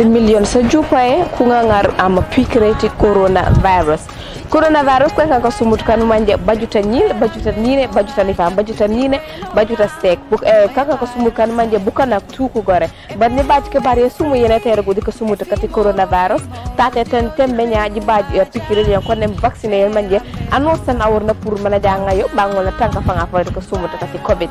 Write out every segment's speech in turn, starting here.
similion sejupae kugangar ama pikreti coronavirus coronavirus ko a sumutu kanu a bajuta ñine a ñine bajuta lifa bajuta ñine bajuta steak e eh, kaka ko sumutu kanu manje bukana tukugore banni baji ke bari sumu yene tere gudi ko kati coronavirus tate ten tembe ñaaji baji eh, pikire ñen ko nem vaccine yen manje annonce tan awurna pour mana janga yo bangol na tanka fanga fayde ko sumutu kati covid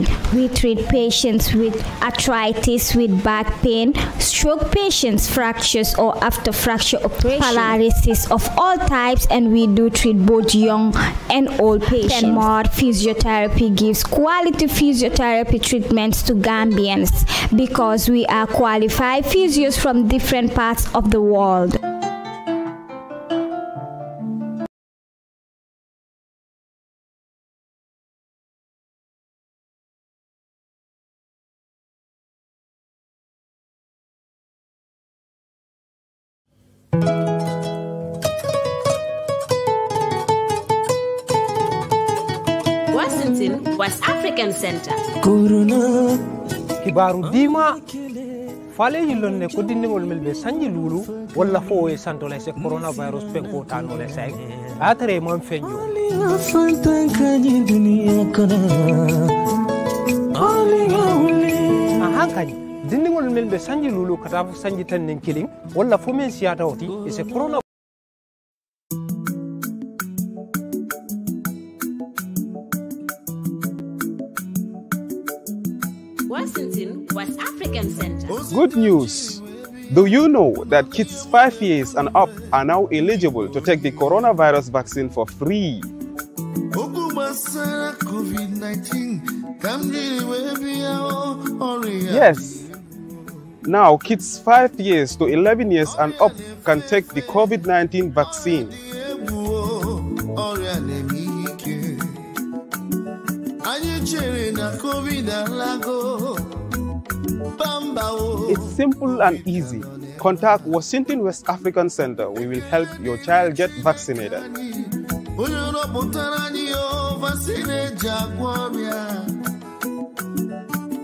We treat patients with arthritis, with back pain, stroke patients, fractures or after fracture operation, paralysis of all types, and we do treat both young and old patients. More Physiotherapy gives quality physiotherapy treatments to Gambians because we are qualified physios from different parts of the world. Washington, West African Center. Kibaru Dima. fale yillonne ko dindigol mel ɓe sañi luulu walla fo e santole se coronavirus penko tanole sag atare mon feñjo ahan kadi men sañji lulu kata sañji tan nen men oti e corona Washington, African Good news. Do you know that kids 5 years and up are now eligible to take the coronavirus vaccine for free? Yes, now, kids 5 years to 11 years and up can take the COVID 19 vaccine. It's simple and easy. Contact Washington West African Center. We will help your child get vaccinated.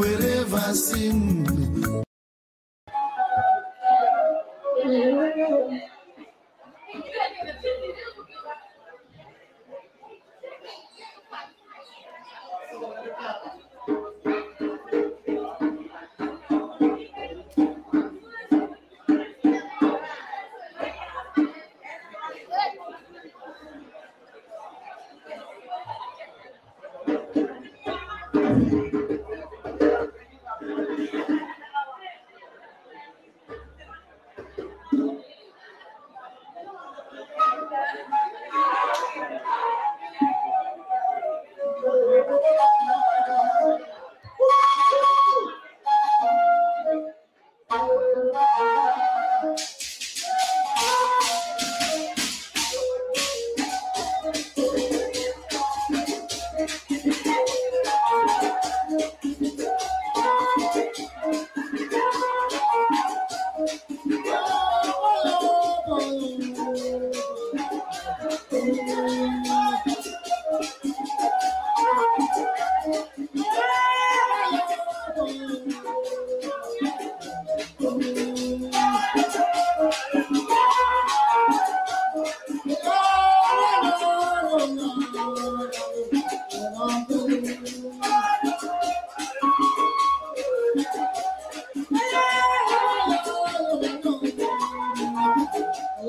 wherever I sing.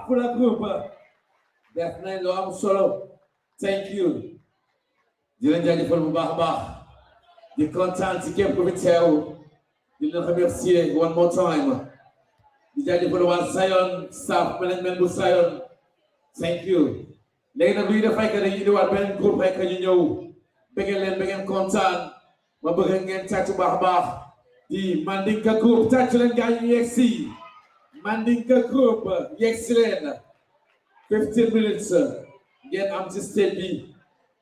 Hakula Group def nañ lu am solo thank you di leen jaajëfal bu baax a baax di kontaan ci képp ku fi teew di leen remercier one more time di jaajëfal waa Sayon staff management bu Sayon thank you léegi nag bu ñu def ay kër yi di waat benn groupe ay kër ñu ñëw bëgg leen bëgg ngeen kontaan ma bëgg ngeen tàcc bu baax a baax di Mandinka groupe tàcc leen gaa ñu yegg Mandinka Group yegg si leen 15 minutes ngeen am ci stade bi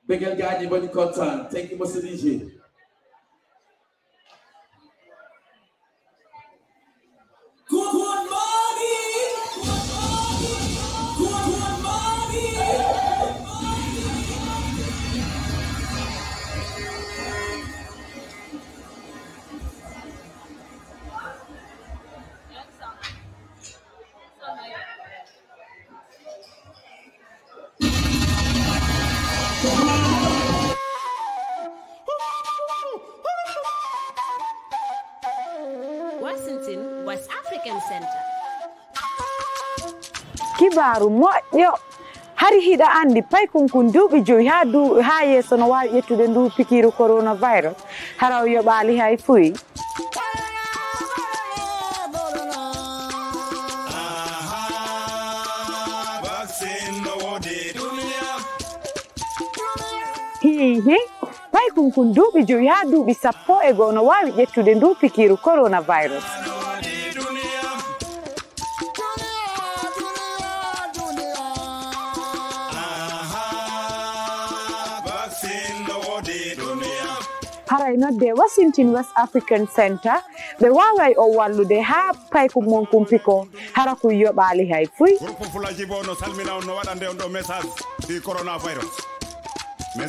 bëggal yi ba ñu kontaan thank you monsieur DJ taaru moƴƴo hari hiɗa andi pay konkon duuɓi joyi ha du ha yesso no wawi ƴettude ndu pikiru coronavirus haraw yoɓali hay fuyi hihi pay konkon duuɓi joyi ha duuɓi sappo e goho no wawi ƴettude ndu pikiru coronavirus arayno de washington west african center ɓe waway o wallude ha payko mon kumpi ko hara ko yoɓali hay fuy groupe fulaji bo no salmina on no waɗa nde on ɗo message ɗi corona virus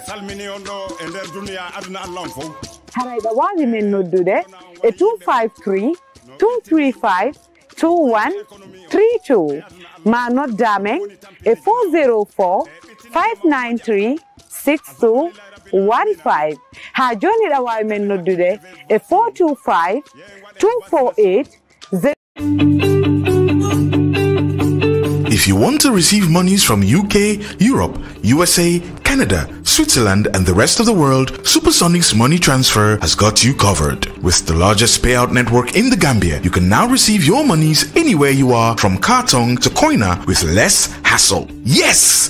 salmini on ɗo e nder duniya aduna allah on fof haray ɓe wawi min noddude e 253 235 2132 ma noddamen e 404 593 62 15 ha joni ɗa wawi men noddude e 425 248 If you want to receive monies from UK, Europe, USA, Canada, Switzerland, and the rest of the world, Supersonic's money transfer has got you covered. With the largest payout network in the Gambia, you can now receive your monies anywhere you are from Kartong to Koina with less hassle. Yes!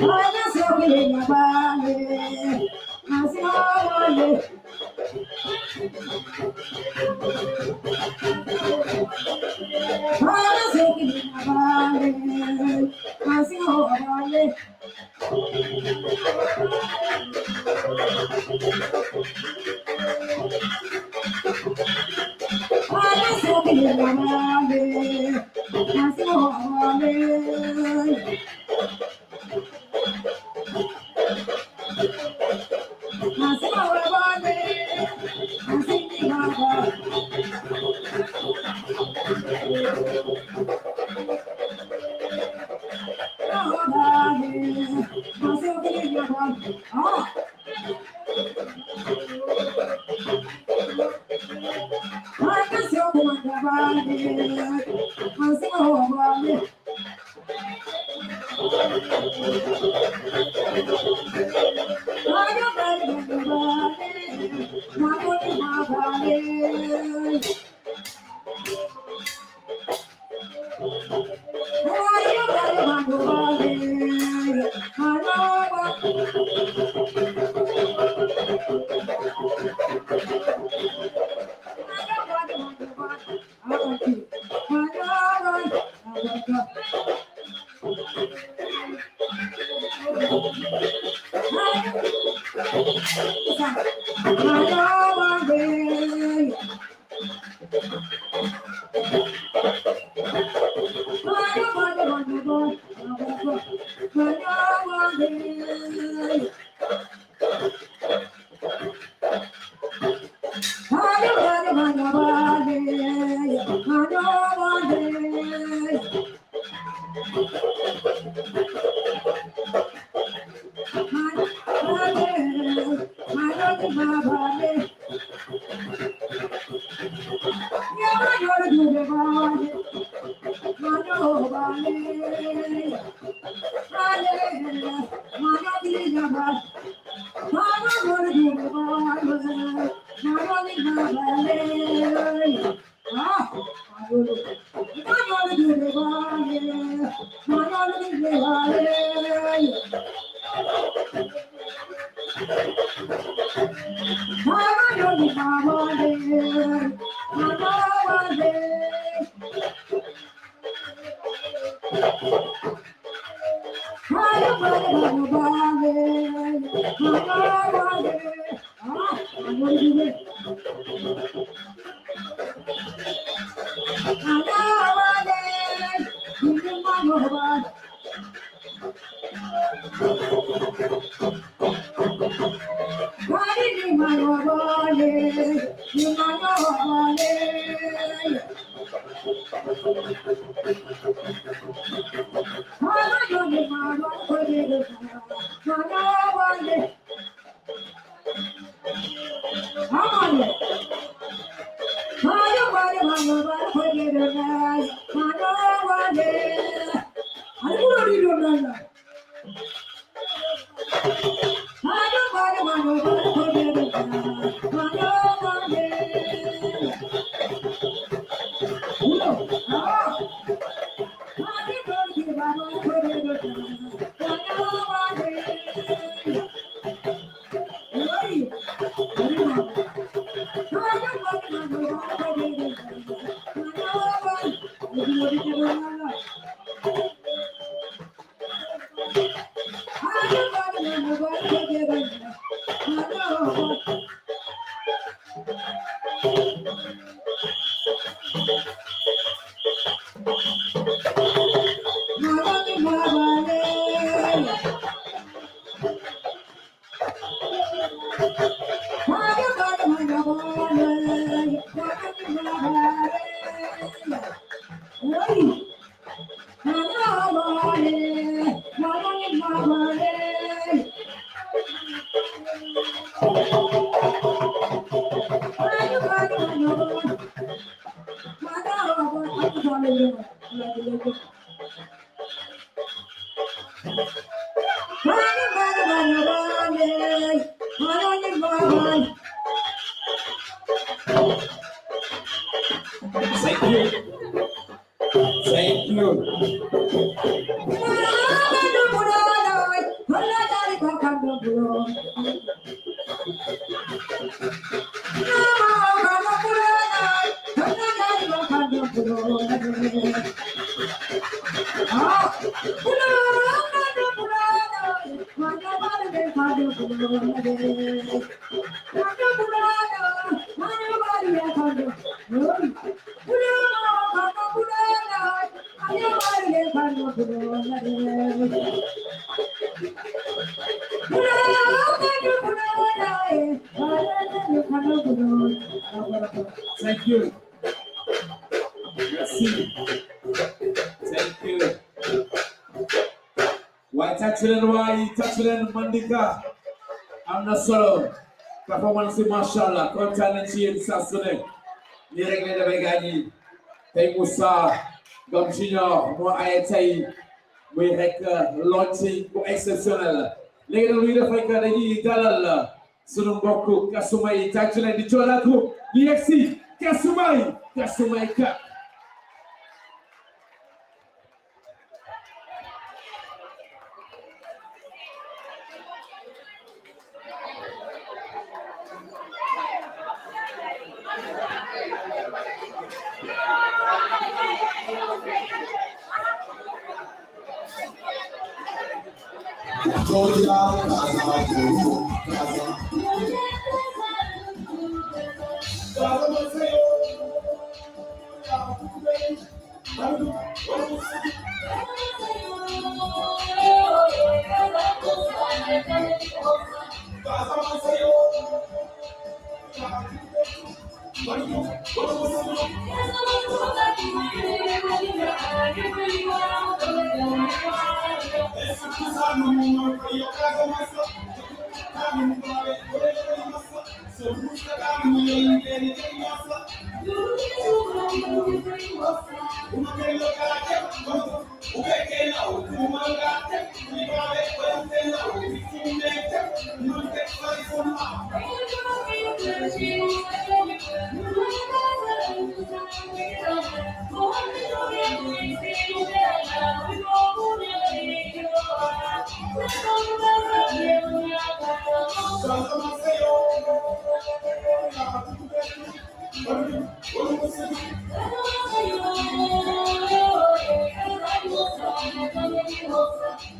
Vaya, se macha allah kontaan nañ ci yéen saa su ne nii rek la demee gaañ yi moo aye tey muy rek launching bu exceptionnel léegi nag luy def rek dañuy dalal sunu mbokk Kasumay tàcc leen di coolaatu di yegsi Kasumay Kasumay ka.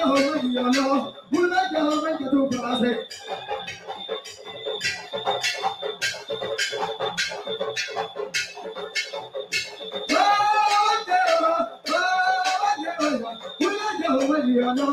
ka ho ma yi ano wula ka ho ma kato kalaase. Wula ka ho ma yi ano.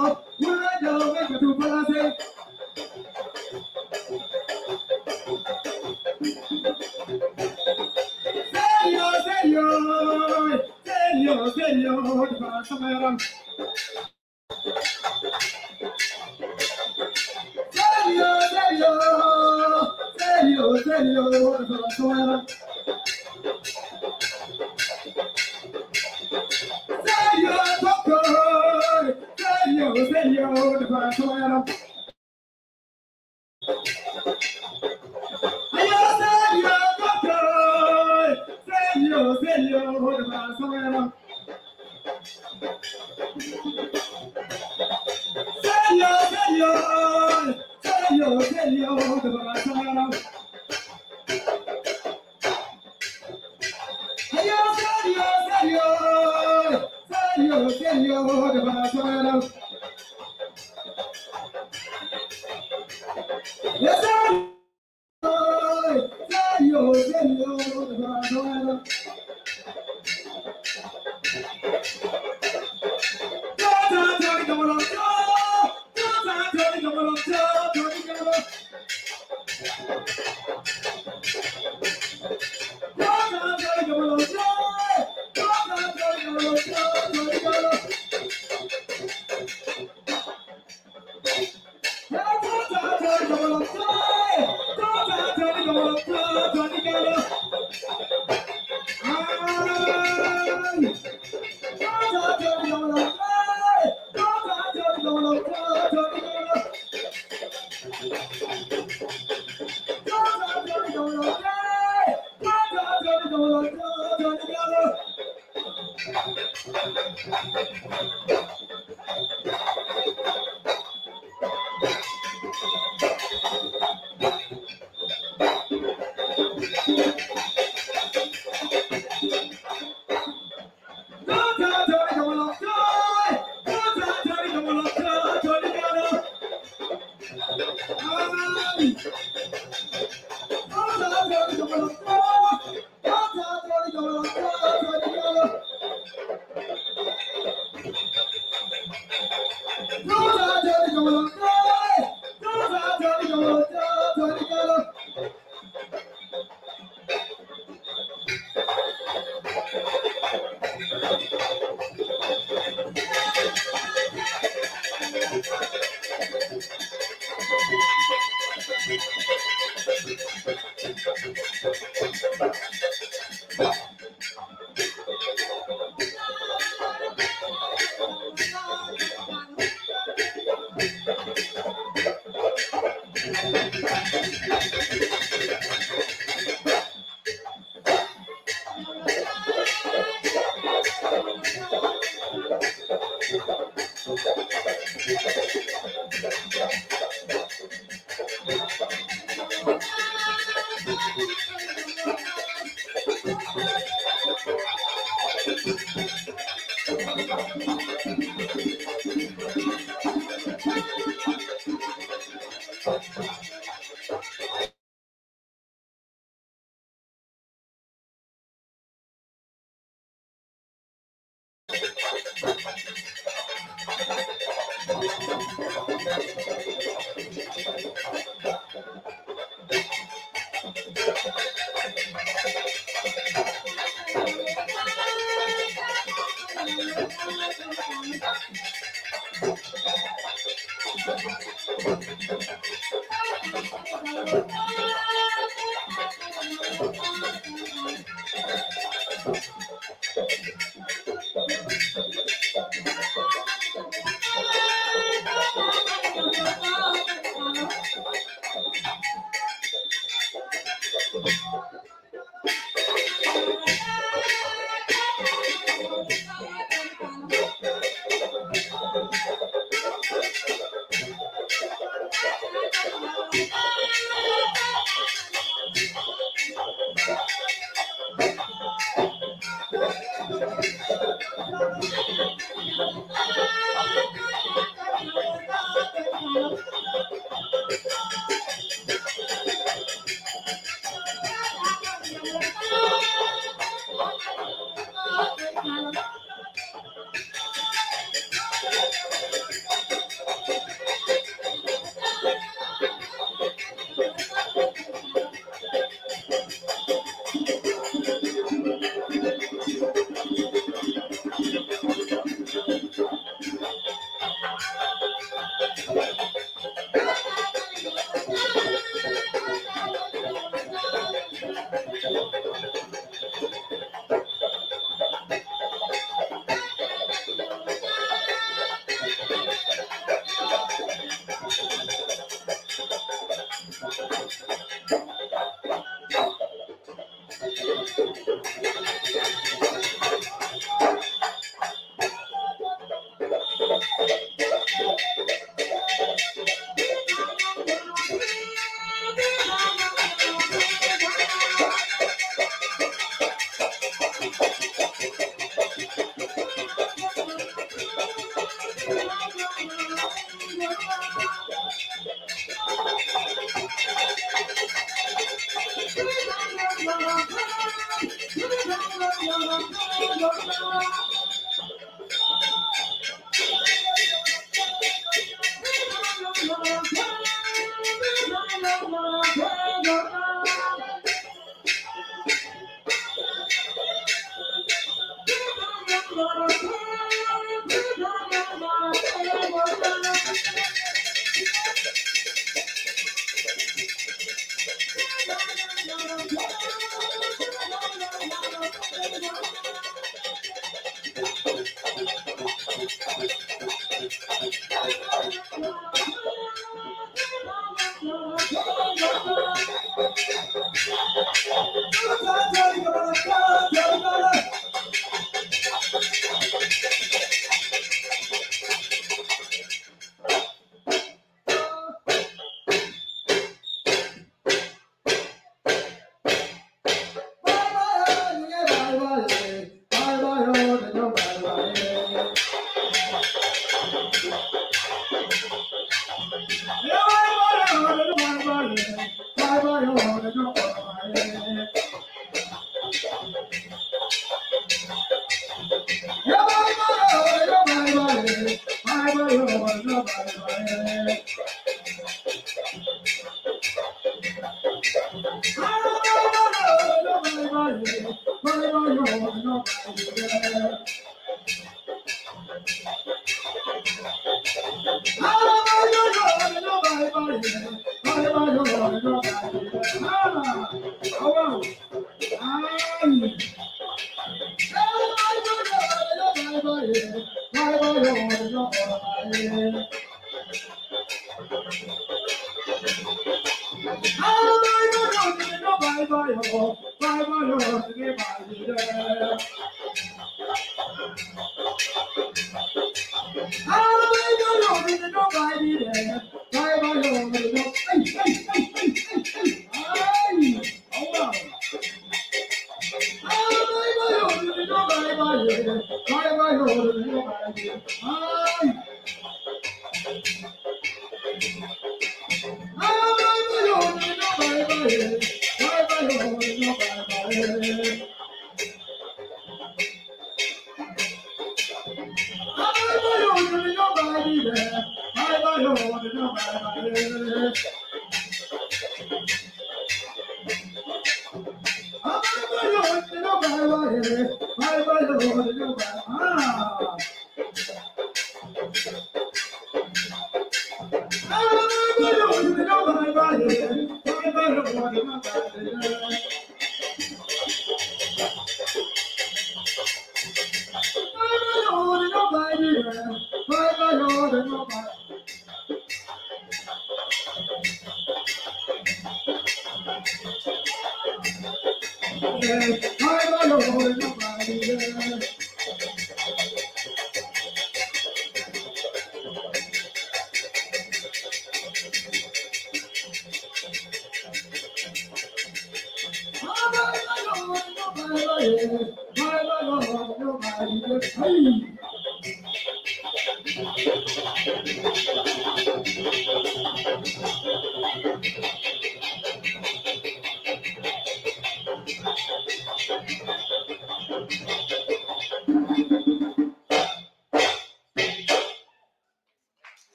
Oh!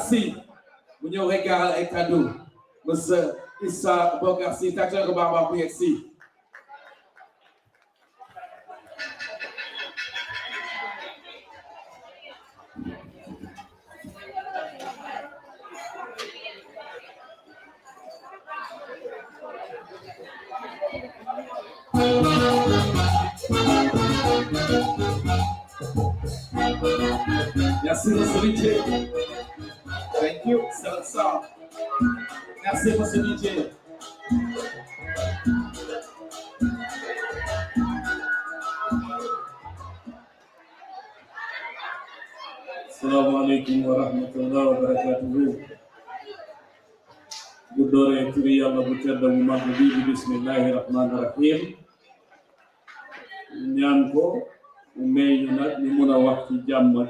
Bogarsi, mu ñëw rekk gaaral ay monsieur Issa Bogarsi, tàccal ko baax a baax ku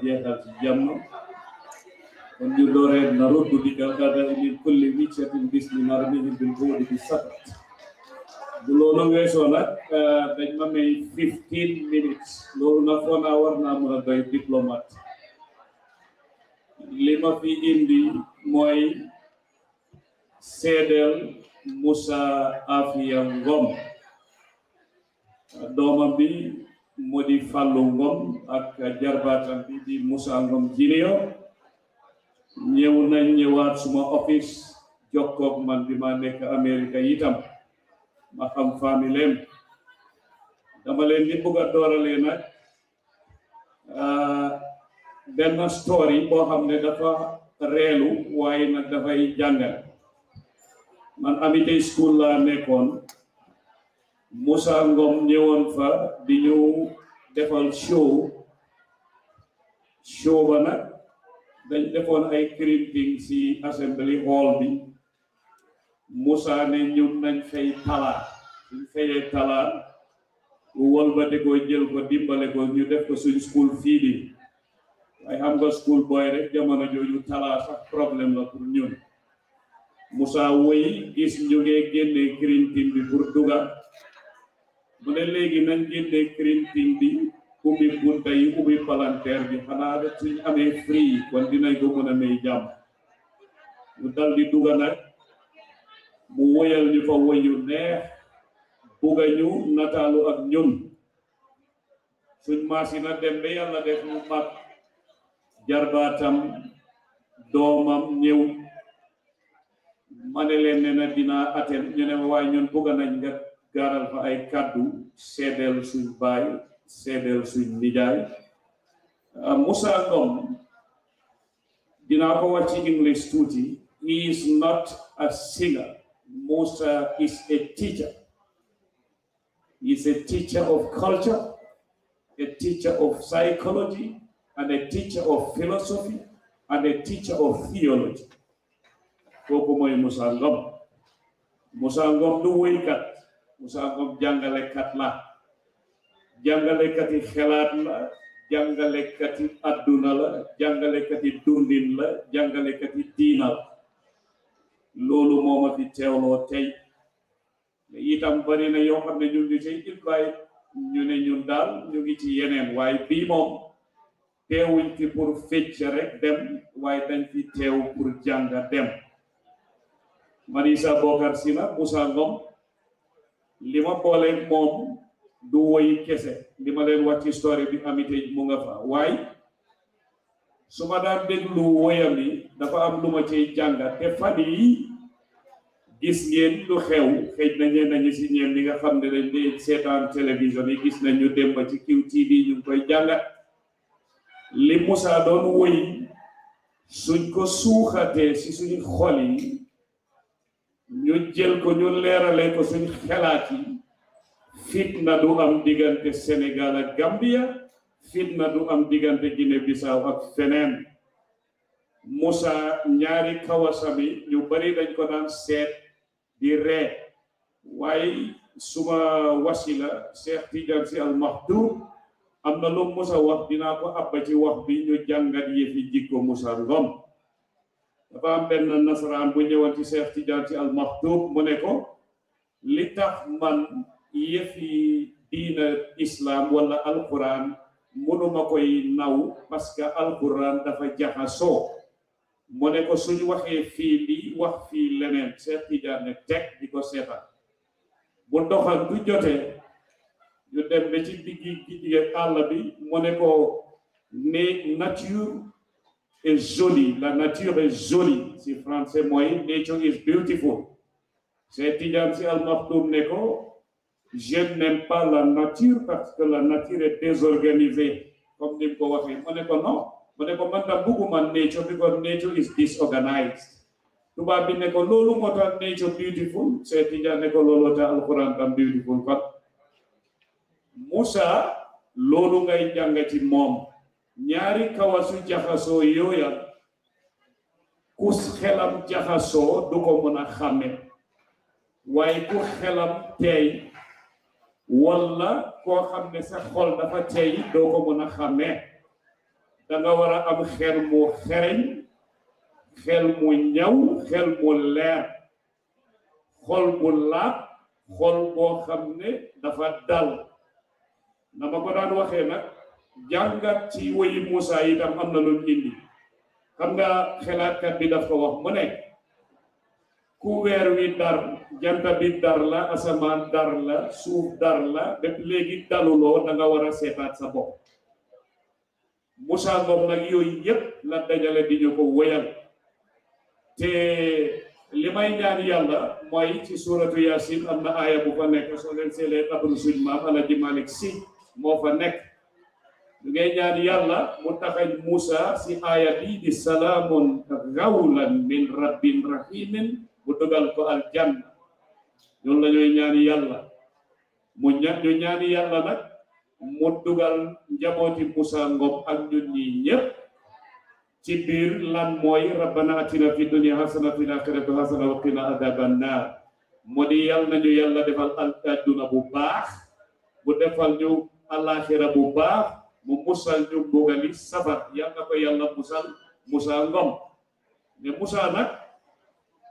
jeexal ci jàmm kon ñu dooree na ruddu di galgadal min kulli wiccatin bismi narmihi bil buudi bi sabat bu loolu weesoo nag dañ ma may 15 minutes loolu nag foo naa war naa mën a doy diplomate li fi indi mooy seedeel Musa Afia Gom doomam bi modi Fallou Ngom ak jarbaatam bi di musa Ngom Junior ñew na ñewat suma office jokkoog man bima nek america Amerika ma xam faami leen dama leen di bugg a nak story bo xamne dafa relu waye nak da fay jangal man amité school la nekkone Musa Ngom ñewon fa di ñu defal show show ba nak dañ defon ay crimping si assembly hall bi Musa ne ñun nañ fay tala ñu fayé tala wol ba de ko jël ko dimbalé ko ñu def ko suñ school fi bi hamga am nga school boy rek jamono joju tala sax problème la pour ñun Musa woy gis ñu ngee génnee crimping bi pour dugal bu ne léegi nañ génnee crintin bi ubbi bunta yi ubbi palanteer bi xanaa rek suñ amee free kon dinañ ko mën a may jàmm mu dal di duga nag mu woyal ñu fa woyu neex buga ñu nataalu ak ñun suñ masina dem ba yàlla def mu mag jarbaatam doomam ñëw ma ne leen ne na dinaa atel ñu ne waaye ñun buga nañ nga Garavai Kadu, Sedel Subai, Sedel Suidai. Uh, ah, Musa Agom, Dinakawachi English Tuti, he is not a singer. Musa is a teacher. He is a teacher of culture, a teacher of psychology, and a teacher of philosophy, and a teacher of theology. Koko moy Musa Ngom. Musa Ngom du Moussa Ngom jàngalekat la jàngalekati xelaat la jàngalekati adduna la jàngalekati dundin la jàngalekati diina la loolu moo ma fi teewloo tey itam bari na yoo xam ne ñun ñu tey it bàyyi ñu ne ñun daal ñu ngi ci yeneen waaye bii moom teewuñ fi pour fecc rek dem waaye dañ fi teew pour jànga dem Marissa Bokar Sina Moussa Ngom li ma boole moom du woy kese li ma leen wax ci story bi amité mu nga fa waaye su ma daan déglu woyam yi dafa am lu ma ciy jàngat te fan yi gis ngeen lu xew xëj na ñeen nañu si ñeen li nga xam ne dañ dee seetaan télévision yi gis ñu dem ba ci QTV ñu ngi koy jàngat li Musa doon woy suñ ko suuxatee ci suñ xol yi ñu jël ko ñu leerale ko suñ fitna du am digante sénégal ak gambia fitna du am digante guiné bissau ak fenen musa ñaari kawasami ñu bari dañ ko daan seet di ré waaye suma wasila cheikh tidiane si al mahdum amna lu musa wax dina ko abba ci wax bi ñu jàngat yëfi jikko musa ngom dafa am benn nasaraan bu ñëwoon ci Cheikh Tidiane ci al Maktoum mu ne ko li tax man yëf diina islam wala alquran mënuma koy naw parce que alquran dafa jaxasoo mu ne ko suñu waxee fii lii wax fii leneen Cheikh Tidiane ne teg di ko seetaan bu doxal du jote ñu dem ba ci diggi diggi àll bi mu ne ko ne nature est jolie, la nature est jolie. c'est français moyen, nature is beautiful. C'est Tidjansi Al-Maktoum Neko. Je n'aime pas la nature parce que la nature est désorganisée. Comme dit Mkowafi. On est non. On est comme beaucoup nature because nature is disorganized. Tout va bien Neko. Lolo Mota nature beautiful. C'est Tidjan Neko ta Al-Quran tam beautiful. Moussa, Lolo Ngay jangati Mom. nyari kawasu jaxasoo yooya ku xelam helam du ko mën a way ku xelam tey wala ko xam sa xol dafa tey doko ko mën da nga wara am xel mo xereñ xel mo ñaw xel mo leer xol bu la xol bo dafa dal na ko daan nak jangat ci Musa Moussa itam am na lu indi xam nga kat bi daf ko wax mu ne ku wer wi dar janta bi dar la asaman dar la suuf dar la legi dalu lo da nga wara a sa bok musa nak yoy la dajale di ñu wayal te limay ñaan yalla moy ci suratu yasin amna aya bu fa nek so len sele sulma di malik si mo fa nek ñu ngay ñaan yàlla mu taxañ Moussa si aaya bi di salaamun rawlan min rabbin rahimin mu dugal ko aljanna ñun la ñuy ñaan yàlla mu ña ñu ñaan yàlla nag mu dugal njabooti Moussa Ngom ak ñun ñi ñëpp ci biir lan mooy rabbana atina fi dunya hasana fi akhirati hasana wa qina adhaban nar mu di yàlla nañu yàlla defal al àdduna bu baax bu defal ñu alaxira bu baax mu musal ñu mbugali safar ya nga ko yalla musal musa ngom ne musa nak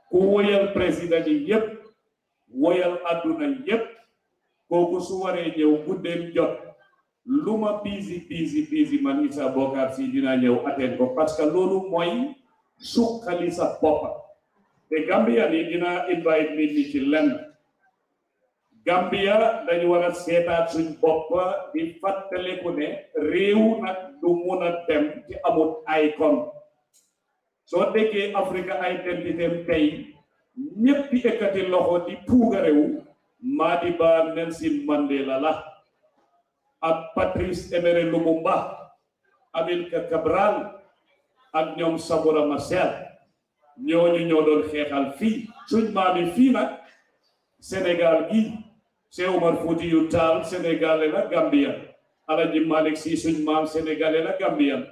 ku woyal president yi yeb woyal àdduna yépp kooku su ñew bu dem jot luma bizi bizi bizi manisa man isa si dina ñew ateen ko parce que lolu moy sukkali sa boppa te gambia ni dina invite nit ñi ci lenn Gambia dañu war a seetaat suñ bopp di ko ne réew nak du mëna dem ci amut icon soo déggee Africa identité tey ñëpp ekkati loxo di puugarewu Madiba Nelson Mandela la ak Patrice Emery Lumumba Amilcar Cabral ak ñoom Samora Machel ñooñu ñoo doon xeexal fii suñ maami fii nag Sénégal gii Cheikh Omar Foutiyou Tall Senegal la gambien Aladji Malik Sy suñ maam sénégalais la gambien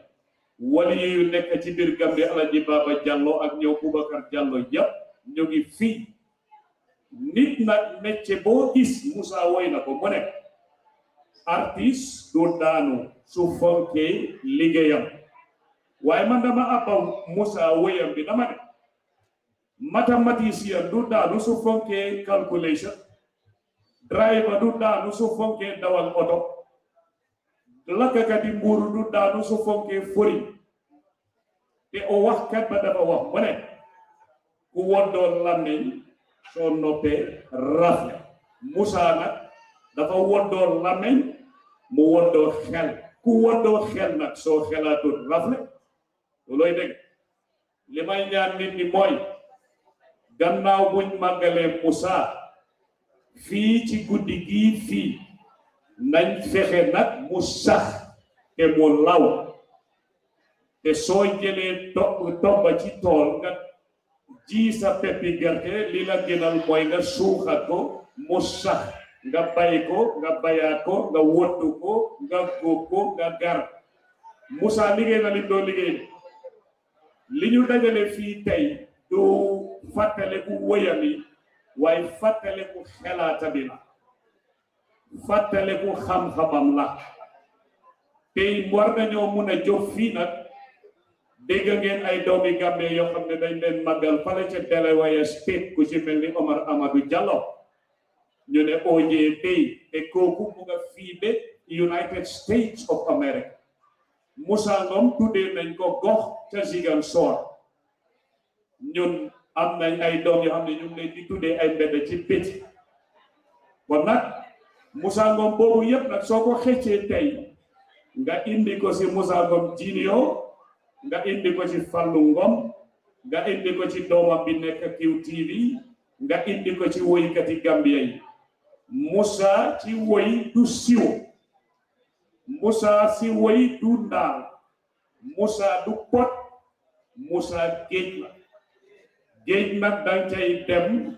wali yu nek ci bir gambie Aladji Baba Diallo ak ñew Boubacar Diallo yépp ñu ngi fi nit metti bo gis Moussa Wayna na ko mo nek artiste do daanu su fonké ligéyam waaye man dama abba Moussa woyam bi dama ne mathématicien daanu su calculation driver da nu su fonke dawal oto laka kadi du da nu su fonke fori te o wax kat ba dafa wax mu ku woddoo làmmiñ soo noppee rafle Musaa nag dafa woddoo làmmiñ mu woddoo xel ku woddoo xel nag soo xelaatul rafle looy dégg li may ñaan nit ñi mooy gannaaw buñ musa fii ci guddi gii fii nañ fexe nag mu sax te mu law te soo jëlee to tomba ci tool nga ji sa peppi gerte li la gënal mooy nga suuxa ko mu sax nga bay ko nga bayaat ko nga wottu ko nga góob ko nga gar Moussa liggéey na lim doo liggéey li ñu dajale fii tey du fàttale ku wëyami waaye fàttaleku xelaata bi la fàttaleku xam-xamam la tey war nañoo mun a jóg fii nag dégg ngeen ay doomi Gàmbi yoo xam ne dañ leen màggal fale ca Delaware State ku ci mel ni Omar Amadou Jallow ñu ne OJ tey te kooku mu fii ba United States of America Musa Ngum tuddee nañ ko gox ca Ziguinchor ñun am nañ ay doom yoo xam ne ñu ngi leen di tuddee ay mbedd ci picc kon nag Moussa Ngom boobu yëpp nag soo ko xëccee tey nga indi ko si Moussa Ngom Junior nga indi ko ci Fallou Ngom nga indi ko ci doomam bi nekk QTV nga indi ko ci woykati Gambia yi Moussa ci woy du siw Moussa si woy du ndaal Moussa du pot Moussa géej la géej nag danga cay dem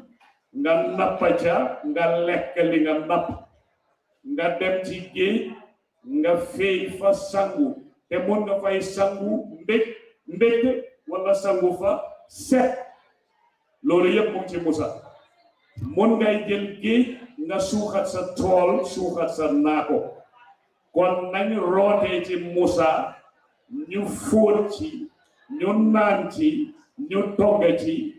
nga napp ca nga lekk li nga napp nga dem ci géej nga fey fa sangu te mën nga fay sangu mbég mbég wala sangu fa set loolu yëpp mu ci Musa mën ngay jël géej nga suuxat sa tool suuxat sa naako kon nañ rootee ci Musa ñu fóot ci ñu naan ci ñu togg ci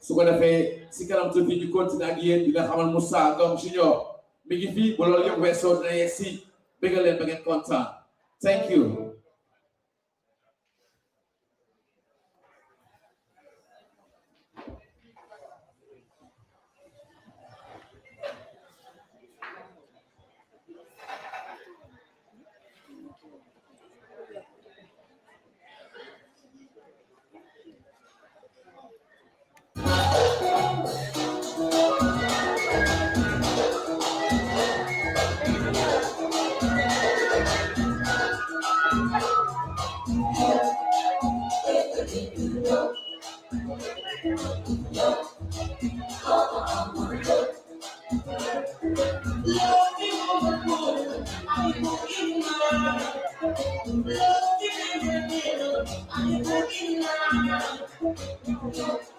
su ko defee si kanam tuuti ñu continuer ak yéen di nga xamal Moussa Ngom Junior mi ngi fi bu loolu yëpp weesoo dina yegg si bëgg leen ba ngeen kontaan thank you I'm Thank you.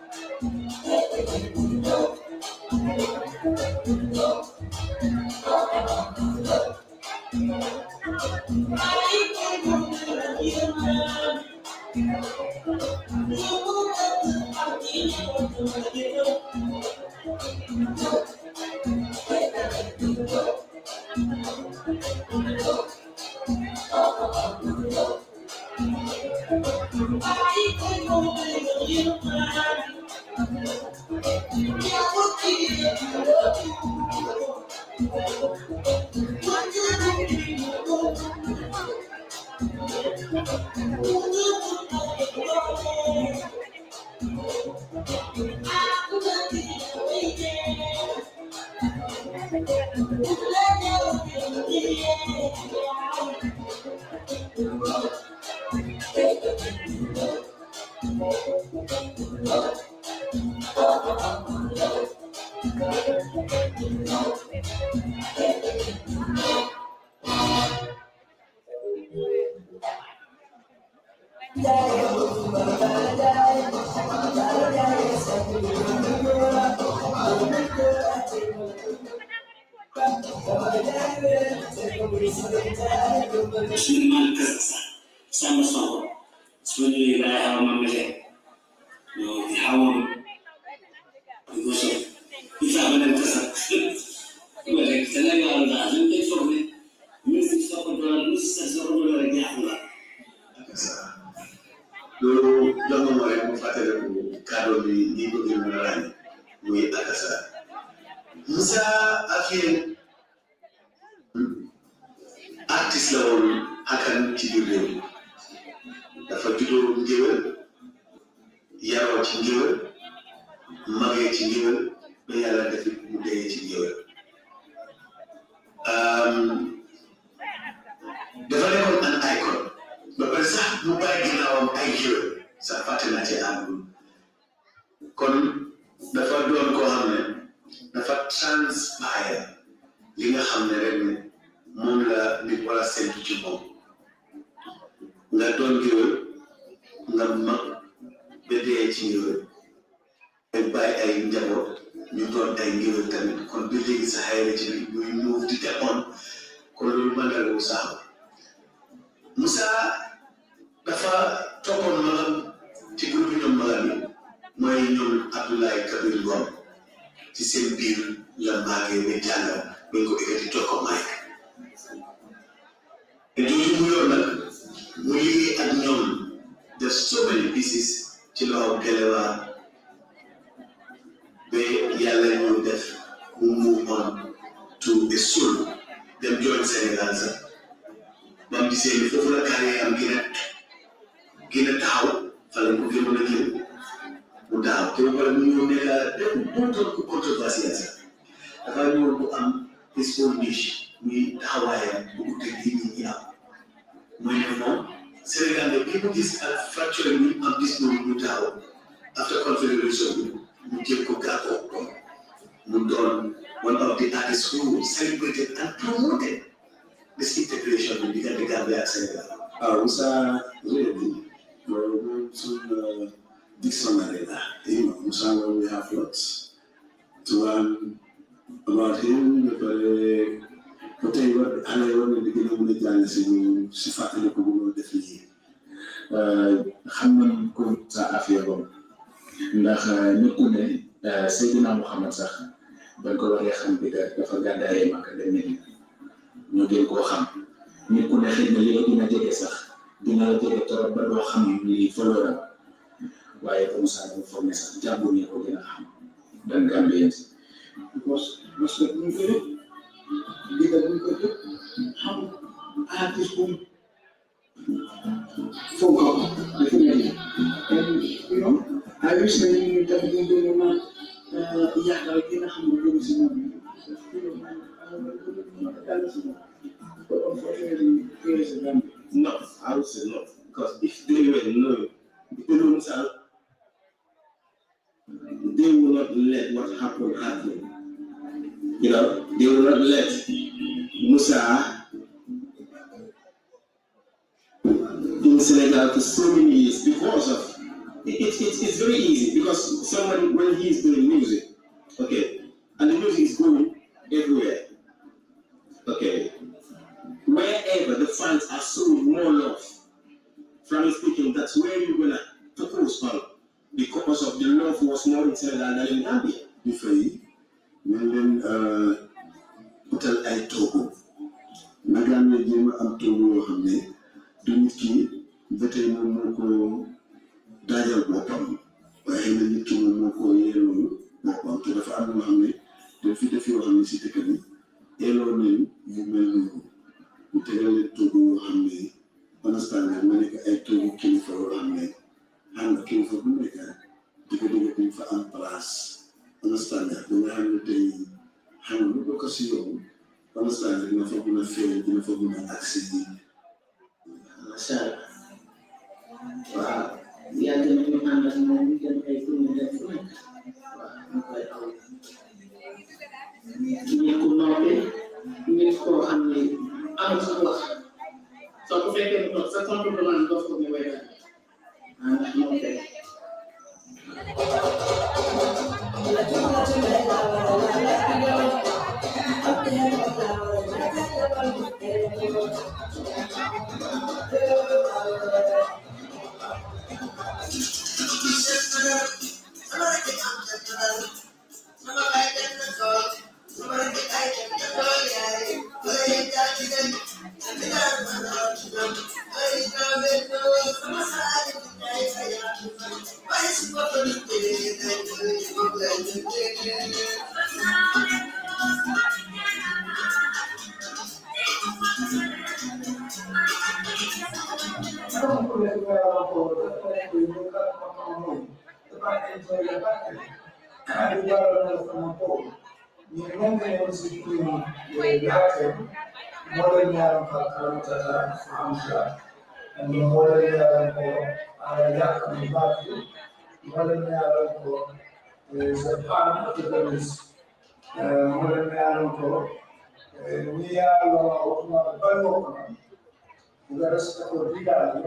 dara sa kapo digali,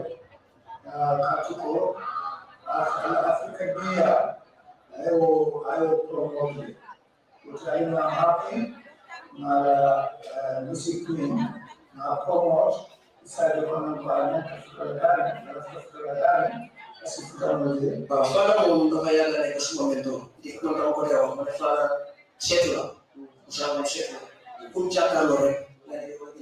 Afrika gea, ya, ayo ayo promote, kuta ina hapi na musikwi na promote, sa ayo kama kwanu, kafika gali, kafika gali, kafika gali, kafika gali, kafika gali, kafika gali, kafika gali, kafika gali, kafika gali, kafika gali, kafika gali, kafika gali, kafika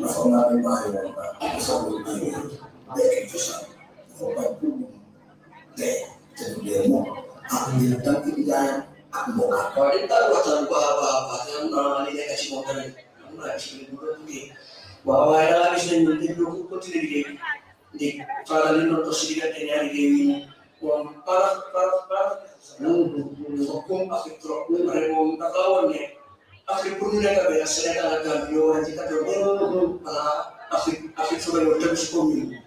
ma tornate mai in realtà, pensando che è che ci sa, ormai a dilettanti di gara, a buona. Ma in qua, qua, qua, se non hanno l'idea che ci montano, di un tempo tutti le direi, di fare non, non, non, non, non, Afrique pour nekk bi ak Sénégal ak Gambie ñoo ko tegu si commune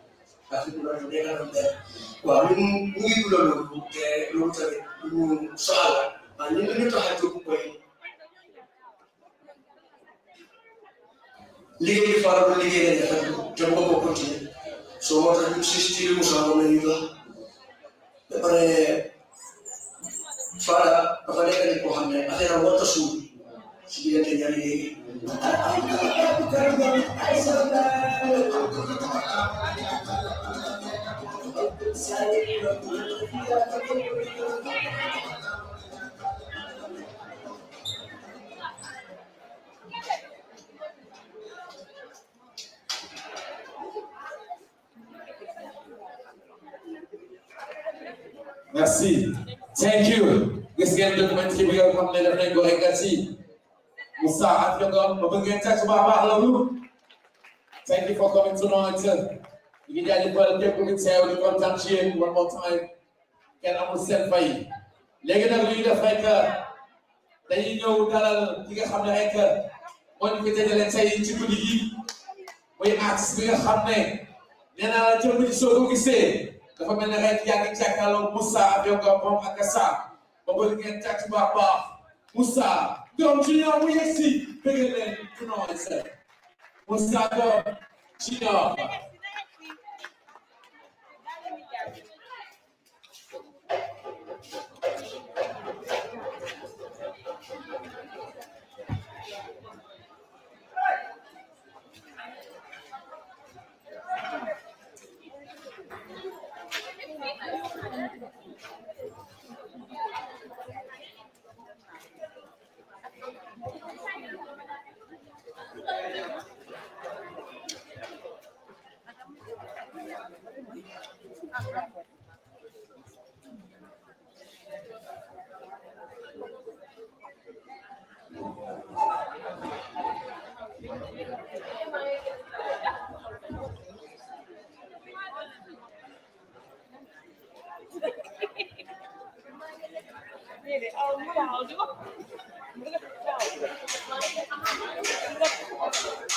nekk na benn waaw ñun ñu ngi dund loolu te loolu tamit ñu soxal la waaw ñun li ñu tax a jóg mooy liggéey bi faral di soo moo tax ñun li mu soxla moom la pare Fada dafa nekk nit koo xam ne affaire Merci. Thank you. This game documentary we are from the Musa Afyogam, Mabangin Tachubaba, Alamu. Thank you for coming tonight. You can get the ball, get the tail, you can touch it one more time. Can I must send nag li ñu def rek dañuy ñëw dalal ki nga xam ne rek moo ñu fi dajale tey ci guddi gi muy artiste bi nga xam ne nee naa la jëm soo ko gisee dafa mel ne rek yaa ngi jàkkaarloo Moussa Afyogam moom ak Assa ba bëgg ngeen tàcc bu Don't you know we see bigger than you know? tonight, sir? What's that called? She knows. 哦，不要这个，你这个下午。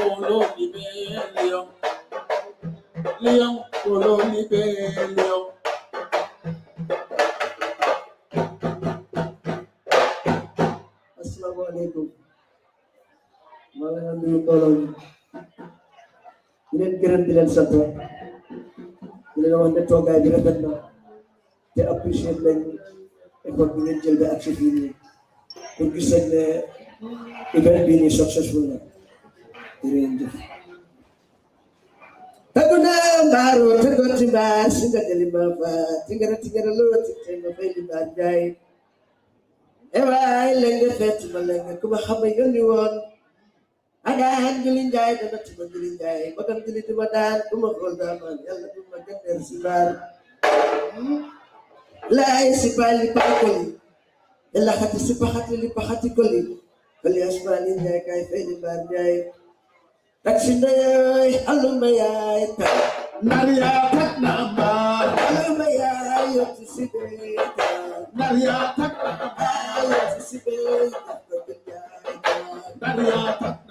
sant rek di leen wax ne toogaay bi rafet na te apprécié nañ école bi ngeen jël ba ak chef yi nii pour gis nañ ne event bi nii successful na jërëjëf taguna mbaaru tagoti mbaa singa jëli ma fa tingara tingara loo tite ma fay di mbaa jaay ewaay eh lenge fett ma lenge ku ma xam yónni woon ada giliñ jaay dana ci ma giliñ jaay ma doon dan di ma daan du ma xool daamaan yàlla si si koli yàlla ya si paxati li koli koli asmaani njaay kaay eh fay di tak na baar aluma yaay yot si ya tak tak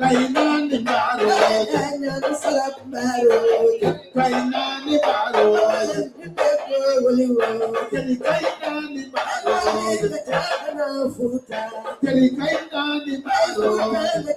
Kainani Baroja, Kainani Salak Baroja, Kainani Baroja, Kainani Baroja, Kainani Baroja, Kainani Baroja, Kainani Baroja,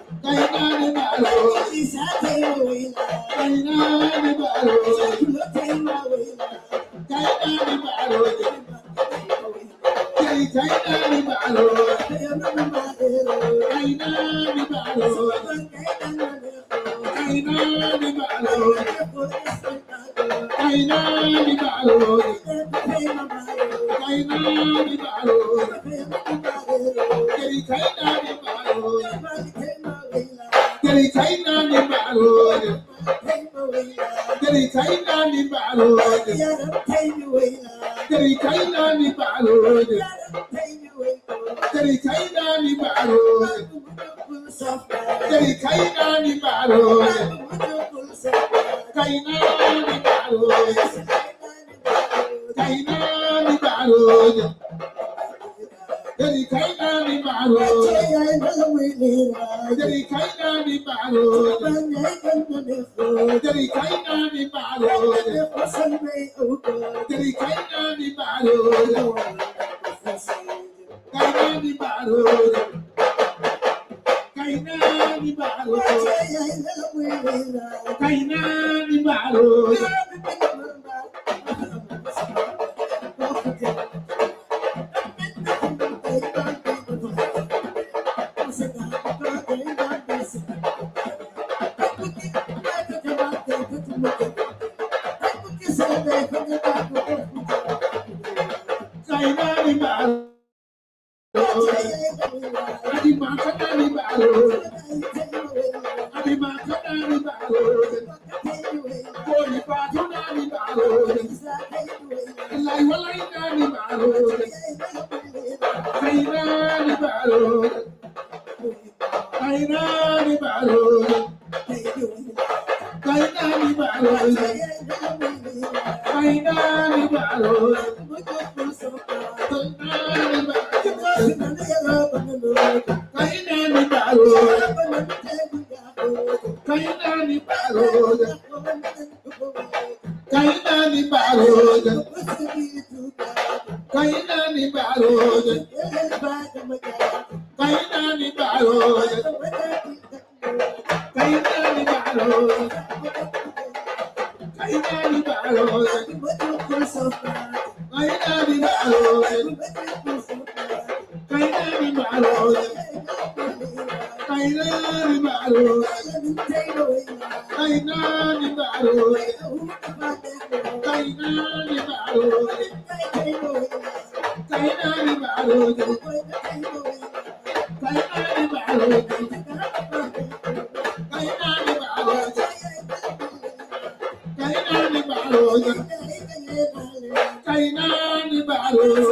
Kainani Balo,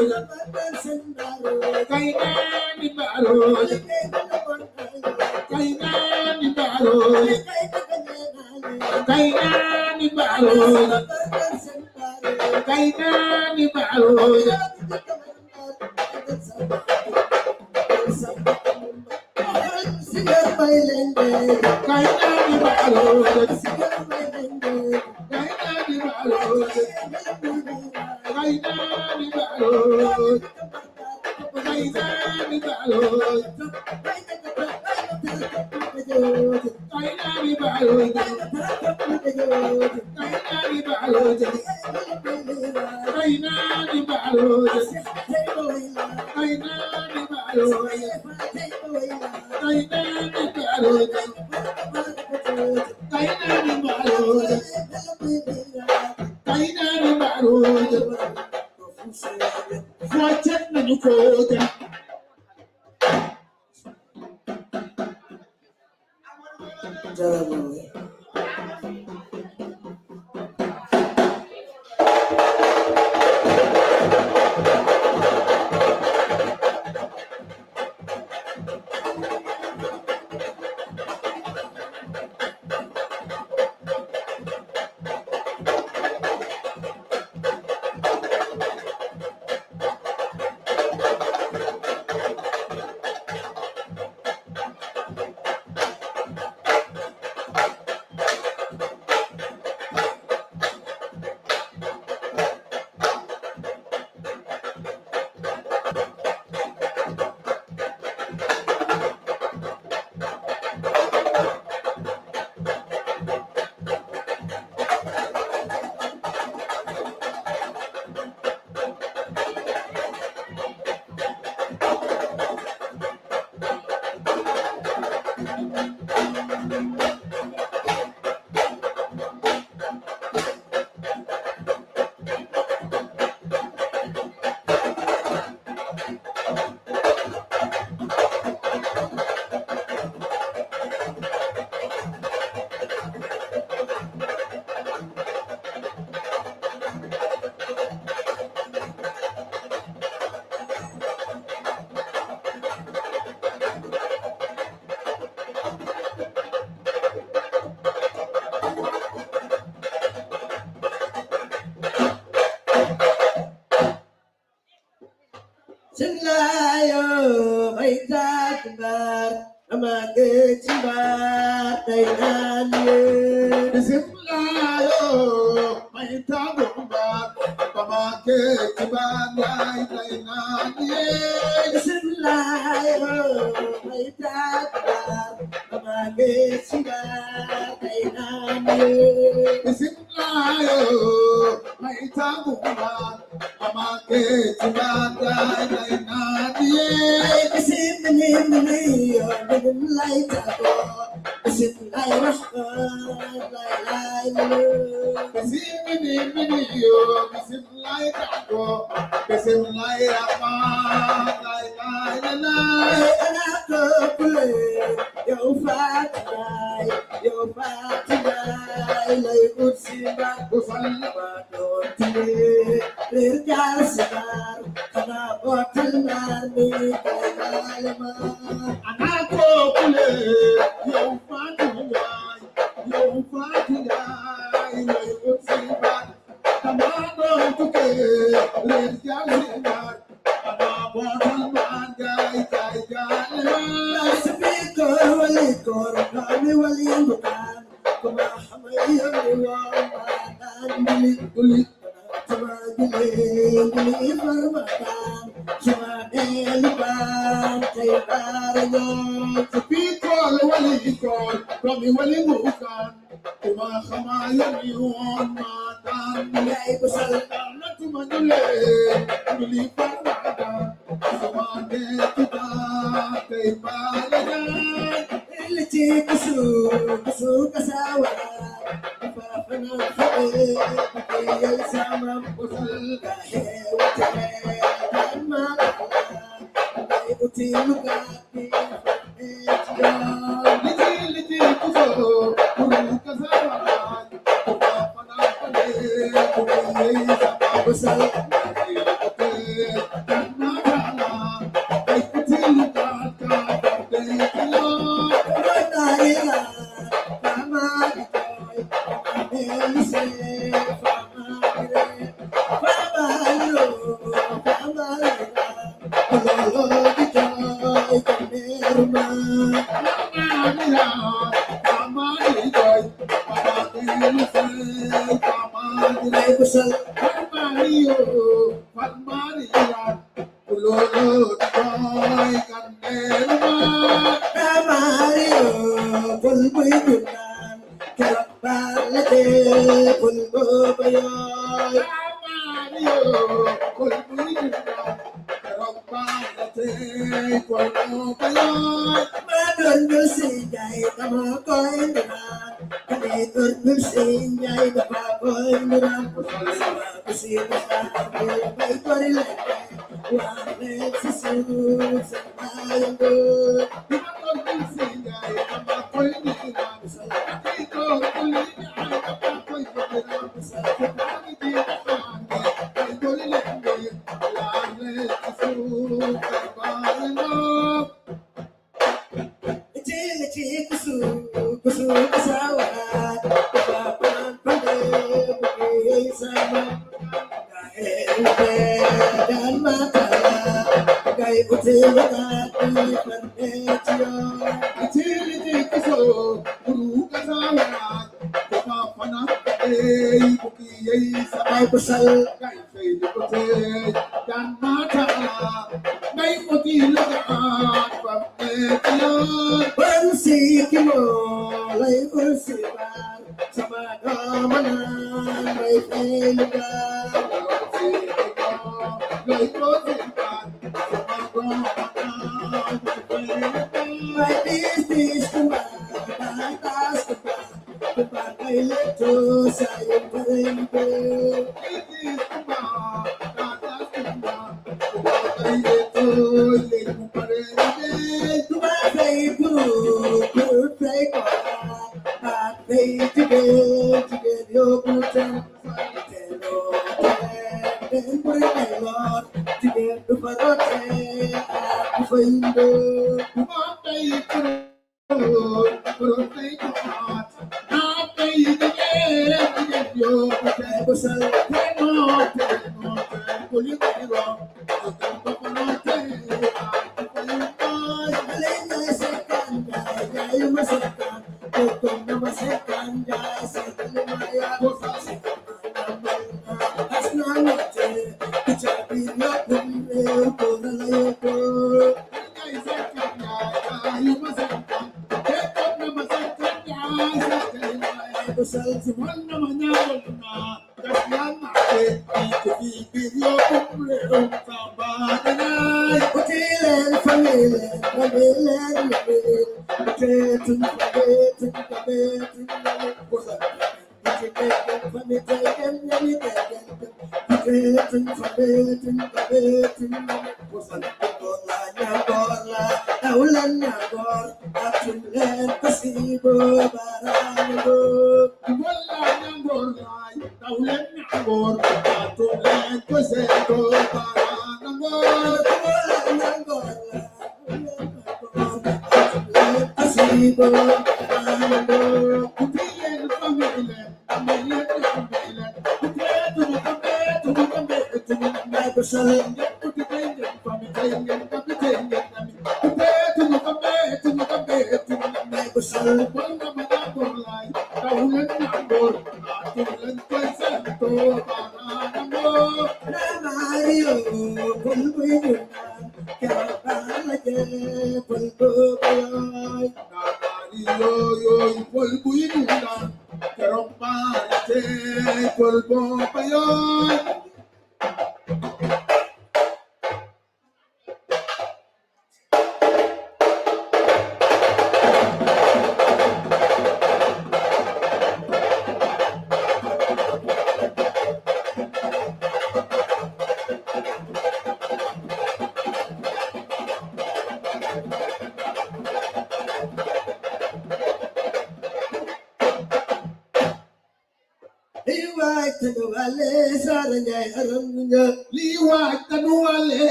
Yo, the Bible says,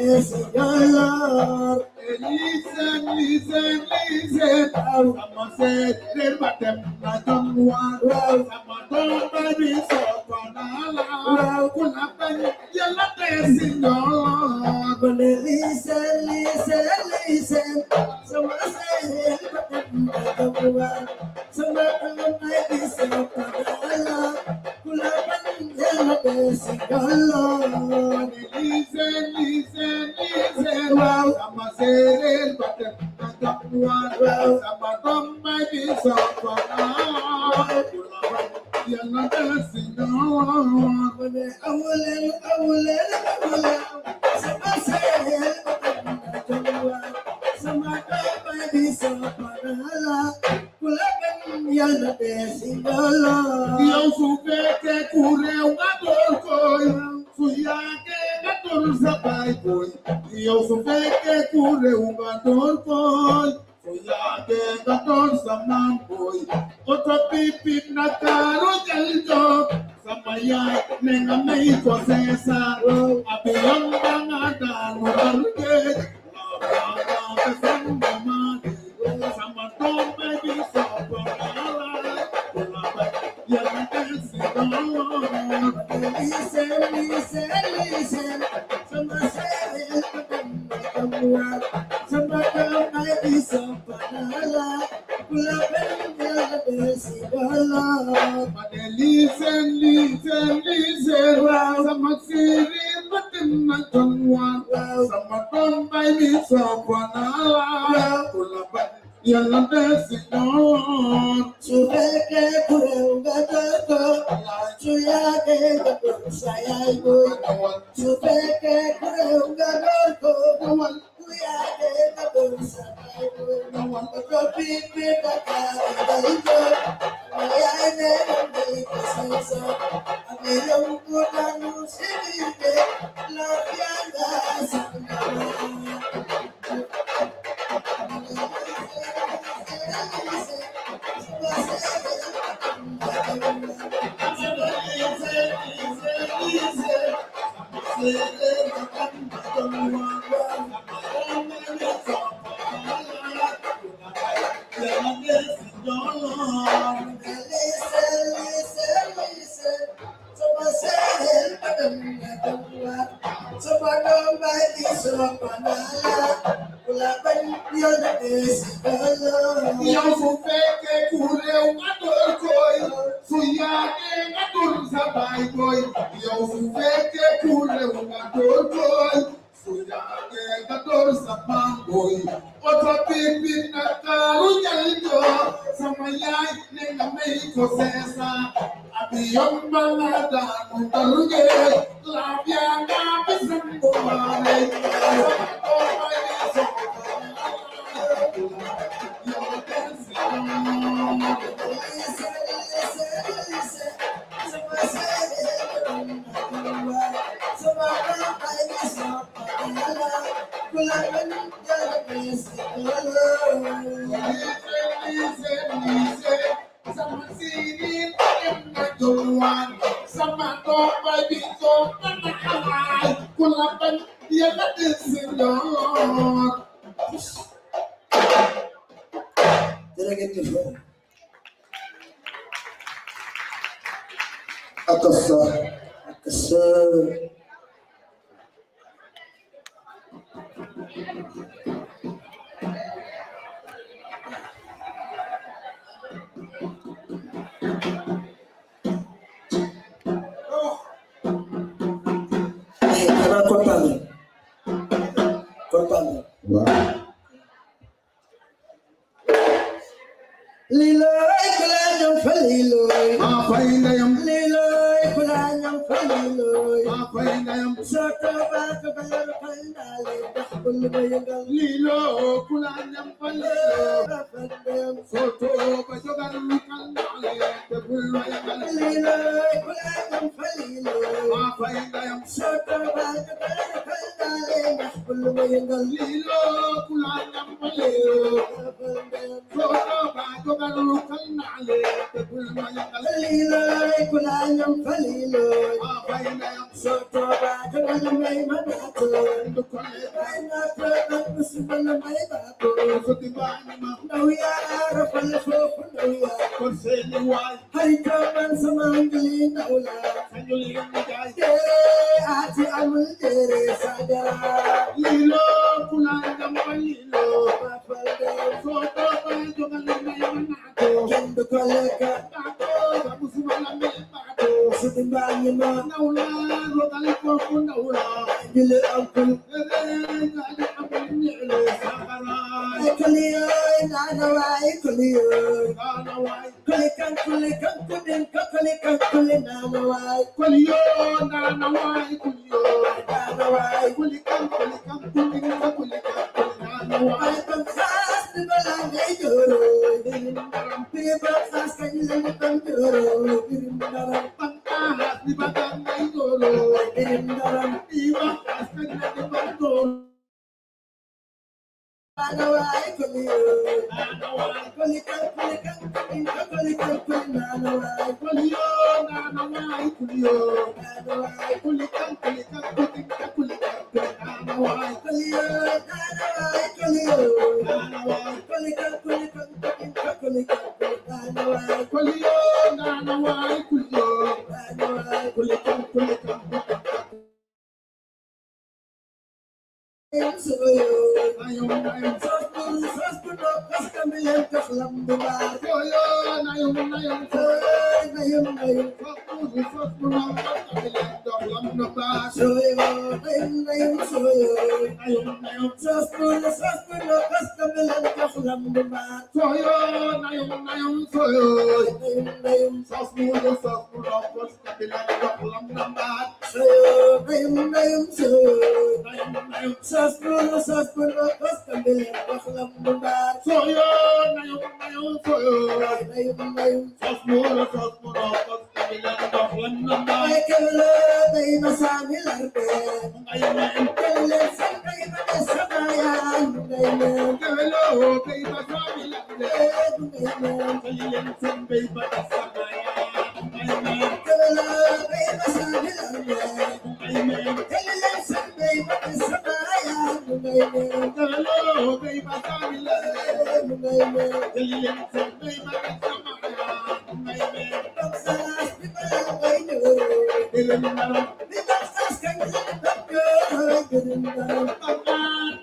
is your love.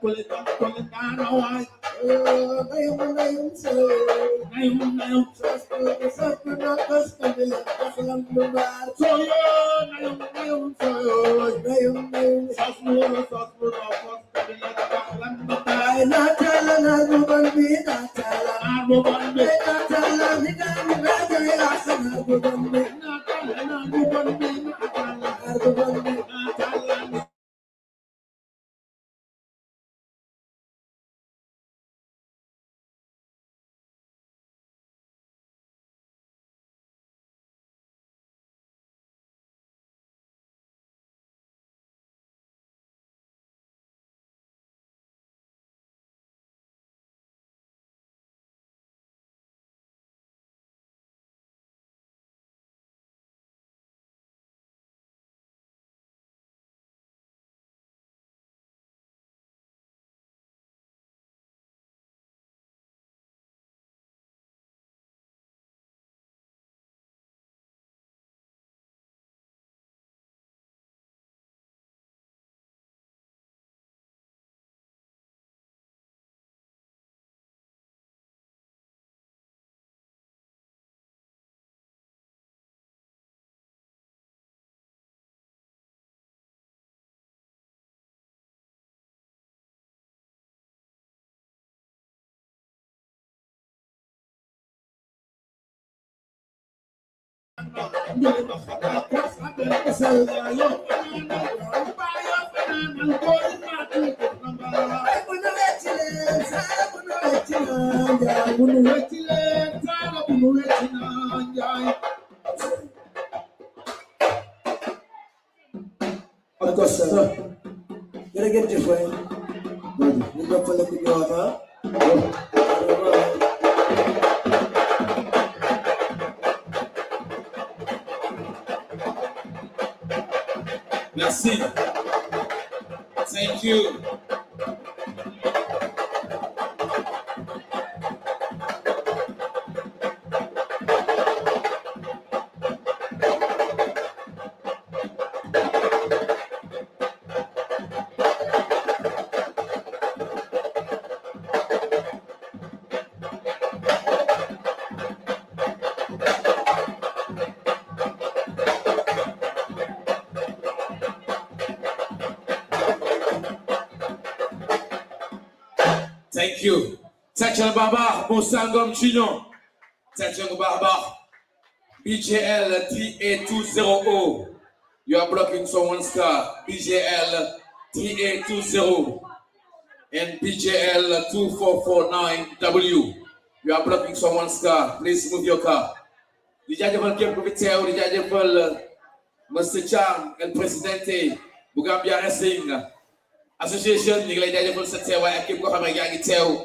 Kule tam kule tanawai. Nayum nayum so. Nayum nayum so. Sapu nakas kandila kasalam lubar. So yo nayum nayum so. Nayum nayum sapu sapu nakas kandila kasalam lubar. Na chala na ruban bi na chala. Na ruban bi na chala. Nikani rajay asana ruban bi na jërëjëf Faye ñu jokkale ku ñëwaat ah Thank you. Musangom Chino, Tachang Barba, BJL TA20O. You are blocking someone's car, BJL TA20 and BJL 2449W. You are blocking someone's car. Please move your car. The judgeable Kim Kuviteo, the judge judgeable Mr. Chang, El Presidente, Bugambia Racing Association, the judge judgeable Setewa, Kim Kohamagagi Teo.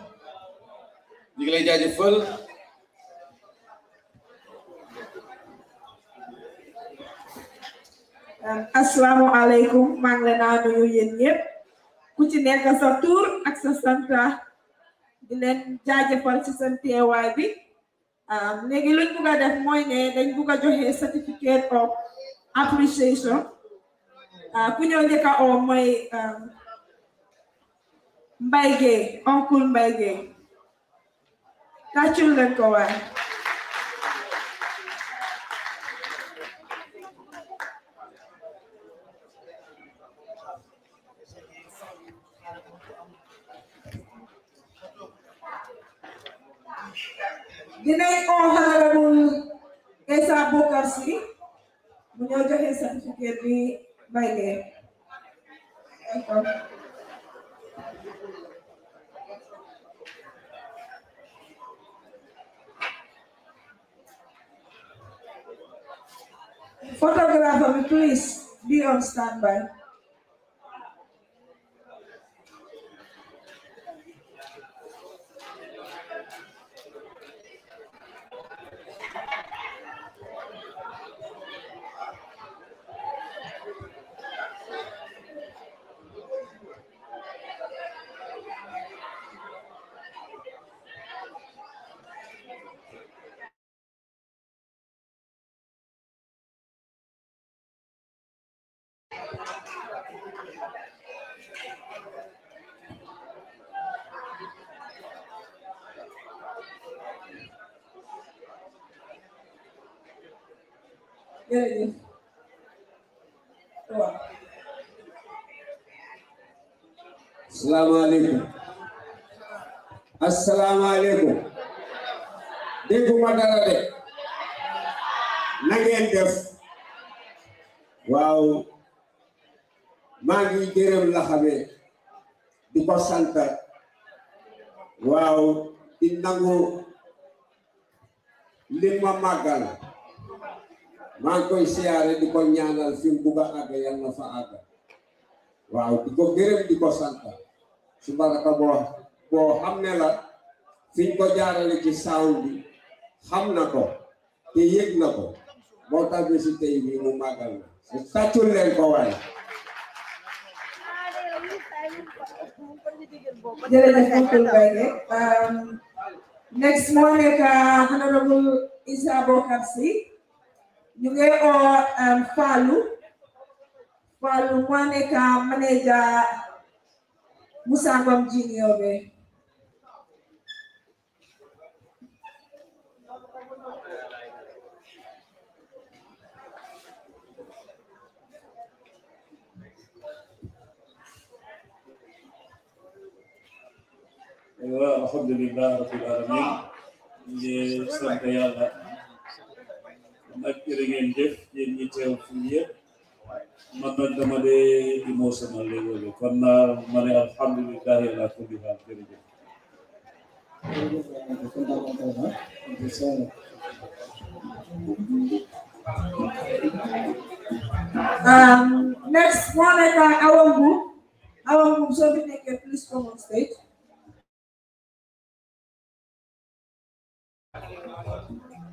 ñu ngi lay jaajëfal euh, asalaamaaleykum maa ngi leen a nuyu yéen ku ci nekk sa tur ak sa sant di leen jaajëfal ci seen teewaay bi euh, léegi luñ bugg def mooy ne dañ bugg joxe certificate of appreciation euh, ku ñëw njëkk a mooy Mbaye Gueye oncle Mbaye Gueye tàccul leen ko waay dinañ honorable Essa Bokar Si mu ñoo joxe certificat bi bay leen Photographer, please be on standby. loolu la xamee di ko sant waaw di nangu magal ma koy di ko ñaanal fi yang bugg a àgg fa di ko gërëm di ko sant su baraka boo boo xam la fiñ ko jaarale ci bi xam na ko te yëg na ko moo tax bi si tey mu màggal na ko jërëjëf Mokul Baye um, next moo nekk uh, honorable Issa Bokar Sy ñu ngi oo um, Fallou Fallou moo nekk uh, manager Moussa Junior bi والحمد لله رب العالمين di sant yàlla nag jërë ngeen jëf yéen ñi teew fii yëpp man nag dama dee di moo sama léeg-léeg kon naa ma ne alhamdulilahi ala kulli haal jërëjëf Um, next, one of our, our group, our group, so we can please come on stage.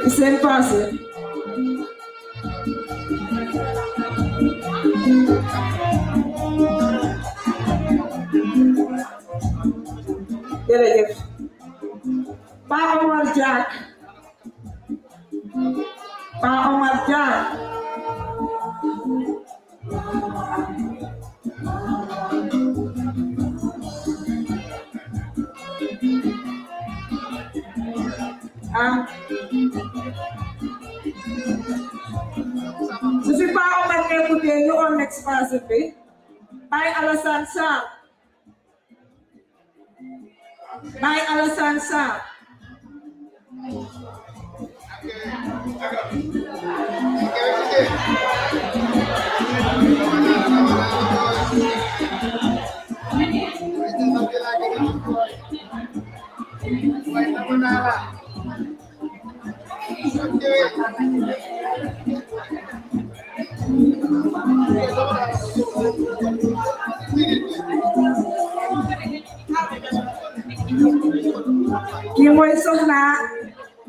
The same person. There it is. Pa Omar Jack. Pa Omar Jack. Thank you. Je ne suis pas en train d'écouter Okay. Okay. Okay. Okay. Okay. Okay. Okay. Okay. Okay. Okay. Okay. kii mooy soxna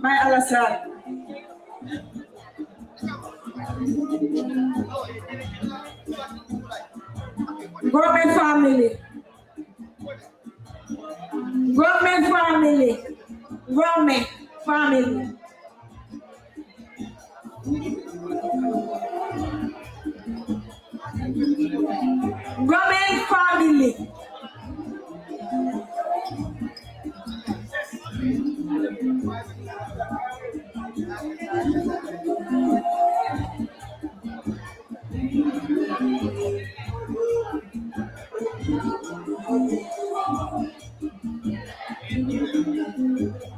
May Alassane Gome family Gome family Gome family Roman family. Thank you.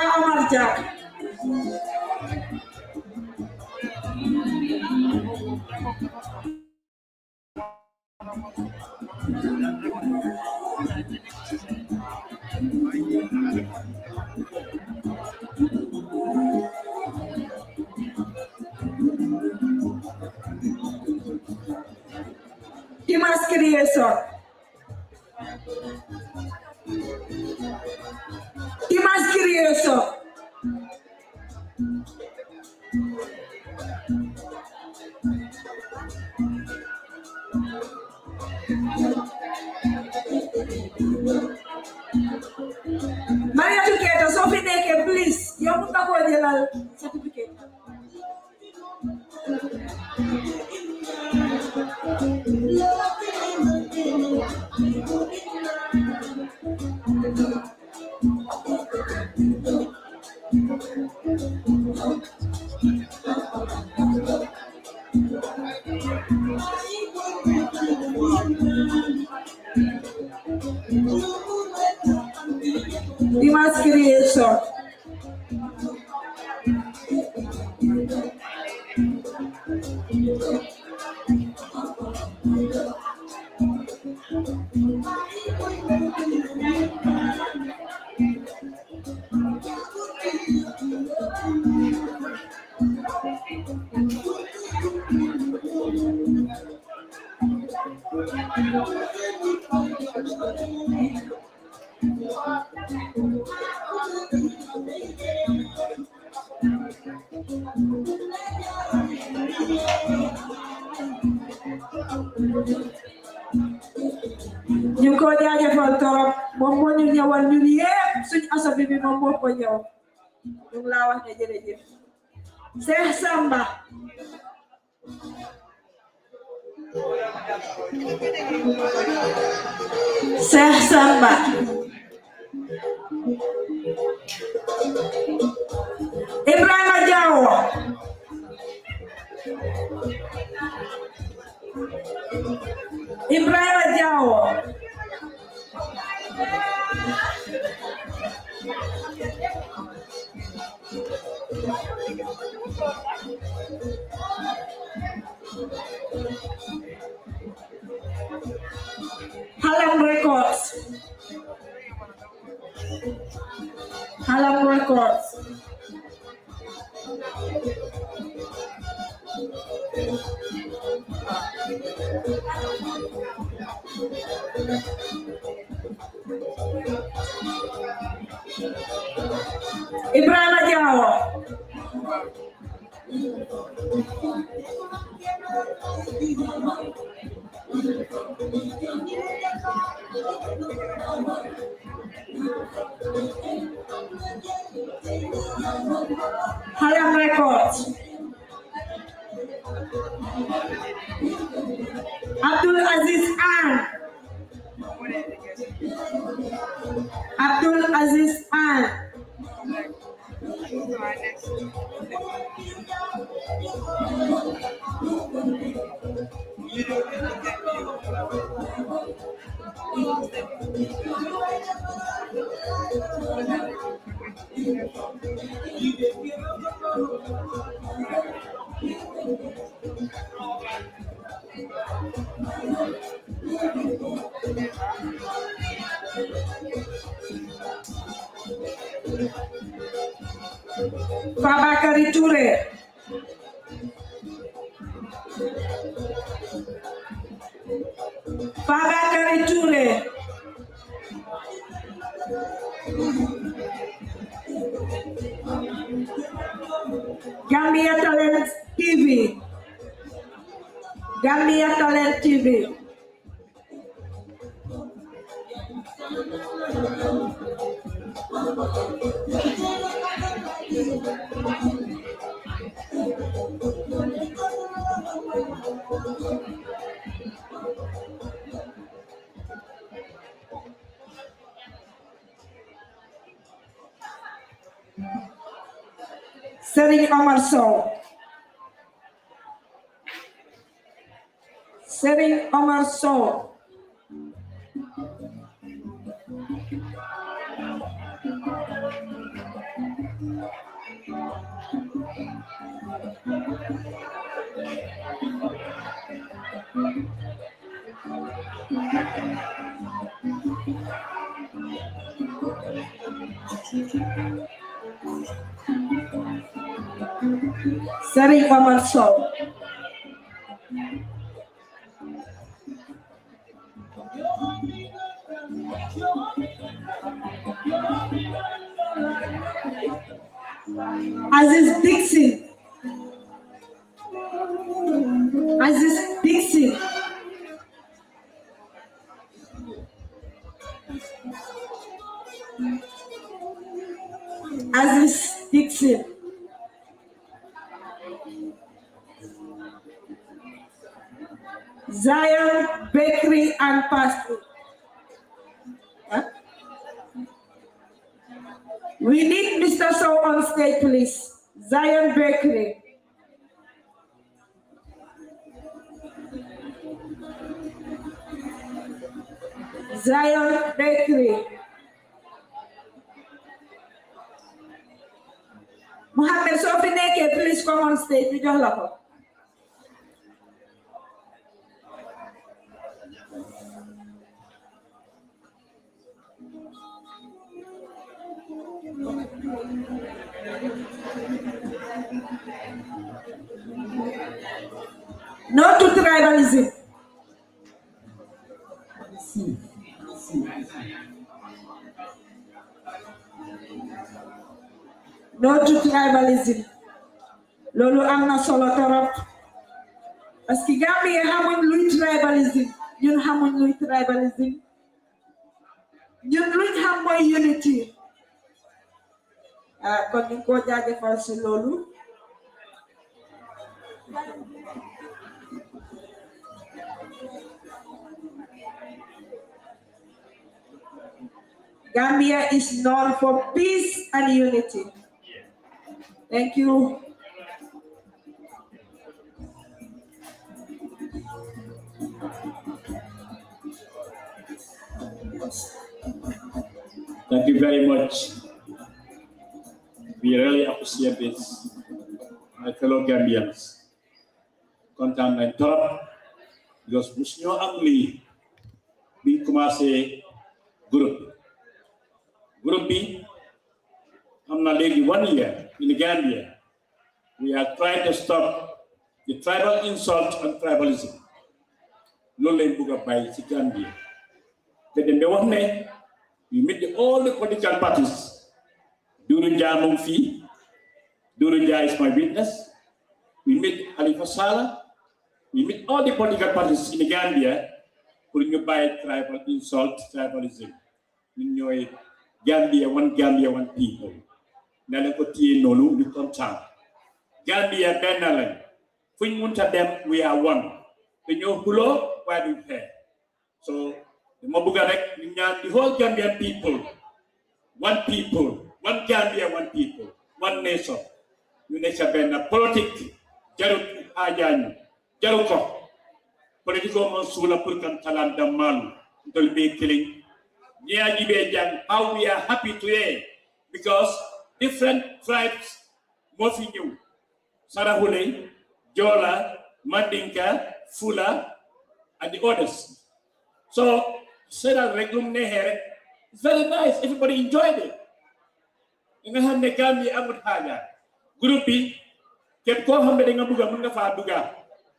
vai ao mais E mais criança? que mais criança? Maria Juqueta, só vender aqui, please. Eu nunca vou lá. Zé Samba. Ser Samba. Ibrahim Jawa. Ibrahim Ajawo. Halang Records. Halang Records. Ibrahim aja awak. Hal yang Abdul Aziz An. Abdul Aziz Al. Babacari Touré. Babacari Touré. Gambia Talent TV. Gamia Talent TV. Sering Omar Sol. Seri Omar Sow. Seri Omar Sow. Aziz Dixon. Aziz Dixon. Aziz Dixon. Zion Bakery and Pasta. Huh? We need Mr. So on stage, please. Zion Berkeley. Zion Berkeley. Mohammed Sofineke, please come on stage. We don't love her. No to tribalism. See. No to tribalism. Lolo am na solo torop parce que Gambie xamuñ luy tribalism ñun xamuñ luy tribalism ñun luñ xam unity Ah, Gambia is known for peace and unity. Thank you. Thank you very much. We really appreciate this, my fellow Gambians. content my top, because bu ñoo am lii bi commencé group. Group bi I'm na leaving one year in the Gambia we are trying to stop the tribal insult and tribalism loolu lañ bugg a bàyyi ci Gambia te dem ba meet the, all the political parties Doudou Ndiaye moom fii Doudou Ndiaye is my witness. We meet Halifa Sallah. We meet all the political parties in the Gambia pour ñu bàyyi tribal insult tribalism ñun ñooy Gambia one Gambia one people na leen ko téye noonu ñu kontaan Gambia benn lañ fu ñu mënta dem we are one dañoo xuloo waaye duñ xeex so dama bëgg rek ñu ñaan the whole Gambian people one people one Gambia, one people, one nation. ñu ne ca benn politique jarut haajaañu jaru ko politique o man suula pour talan dammaalu ndol be killing ñeyaji ɓe jang how we are happy today because different tribes mofinyu, fi ñëw sarahule joola mandinka fula and the others so seeral a regum neexee very nice everybody enjoyed it nga xamne ne Gambie amul xaaja groupe bi kep ko xamne da nga bëgg a nga fa dugga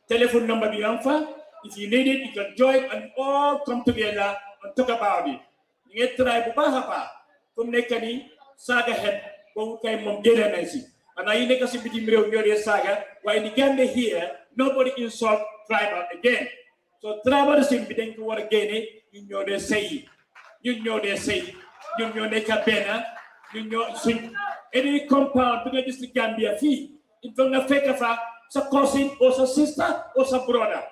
téléphone number bi yam fa if you need it you can join and all come together and talk about it ñu ngi try bu baaxa a kum nekkani saga xet kay mom génne na si ana yi nekk si bitim réew ñoo dee saga waaye di Gambie here nobody insult tribal again so tribalism bi dañ ko wara a ñu ñoo de sey ñu ñoo de sey ñu ñoo nekk benn should any compound to register Gambia fee. It don't affect us, sa cousin or sa sister or sa brother.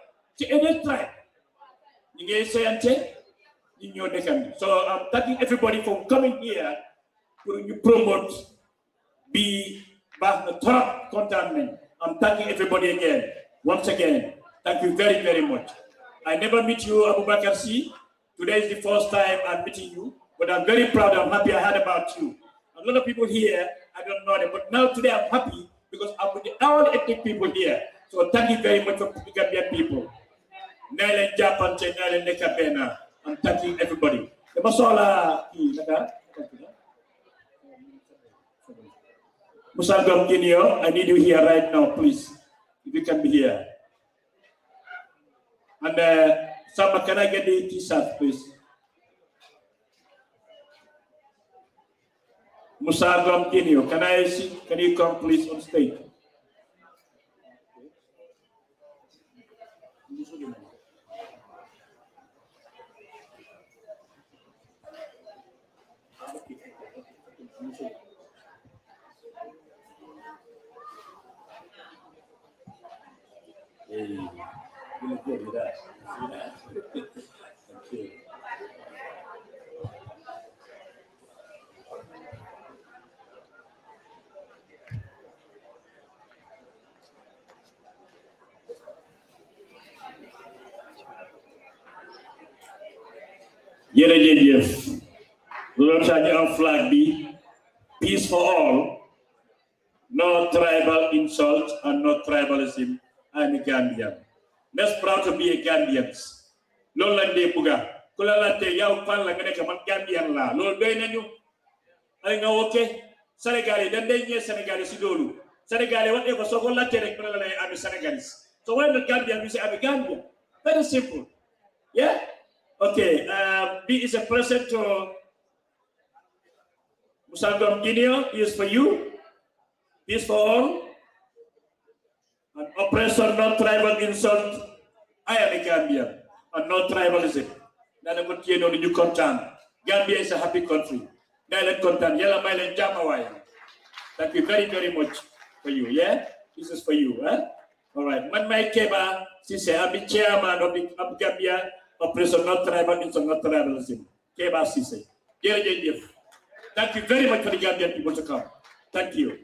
To any tribe. You get saying in your nation. So I'm thanking everybody for coming here to promote the Bahnatara containment. I'm thanking everybody again. Once again, thank you very, very much. I never meet you, Abu Bakr C. Today is the first time I'm meeting you, but I'm very proud. I'm happy I heard about you. A lot of people here, I don't know them, but now today I'm happy because I'm with all ethnic people here. So thank you very much for Gambian people. Nile Japan, Nile Nekabena. I'm thanking everybody. The Masala, Musangam I need you here right now, please. If you can be here. And uh, Samba, can I get the t-shirt, please? Musa continue. Can I see? Can you come please on stage? Hey, you look good with that. jërëjëf loolu saa ñu am flag bi peace for all no tribal insult and no tribalism I'm a Gambian let's proud to be a Gambians lol lañ dee bugga ku la laajte yow fan la nga nekk man Gambian laa loolu doy nañu ay nga wokke Sénégal dañ day ñëw Sénégal yi si loolu Sénégal yi waxee ko soo ko laajtee rek mën na la lay ami Sénégalais so why not Gambian you say I'm a Gambian very simple yeah Okay, uh, is a present to Musangam Junior. This is for you. This is for all. An oppressor, not tribal insult. I am a Gambian, and not tribalism Nana ko tiye noonu ñu kontaan. Gambia is a happy country. Naa leen kontaan yàlla may Thank you very very much for you. Yeah, this is for you. Huh? All right. Man may Keba said, I'm the chairman of the of Gambia operational tribal, international tribalism. KBRC say. Dear thank you very much for the Gambian people to come. Thank you.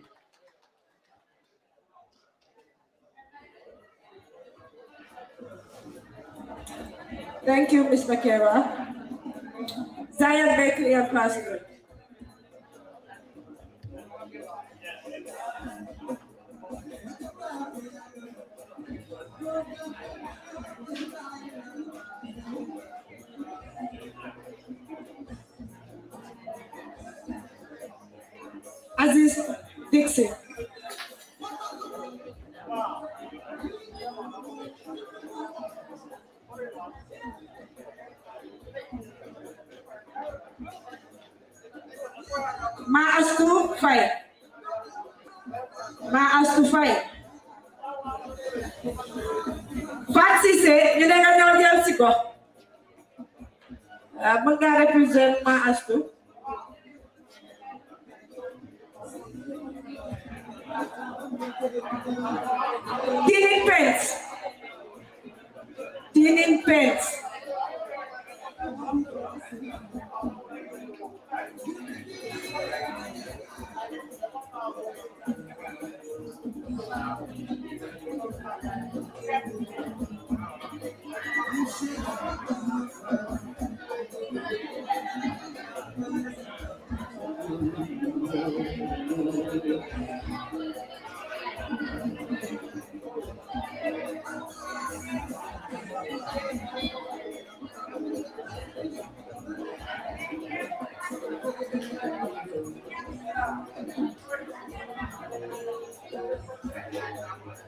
Thank you, Ms. Makera. Zion Bakery and Fast Thank you. Aziz Dixit. Maastu vai Maastu Faye. Fat ele é ne nga ñëw jël si ko. Ah, Mën ngaa réfugié Maastu. Delinquents. Delinquents. Thank you.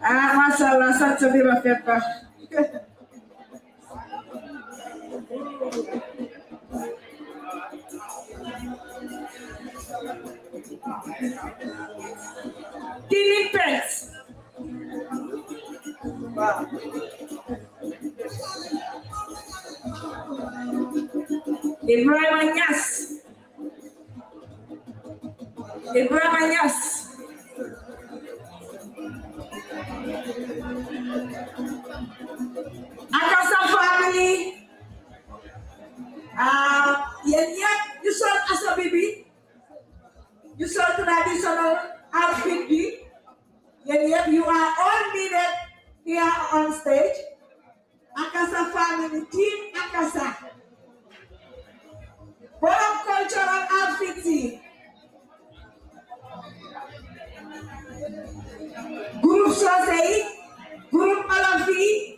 Ah, masalah saja di rakyat Pak. Guinea pigs. Ibrahim Anyas. Ibrahim Anyas. Akasa family, uh, yan yan, you sold as a baby, you sold traditional RPD, yan yet you are all needed here on stage. Akasa family, team Akasa. Both cultural outfit team. Group Sosei, Group Malafi,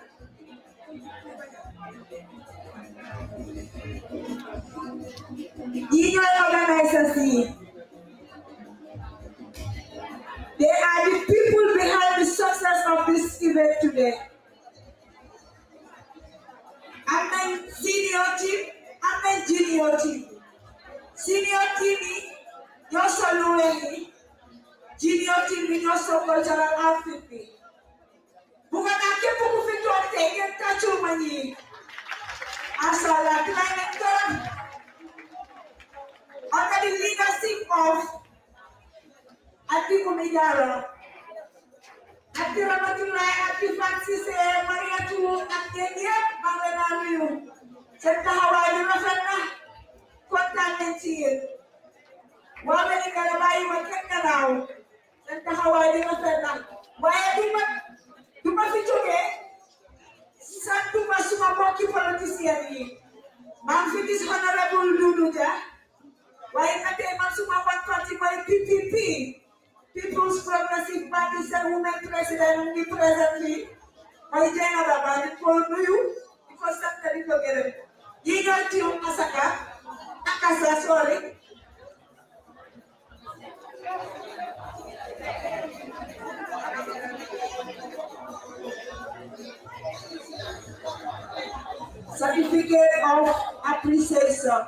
your organization, They are the people behind the success of this event today. am senior team am junior team senior team yi ñoo sol lu junior team yi ñoo sol cultural outfit bi bëgg naa képp ku fi toog tey ngeen tàccul under the leadership of Atiku Kumijaro, Ati Ramatulai, Ati Francis Maria Tuwo, Ati Dia Banganamiu, serta Hawaii Rosana, Kota Mencil, Wabeni Kalabai Makan Kalau, serta Hawaii Rosana, Waya Duma, Duma Ficuke, Satu apa Boki Politisian ini, Bang Fitis Honorable Duduja, Why Ate Matsumawa Party by PPP, People's Progressive Party, the women president, me presently. Why Janaba Bani called you? Because that's the little girl. Yiga Tio Masaka, Akasa, sorry. Certificate of appreciation.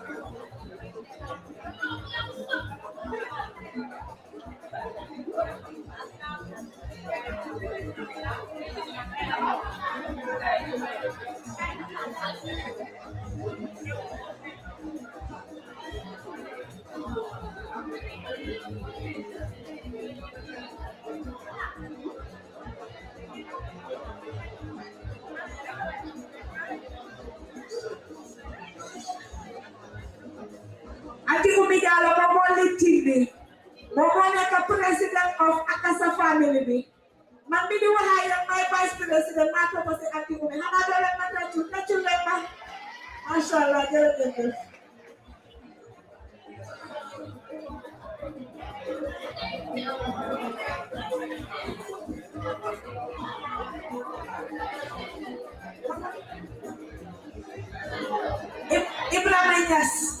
Atiku Migalo Mamoli TV. Mamona ka president of Akasa family bi. Mamidi wahaya my vice president mato ko si Atiku mi. Hana dole matra chunda chunda ma. Mashallah jere jere. Ibrahim Yes.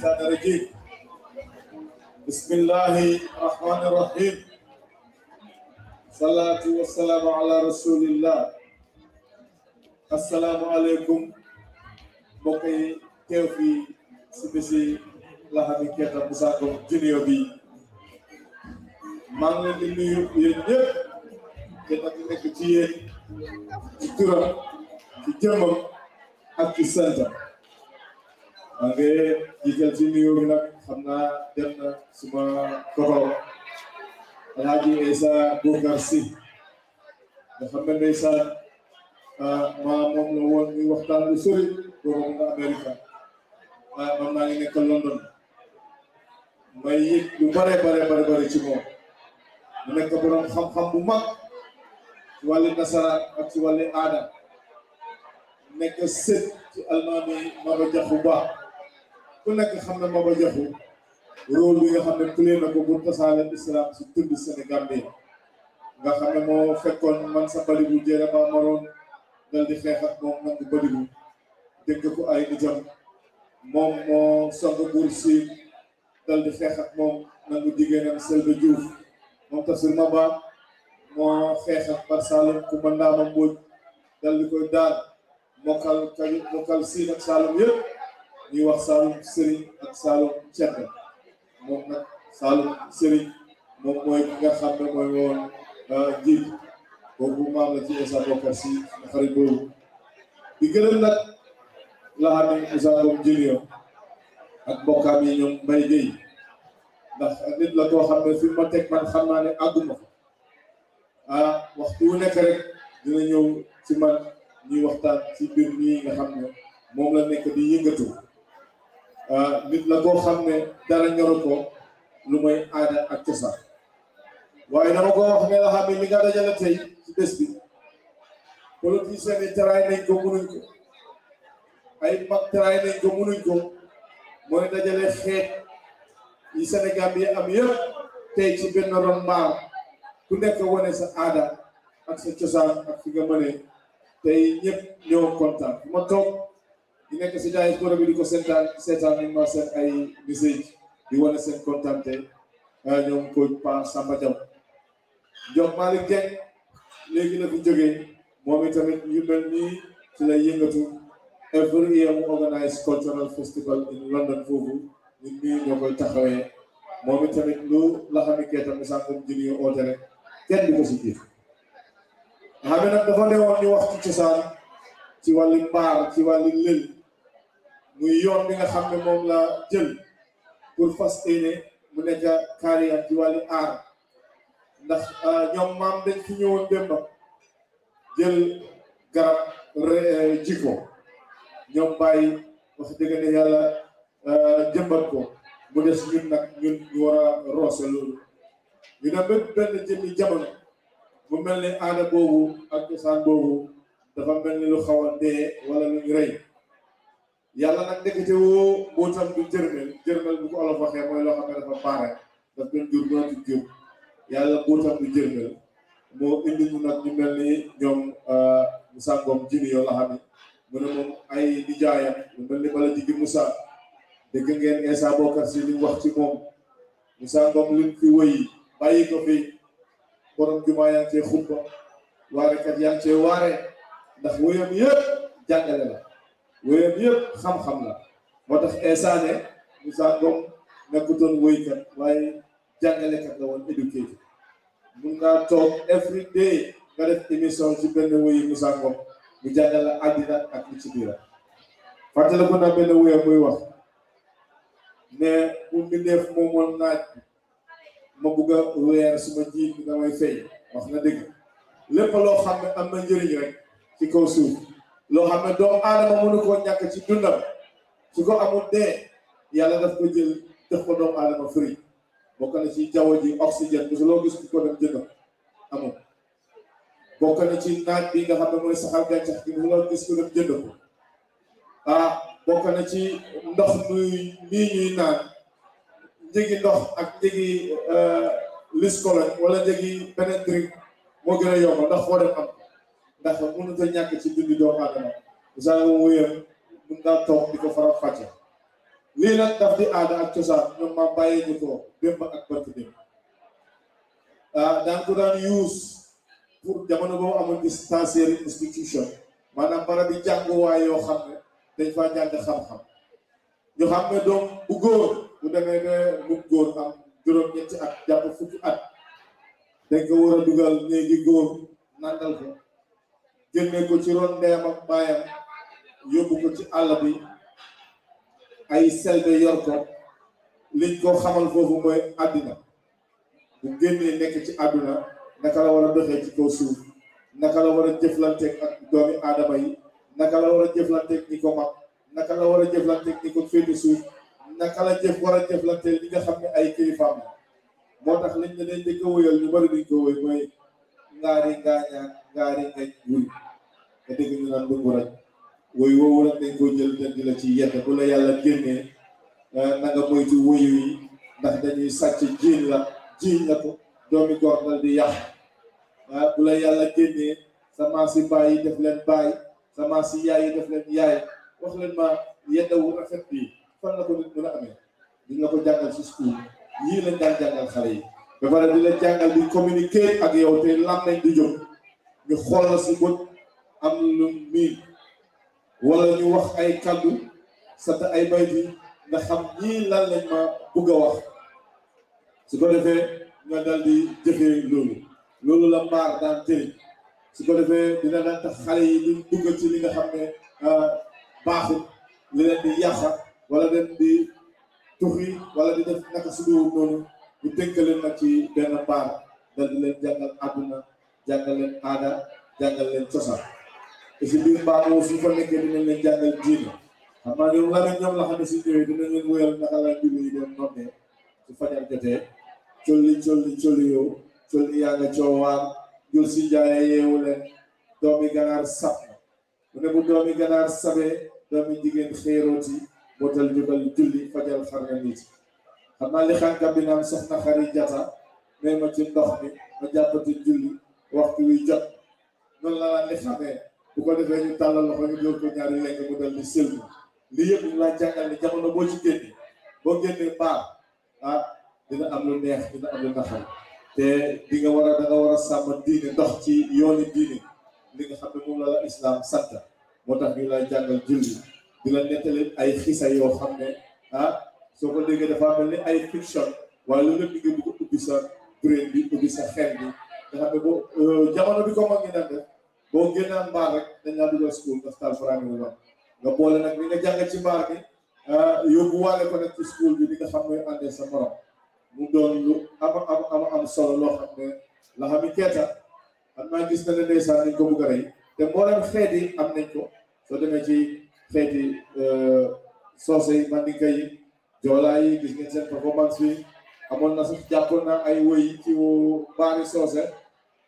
الشيطان الرجيم بسم الله الرحمن الرحيم صلاة والسلام على رسول الله السلام عليكم بقي كيفي سبسي لها بكيتا مساكم جنيو بي maa ngi leen di nuyu yéen ñëpp yéen ak nekk ci yéen ci turam ci jëmmam ak ci santam ange jiital ci nuyoo bi nag xam dem na suma koro alhaji Essa Boucar Sy nga xam ne ndeysaan uh, ma mom la woon ñu waxtaan lu sori boobu nga Amérique uh, ma man maa ngi nekk London may yëg lu bare bare bare bare ci moom mu nekk borom xam-xam bu mag ci wàllu nasaraan ak ci wàllu aada nekk sët ci almaami Maba Jaxu Ba ku nekk xam ne Maba Jaxu rôle bi nga xam ne play na ko bu tasaale islam si tund Sénégal bi nga xam ne moo fekkoon man sa balibu jële ba maroon dal di moom nangu balibu dégg ko ay nijam moom moo song buur siin dal di moom nangu jigéenam Selbe Diouf moom Tafsir Maba moo xeex ak Bar Saalum Kumba Ndaama Mbóoj dal koy daal mokkal siin ak Saalum yëpp ñuy wax Saalum Serigne ak Saalum Cerno moom nak Saalum Serigne moom mooy ki nga xamne moy mooy eh, woon njiit boobu maam la ci Essa bokkar si xari boobu di gërëm nag laxaani Essa Bom jëliyo ak bokkam yi ñoom Mbaye geey ndax nah, nit la ko xamne fi ma tek man xam ne ah waxtu wu nekk rek dina ñew ci man ñuy waxtaan ci bir ñi nga xamne mom la nek di yëngatu Euh, nit la koo xam ne dara ñoru ko lu may aada ak cosaan waaye dama ko la xam ne li nga bi politiciens yi ay mag taraay nañ ko munuñ ko mooy dajale xeet yi Sénégal bi am yëpp tey ci benn ron mbaar ku nekk wane sa aada ak sa cosaan ak fi nga mënee tey ñëpp ñoo kontaan ma toog di nekk si diaspora bi di ko seetaan seetaan nañ ma seen ay message di wane seen contacté ah, ñoom coach Pa Samba Diaw Diop Malick léegi la fi jógee moom itamit yu mel nii ci lay yëngatu every year mu organise cultural festival in London foofu ñun ñii ñoo koy taxawee moom itamit lu la xam ne keetam mi sànq kenn du ko si jiir xam nag dafa newoon ñu wax ci cosaan ci wàllu mbaar ci wàllu lël muy yoon bi nga xam ne moom la jël pour fas yéene mu nekk carrière ci wàllu aar ndax euh, ñoom maam dañ fi ñëwoon démb jël garab euh, jiko ñoom bàyyi wax dëgg ne yàlla euh, jëmbat ko mu des ñun nag ñun ñu war a roose loolu ñu ne bépp benn jëmmi jamono mu mel ne aada boobu ak cosaan boobu dafa mel ni lu xaw a dee wala lu ñu rey nek ci wo bo tam du jermel jermel bu ko ala waxe moy lo xam dafa baare da doon jur do ci yalla bo tam du jermel mo indi mu nak ñu melni ñom euh Moussa jini yo la xam mu ne mom ay nijaayam mu melni bala bala musa de dégg ngeen esa bokkar ci li wax ci mom musa Ngom lim fi wëyi bayyi ko fi borom juma yaa xumba waré kat ngi cee waare ndax wëyam yépp jangalé la wéyam yëpp xam-xam la moo tax insaane Moussa Ngom nekkutoon wéykat waaye jàngalekat la woon éduqué mun ngaa toog every day nga def émission ci benn wéyu Moussa Ngom mu jàngal la àddina ak li ci biira fàttaliku naa benn wéyam muy wax ne bu mbindeef moomoon naaj ma bugg a weer suma jiit bi damay fay wax na dëgg lépp xam ne am na njëriñ rek ci kaw suuf loo xam ne doomu aadama mënu koo ñàkk ci dundam su ko amul dee yàlla daf ko jël def ko doomu aadama firi bokk na ci jaww ji oxygène bi su loo gis ku ko dem na ci naaj bi nga xam ne mooy saxal gàncax gi gis ku dem jënd ko ah bokk na ci ndox muy nii ñuy naan njëgi ndox ak njëgi euh, lis cologne wala njëgi beneen drink moo gën a yomb ndax foo dem am ndax mënut a ñàkk ci dund doomu aadama toog di ko faram fàcce lii nag daf di aada ak cosaan ñoom ma bàyyi ñu ko démb ak barki démb ah daan ko daan use pour jamono boobu amul distancière institution maanaam barab yi jànguwaay yoo xam ne dañ faa jàng xam-xam ñu xam ne doom bu góor bu demee ne bu góor am juróom-ñetti at jàpp fukki at dañ ko war a dugal néegi góor nandal ko génne ko ci ron ndeyam ak baayam yóbbu ko ci àll bi ay selbe yor ko liñ ko xamal foofu mooy àddina bu génnee nekk ci àdduna naka la war doxee ci kaw suuf naka la war a jëflanteeg doomi aadama yi naka la war a jëflanteeg ñi ko mag naka la war a jëflanteeg ko féete suuf naka la jëf war a jëflanteeg nga xam ne ay kilifaam moo tax liñ ne dañ di ko wóyal bari duñ ko wóy mooy ngaaringañaan ngaari ngañ wuy nga dégg ñu naan bëggu rek woy woowu rek dañ koo jël dem di la ci yett ya, bu la yàlla génnee eh, na nga moytu wuyu yi ndax dañuy sàcc jiin la jiin la ko doomi góor dal di eh, yàq bu la yàlla génnee sa maasi baay yi def leen baay sa maasi yaay def leen yaay wax ma yedda wu rafet bi fan la ko nit mën a la ko jàngal ci school yii lañ daan jàngal xale yi ba pare di la jàngal di communiquer ak yow te lan di jóg ñu xool la si bët am lu miin wala ñu wax ay kàddu sant ay bayti nga xam ñii lan lañ ma bëgg a wax su ko defee nga dal di jëfee loolu loolu la mbaar daan tëriñ su ko defee dina daan tax xale yi di dugg ci li nga xam ne euh, baaxut li leen di yàqa wala leen di tuxi wala di def naka su dóoru noonu ñu tënkale nag ci benn baar dal di leen jàngal àdduna jàngal leen aada jàngal leen cosaan te si biir baar boobu su fa nekkee dinañ leen jàngal diine xam naa ñoom lan ñoom la xam ne si ñëwee dinañ leen wóyal naka la julli yi doon nommee su fajar si njaay yeewu leen doomi ganaar sab na mu doomi ganaar sabee doomi jigéen xéerooti bootal jubal julli fajar xar xam li xànka bi naan soxna xari jata ma ci ndox mi ma jappati julli waxtu wi jot non la laan li xamee bu ko defé ñu talal loxo ñu dóor ko ñaari leng mu dal ni sëlmi li yëpp ñu laa jàngal ni jamono bo ci génne bo génnee ba ah dina am lu neex dina am lu taxal te di nga wara da nga wara a sàmm diine ndox ci yooni diine li nga xam ne la la islam sant motax ñu la jangal julli di netale ay xisa yo xamné ah soo ko déggee dafa mel ni ay fiction waaye loolu lépp liggéey bu ko ubbi sa brain bi ubbi sa xel bi nga xam ne boo euh, jamono bi ko mag ñi daan def boo génnaan mbaar rek dañ laa dugal school nga taal farang nga nga boole nag li euh, ko nag ci school bi li nga xam mooy sa morom mu doon lu am am am solo loo xam ne la xam ne keeta am naa gis na ne ndeysaan nañ ko bugg a rey te mboolem xeet yi am nañ ko soo demee ci xeeti euh, soose yi mandinka yi joolaa yi gis ngeen seen performance amoon na sax jàppoon naa ay woy ci baari soose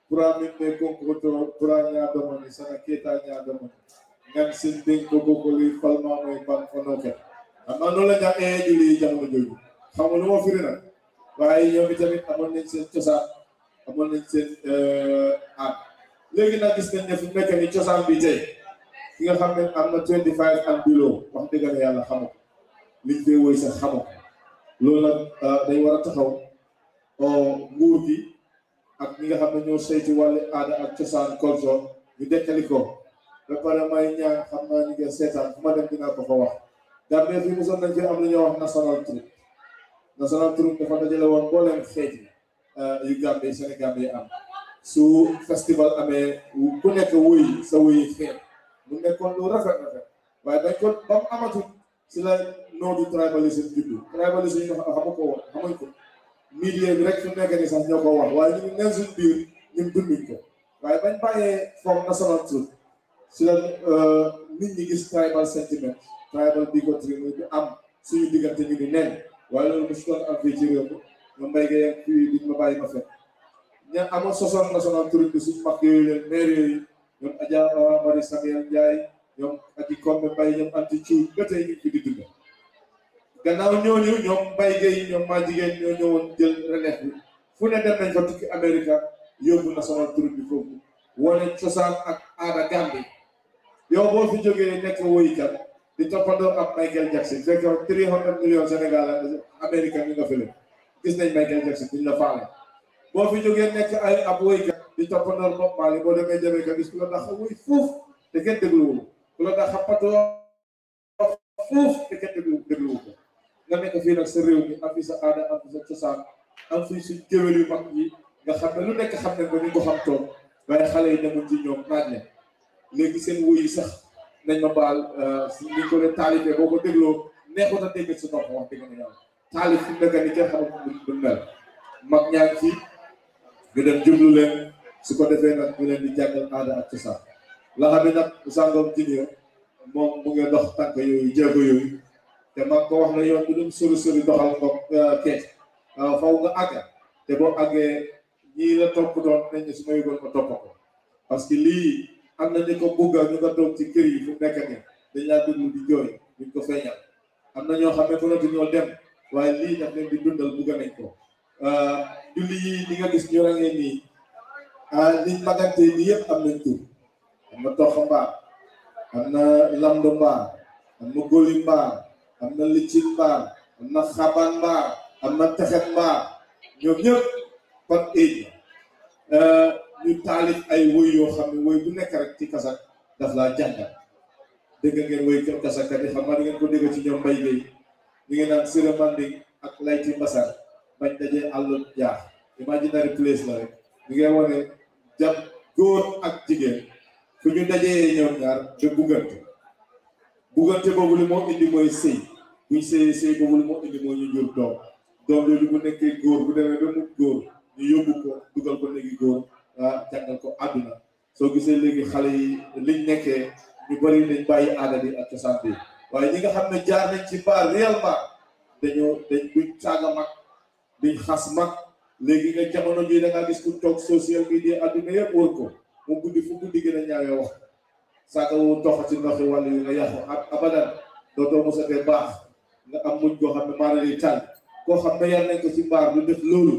pura min be konkoto pura ñaadomoni sana keeta ñaadomoni ngan sin den ko gogoli falmamoy ban fonoke amma noonu la ñaa ee juli jamono lu ma firi waaye ñoom itamit amoon nañ seen cosaan amoon nañ seen euh, aat léegi nag gis nañ ne fu nekk ni cosaan bi tey ki nga xam ne am na 25 and below wax dëgg yàlla xamu liñ koy woy sax xamoo loolu nag euh, dañ war a taxaw euh, nguur gi ak ñi nga xam ne ñoo saytu wàllu aada ak cosaan culture ñu dekkali ko ba pare may ñaan xam naa ñu seetaan fu ma dem dinaa ko fa wax. Gambie fii mosoon nañ fi am na ñuy wax national troupe national troupe dafa dajale woon mbooleem xeet euh, yu Gambie Sénégal yi am su festival amee ku nekk woy sa woy xeet mu nekkoon lu rafet rafet waaye dañ ko ba mu si la. No du tribalisme juddu tribalisme yi nga xamu ko wax xamuñ ko media bi rek fu nekk ni sax ñoo ko wax waaye ñu neen suñ biir ñun dunduñ ko waaye bañ bàyyee foog national truth si la nit ñi gis tribal sentiment tribal bigotry muy du am suñu diggante ñu ni nen waaye loolu mu sutoon am fii ci réew mi ma mbay nga yem fii duñ ma bàyyi ma fekk ña amoon sosoon national truth bi suñ mag yooyu leen maire yooyu ñoom Adja Awa Samuel Ndiaye ñoom Adi Kombe Mbaye ñoom Anti Thiou ba tey ñu fi di dundal gannaaw ñooñu ñoom Mbaye ñoo ñëwoon jël relève bi fu ne dem nañ fa tukki Amérique yóbbu na sama tur bi foofu wane cosaan ak aada Gambie yow boo fi jógee nekk woykat di toppandoo ak Michael Jackson fekk 300 millions Sénégal Amérique ñu nga fële gis nañ Michael Jackson duñ la faale boo fi jógee nekk ay ab woykat di toppandoo Bob Marley boo demee jamee ka gis ku la dax a woy fuuf te kenn dégluwul ku la dax a patoo fuuf te kenn dégluwul nga nekk fii nag sa réew mi am fi sa aada am fi suñ géwél yu mag yi nga xam ne lu nekk xam ne ko ñu ko xam toog waaye xale yi demuñ ci ñoom naaj ne léegi seen wuyu nañ ma baal euh, ni ko ne taalibe boo ko dégloo neexut a si nopp wax dëgg na yàlla taalib fi nekk ni kenn xamul du mag ñaa ngi fi ñu dem jublu leen su ko defee nag ñu leen di jàngal aada ak cosaan la xam ne nag Moussa Ngom Junior moom mu ngi dox tànk yooyu jéego yooyu te ma ko wax na yoon bi lu mu suru sori doxal ko kees faw nga aga te bo àggee ñii la top doon nañ ne su ma yëgoon ma topp ko parce que li am na ni ko bugga ñu ko top ci kër yi fu nekk ni dañ la dund di joy ñu ko feñal am na ñoo xam ne mënatu ñoo dem waye li daf leen di dundal bugga nañ ko euh julli yi li nga gis ñu ngeen ni nii eh, liñ magante ni yëpp am nañ tu am na tox mbaar am na lamdo mbaar am na góli mbaar amna na ba amna xaban ba amna taxet ba mbaar ñoom ñëpp kon euh ñu talif ay woy yo xamni woy bu nek rek ci kasak daf la jangal deug ngeen woy ci kasak ka di xamal ngeen ko dégg ci ñoom bay gay ñi ngi nan Sira Manding ak ci Mbassar bañ dajé allu jaax ya. imaginary place la rek ñi ngi wane jam goor ak jigéen fu ñu dajé ñoom ñaar ci bugante bugante bobu li mo indi moy buñ see see boobu li mu indi moo ñu jur doom doom yooyu bu nekkee góor bu demee ba mu góor ñu yóbbu ko dugal ko léegi góor jàngal ko àdduna soo gisee léegi xale yi liñ nekkee ñu bëri nañ bàyyi aada bi ak cosaan bi ñi nga xam jaar nañ ci baar réellement dañoo dañ nga jamono ji da gis ku social media àdduna ya, yëpp wër ko mu guddi fu guddi gën a ñaawee wax saaga wu tox ci ndoxi nga abadan nga am muñ koo xam ne maanaam day tànn koo xam ne nañ ko ci mbaar lu def loolu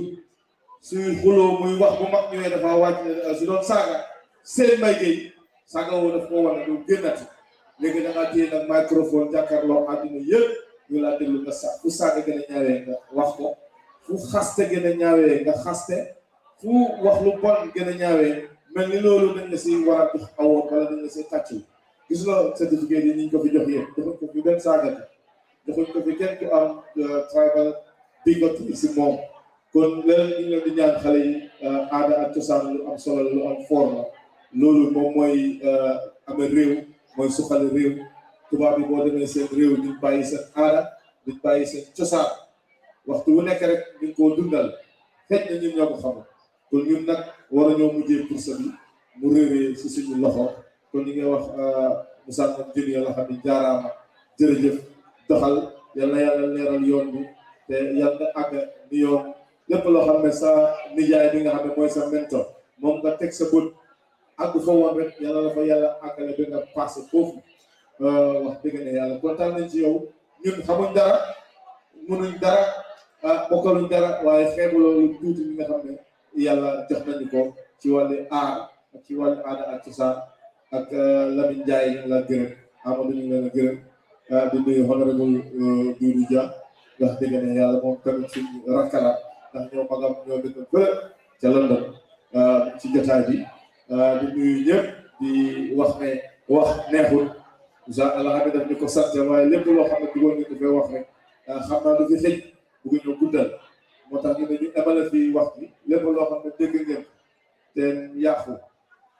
suy xuloo muy wax bu mag ñëwee dafa wàcc euh, su doon saaga seen may géey saaga woo daf koo war a doon génnati léegi da ngaa téye nag microphone jàkkaarloo àddina yëpp ñu laa déglu nga sa fu saaga gën a ñaawee nga wax ko fu xaste gën a ñaawee fu wax lu bon gën a ñaawee mel ni loolu dañ la si war a dux awoon wala dañ la si tàcc gis nga certificat yi ñu ko fi jox yéen dafa ko fi benn saaga joxuñ ko fi kenn ku am euh, tribal bigotry si moom kon leneen ñu leen di ñaan xale yi euh, aada ak cosaan lu am solo lu am foor la loolu moom mooy euh, amee réew mooy suqali réew tubaab bi boo demee seen réew duñ bàyyi seen aada duñ bàyyi seen cosaan waxtu wu nekk rek ñu ngi koo dundal xëj na ñun ñoo ko xamul kon ñun nag war a ñoo mujjee pour bi mu réeree si suñu loxo kon ñu ngi wax Moussa Ngom Junior la xam ne jaaraama jërëjëf doxal yal na yàlla leeral yoon bi te yal na ni yoon lépp loo xam ne sa nijaay bi nga xam ne mooy sa mentor moom nga teg sa bët ak fa woon rek yàlla la fa yàlla àggale bi nga foofu euh, wax dëgg ne yàlla kontaan nañ ci yow ñun xamuñ dara ah, bokkaluñ dara waaye xeebuloo tuuti mi nga xam ne yàlla jox nañu ko ci wàllu aar ak ci wàllu aada ak cosaan ak euh, Lamine Ndiaye ñu la gërëm Amadou ñu la gërëm Ah, di nuyu honorable euh, Doudou Dia ndax dégg na yàlla moom tamit suñ rakkala ndax ñoo magam ñoo dëkk fële ca London ah, ci jotaay bi ah, di nuyu di wax ne wax neexul ja alhamdulilah daf ñu ko sant waaye lépp loo xam ne dugal ñu dafay wax rek xam naa du fi xëj bëgg guddal moo tax ñu ne ñu emale fi wax bi lépp loo xam ne dégg ngeen te yàqu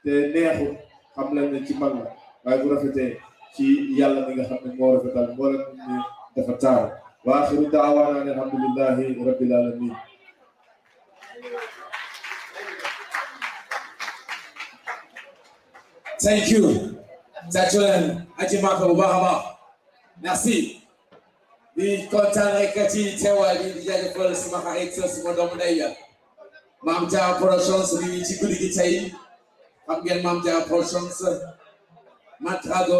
te neexul xam leen ci mag la waaye bu rafetee ci yàlla mi nga xam ne moo rafetal moo leen ne dafa taaru wa axiru daawaana an alhamdulillahi rabbil alamin thank you tàcculeen aji màkk bu baax a baax merci di kontaan rek ci teewaay bi di jaajëfal sama xarit sama doomu ndey ya Mame Diarra Productions bi ci guddi gi tey xam ngeen Mame Diarra Productions Matrago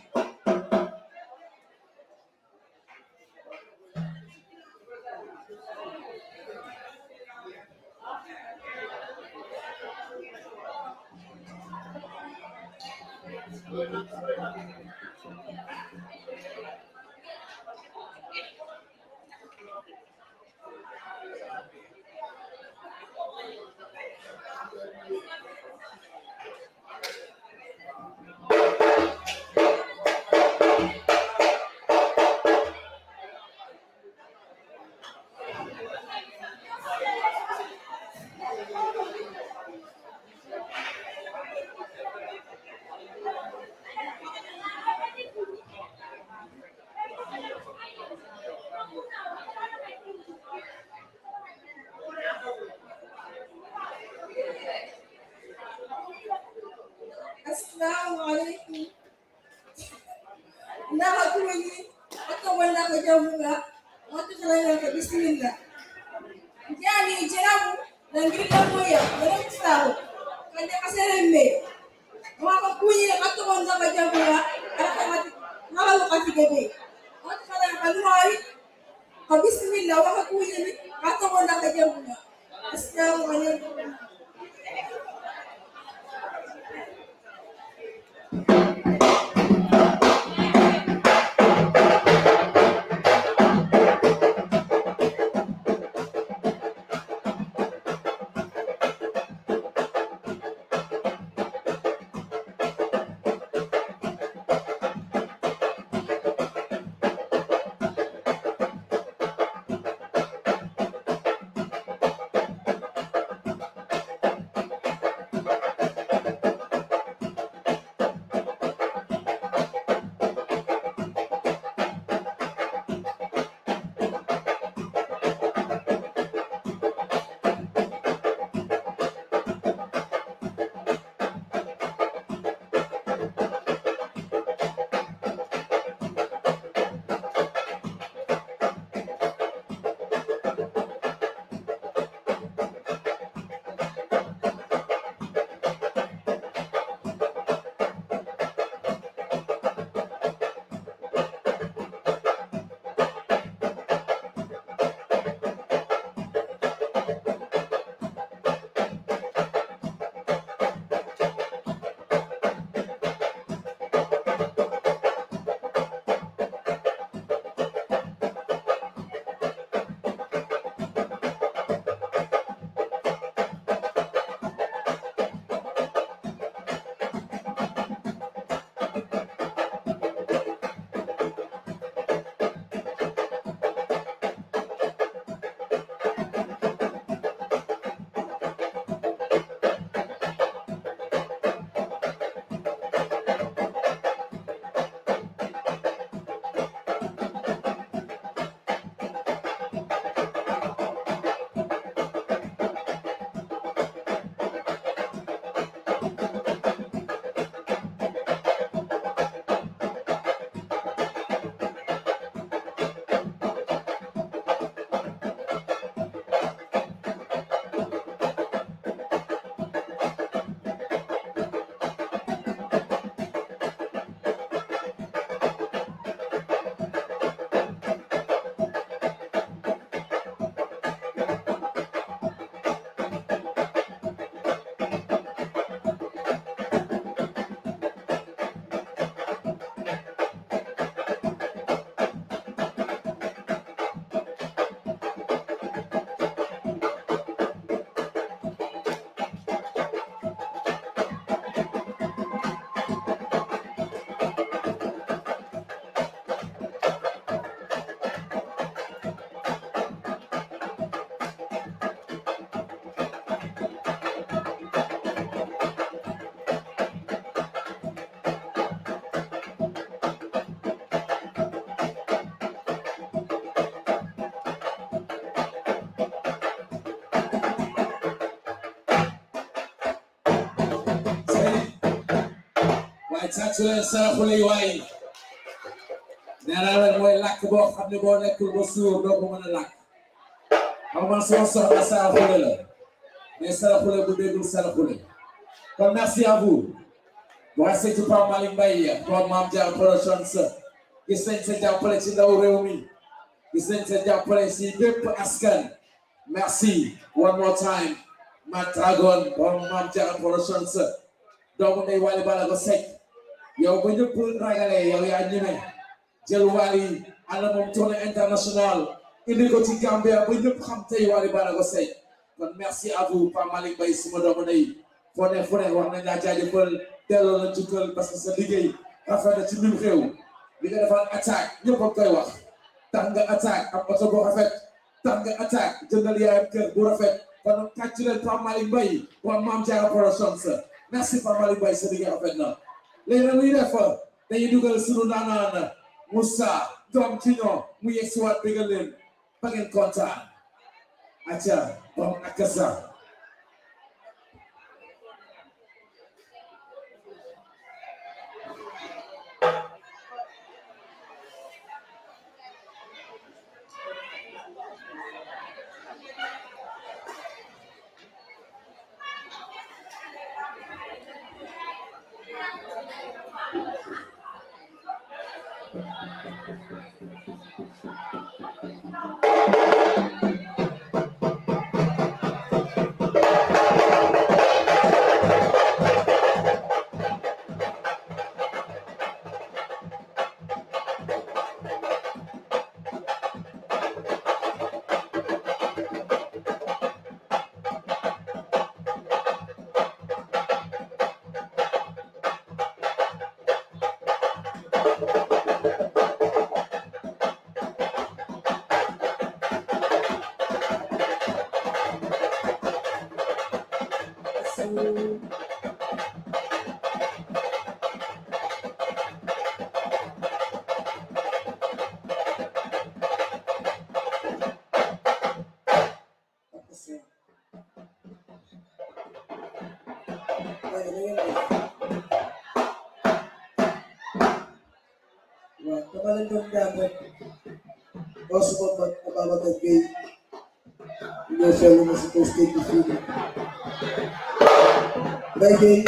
waaye sax saraxu lay waaye nee naa leen mooy làkk boo xam ne boo nekkul ba suur doo ko mën a làkk xam man soo soxla saraxule la mais saraxule bu déggul saraxule kon merci à vous merci ci Pape Malick Mbaye Pape Mame Diallo production sa gis nañ sa jàppale ci ndaw réew mi gis nañ sa jàppale ci bépp askan merci one more time Matragon Pape Mame Diallo production sa doomu ndey Wally Ballago Seck yow ba ñëpp ragalee yow yaa ñemee jël Wally ànd moom tournée internationale indi ko ci Gambia ba ñëpp xam tey Wally Ballago Seck kon merci à vous Pape Malick Mbaye suma doomu ndey foo ne fu ne war nañ laa jaajëfal delloo la jukkal parce que sa liggéey rafet na ci mbiru réew li nga defal attaque ñëpp a koy wax tax nga attaque am oto bu rafet tax nga attaque jëndal yaayam kër bu rafet kon kàcc leen Pape Malick Mbaye waa Mame Diarra Productions merci Pape Malick Mbaye sa liggéey léegi nag muy def dañuy dugal sunu naanaan Moussa doom ci ñoom mu yegg si waat dégg leen ba ngeen kontaan acca doom ak sa nandun dapat. Posso mamãe, é a mama da gay. E eu celular se postei de filho. Vai gay.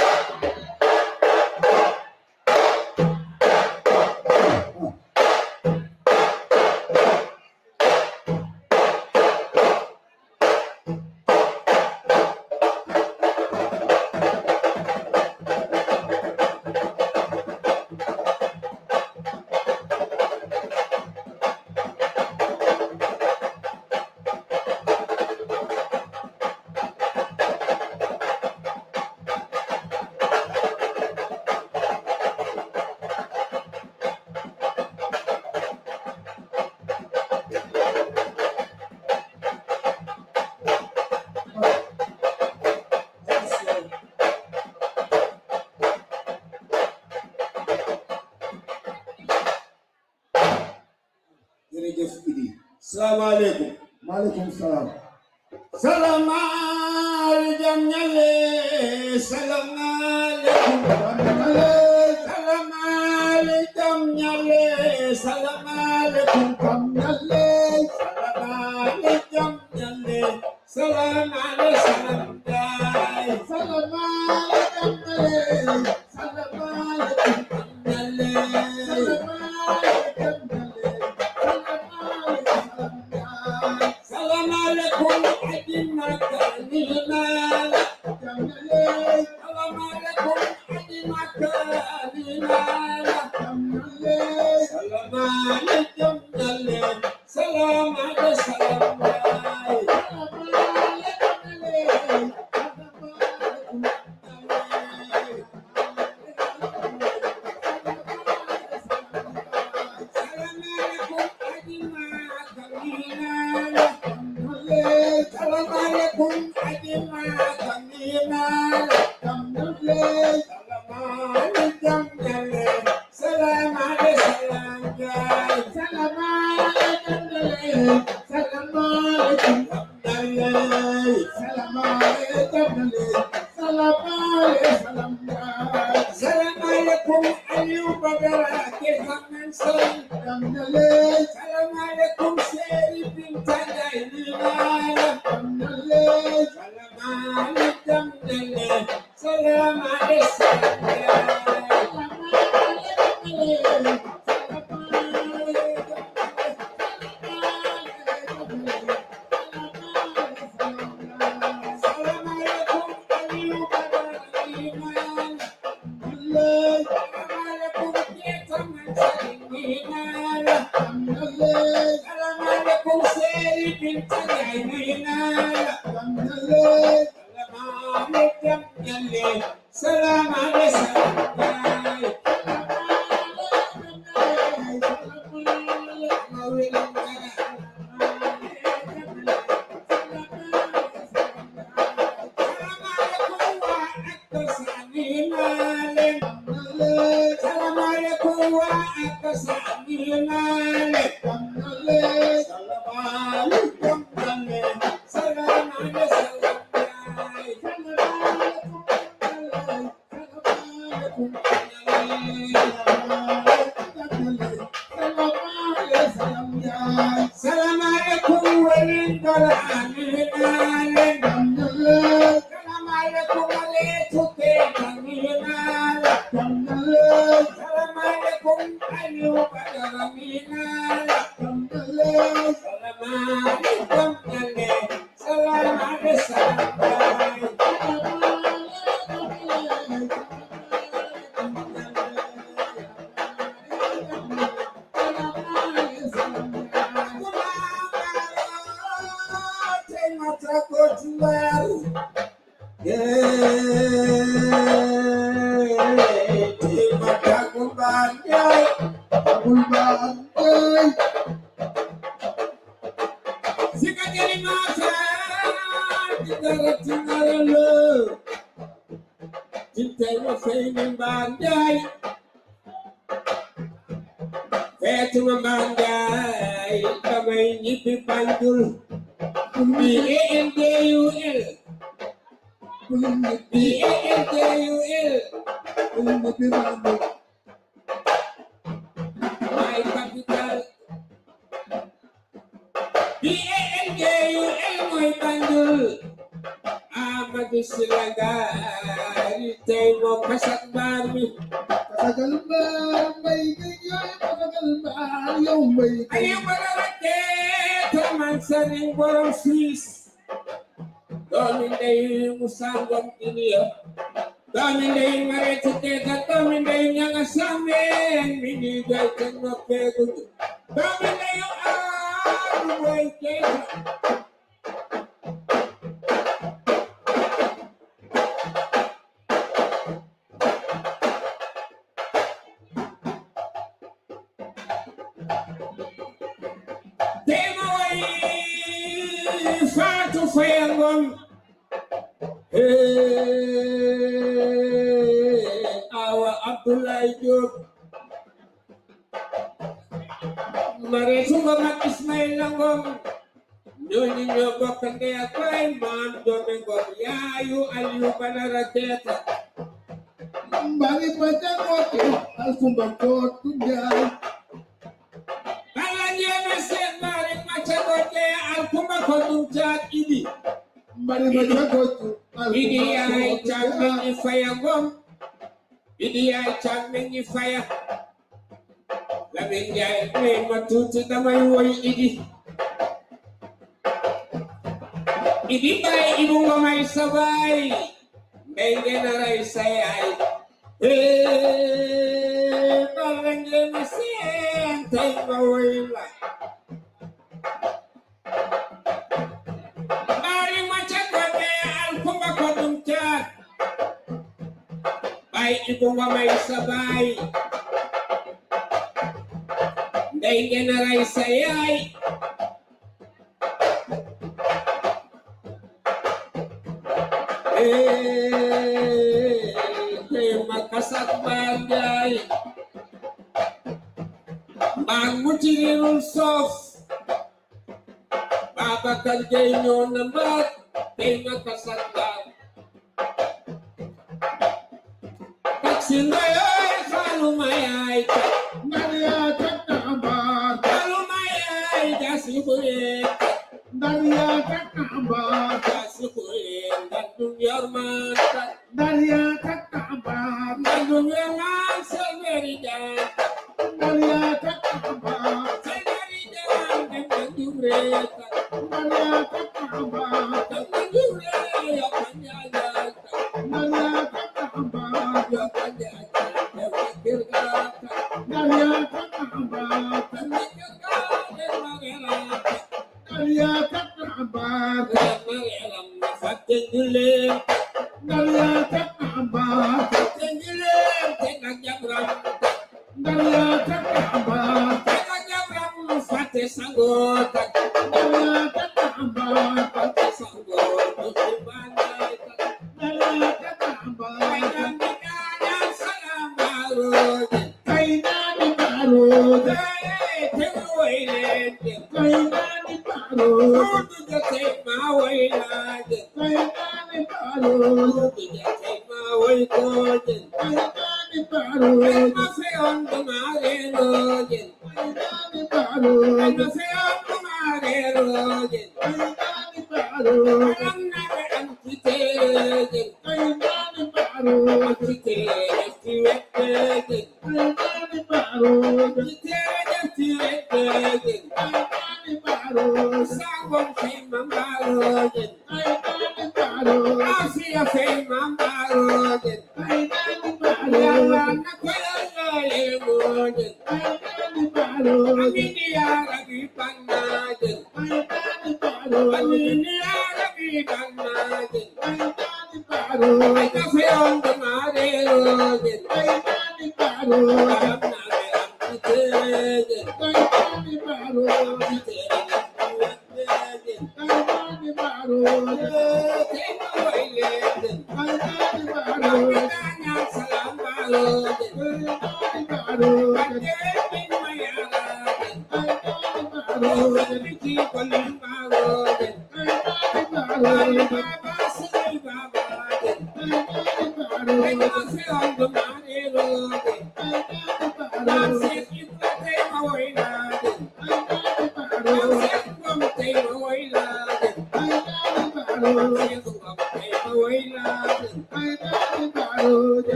live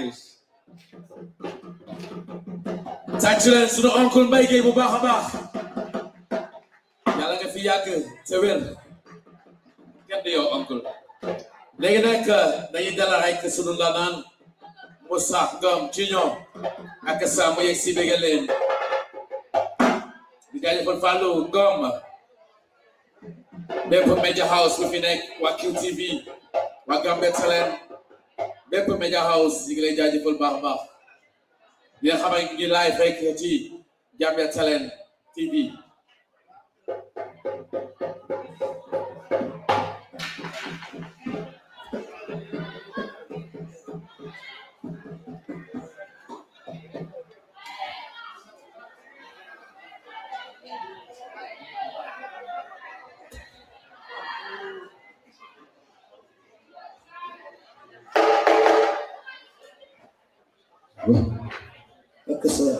nice. sàcc leen sunu oncle Mbaye Gueye bu baax a baax yàlla nga fi yàgg sa wér kenn du yow oncle léegi nag euh, dañuy dalal rek sunu ndaanaan Moussa Ngom ci ñoom ak saa mu yegg si bégal leen di jaajëfal Fallou Ngom bépp Media House bu fi nekk waa QTV waa Gambe bepp media house di ngi lay jaajëfal baax baax di nga xamay ne ñu ngi live rek ci jambe talent TV This is.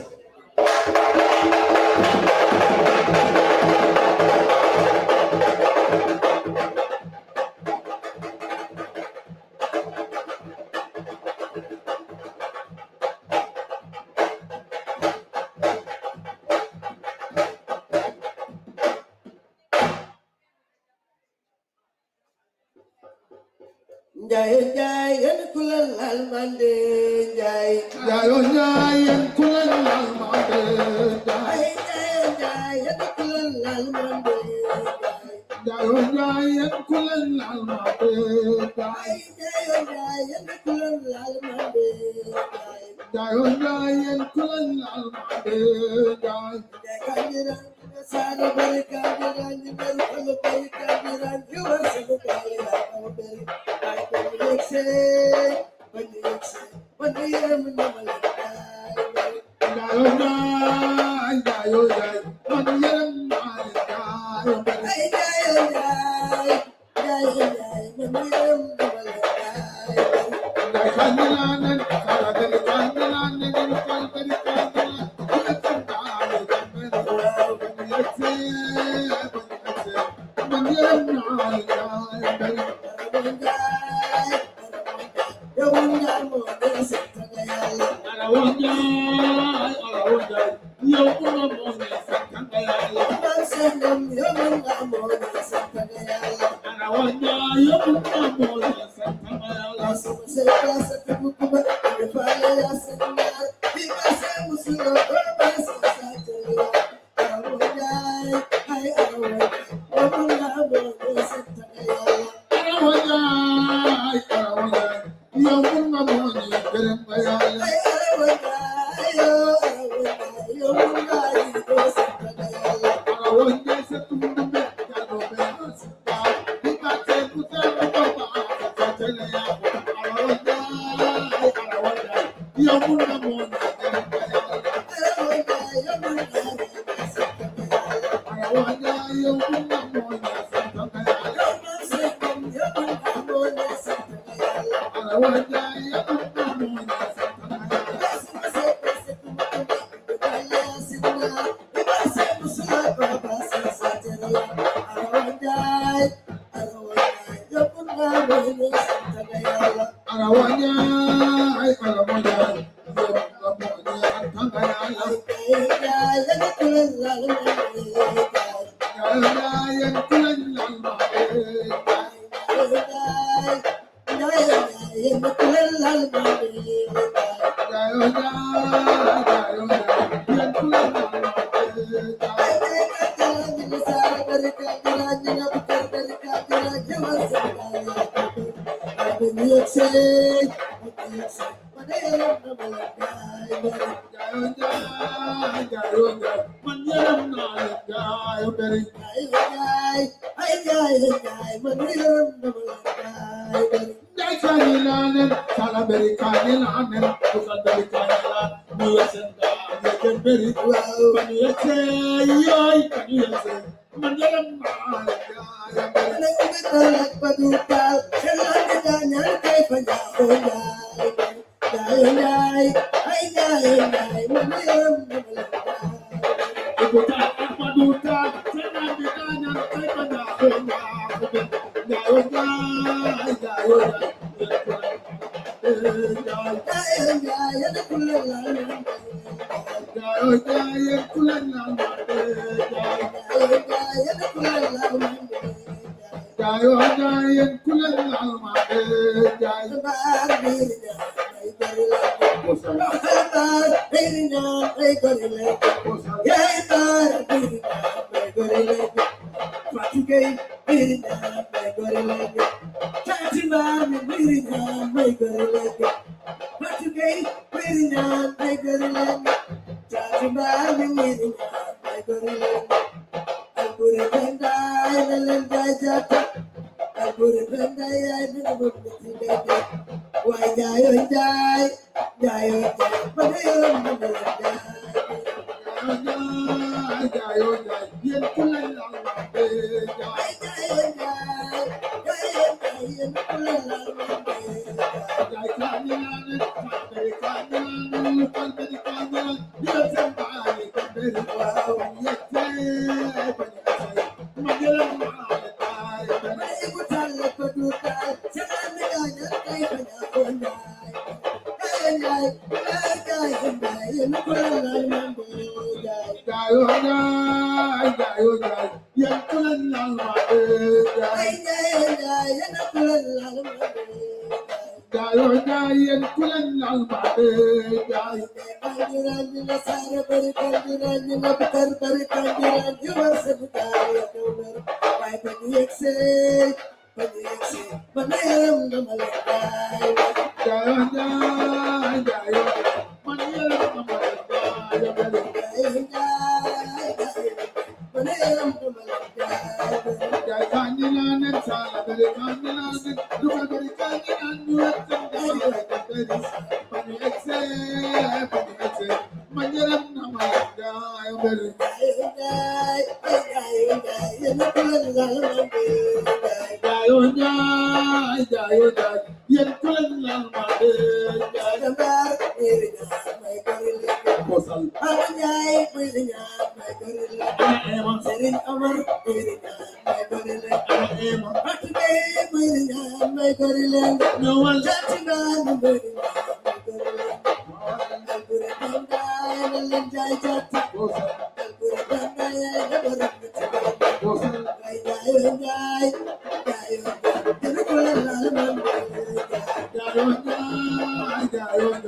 Thank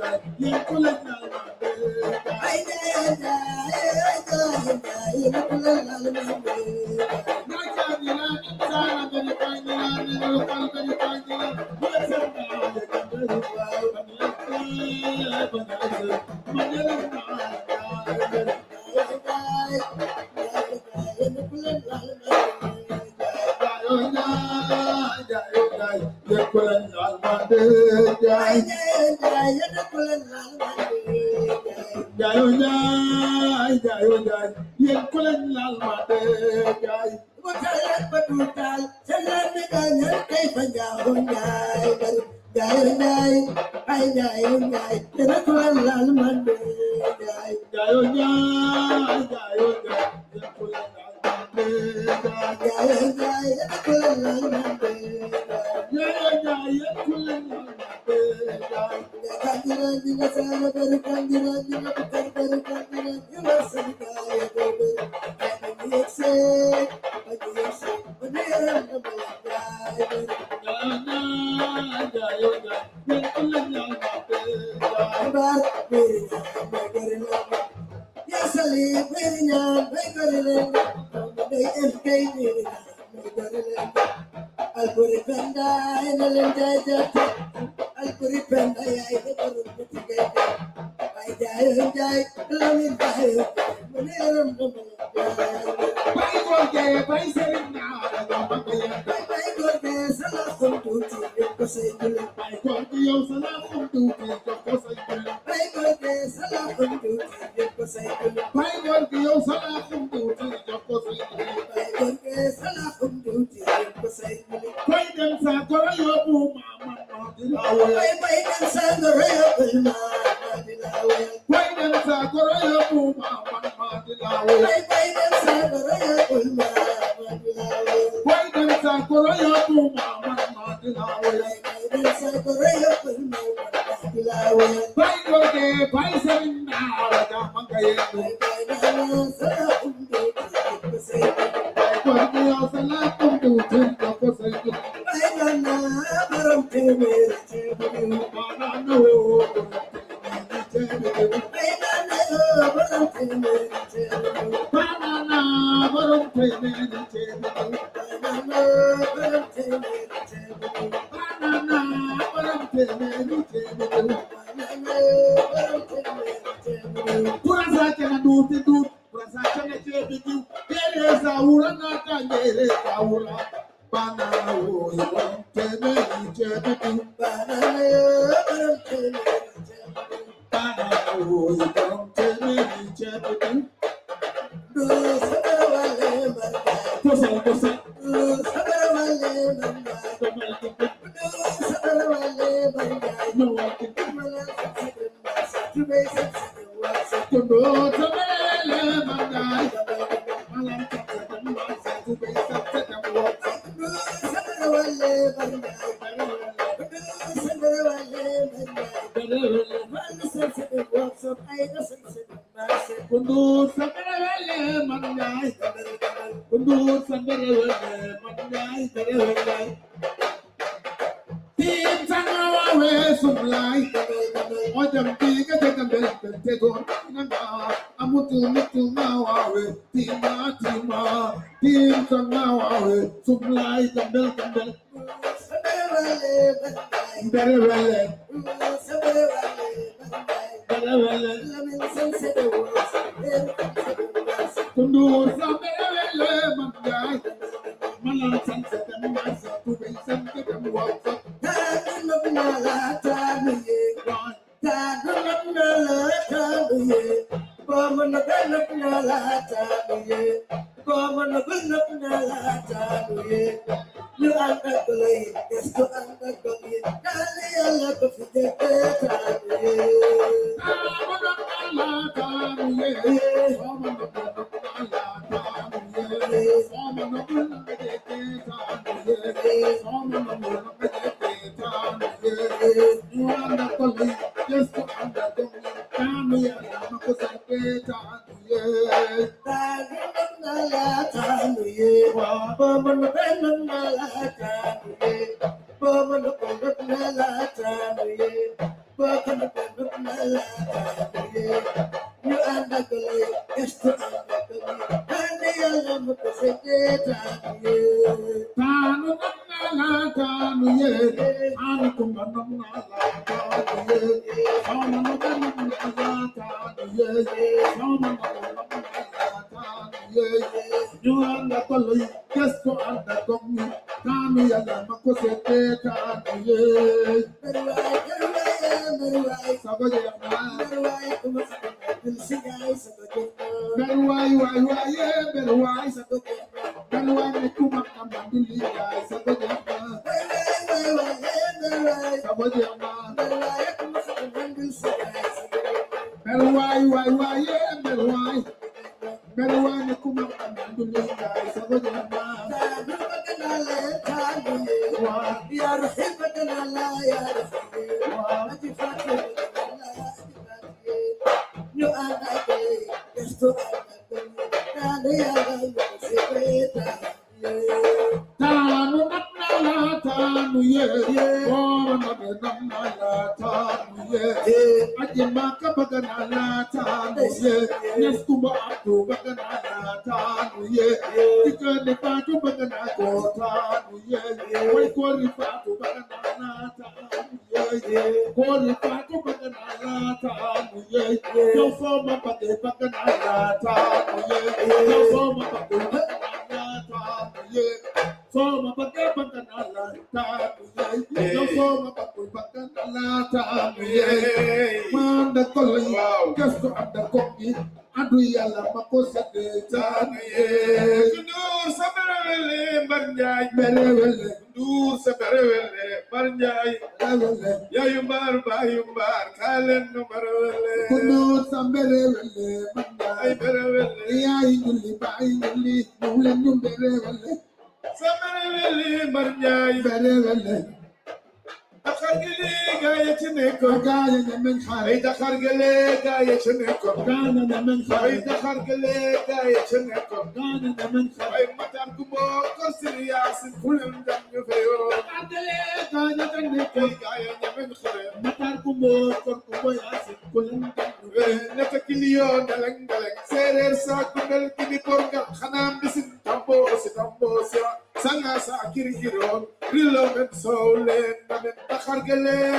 you.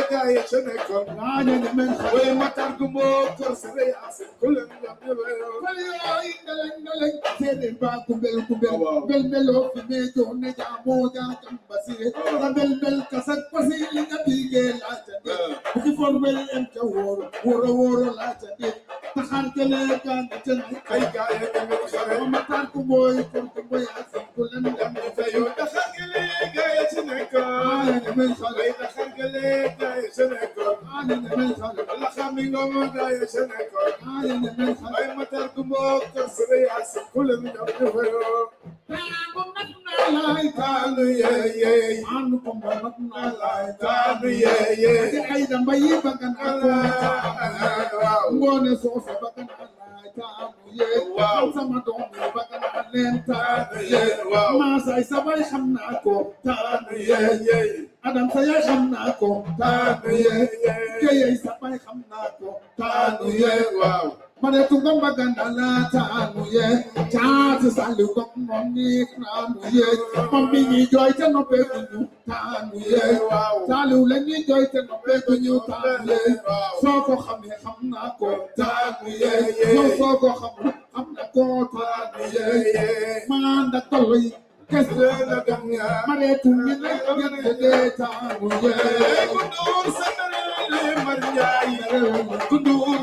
وكاية شنكم عاني من وما ترقموا كرسي رياس كل كل يوم دلنجلن زين باكو بلكو بل بل في بيتو نجابو داركم بسيط بل بل كسد بسيط لنبيجي لا تدي وكيفون بل انت ورو ورو لا تدي taxantele kangaten kay gaay ngi sore ma tar ku boy kur ku boy asan ku len dam ni sayo taxantele gaay ci nek ani men sore taxantele gaay ci nek ani men sore la xami ngom gaay ci nek ani men sore ma tar ku bo kur sore asan ku len dam ni sayo Lai tanu ye ye, anu kumbamat na lai tanu ye ye. Ay dambayi bagan ako, ngone so sa bëgg naa la jaamu yéen. waaw sama doom bi bëgg naa leen taanu yéen. waaw maasaay sa bay xam ko taanu yéen yéen. adam sa yaay xam ko taanu yéen yéen. keyay sa bay xam naa ko taanu yéen waaw. Manetunga gandala tanu ye, chance saluka mami kranu ye, mami ni joy tano pe kunyu tanu ye, salu le ni joy tano pe kunyu tanu ye, soko kami kamna ko tanu ye, soko kami kamna ko tanu ye, manda toloi kesela ganya, manetunga gandala tanu ye, kundur sanale marjai, kundur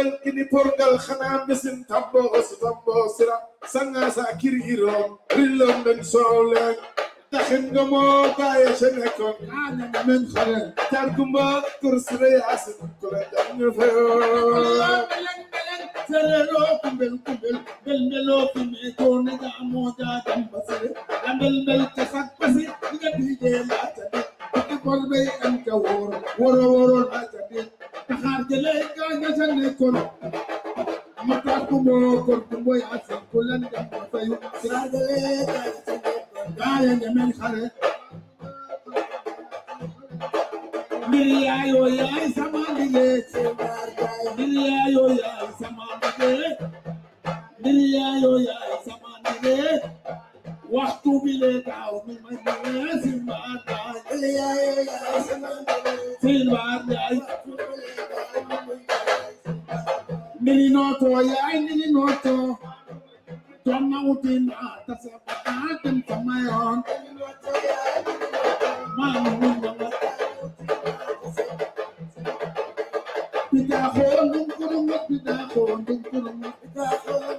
gal kini porgal xana mbesim tambo osi tambo sira sanga sa kiri irom rilom den solen taxin nga moo bàyyi sa nekkoon aanam men xale tar gumba kursire yaasin kula danga fayoo serero kumbel kumbel bel melo kume koone ga moo jaa dam basire ambel mel ca sak basi nga diijee laata bi bukki bol bay am ca wóor woro woro laata bi xaajale kanga ya Watu bile kavmi madine simbada simbada Nilinoto ya nilinoto Tona utina tasabata tentamayon Manu mama Pita hon dum kurungut pita hon dum kurungut pita hon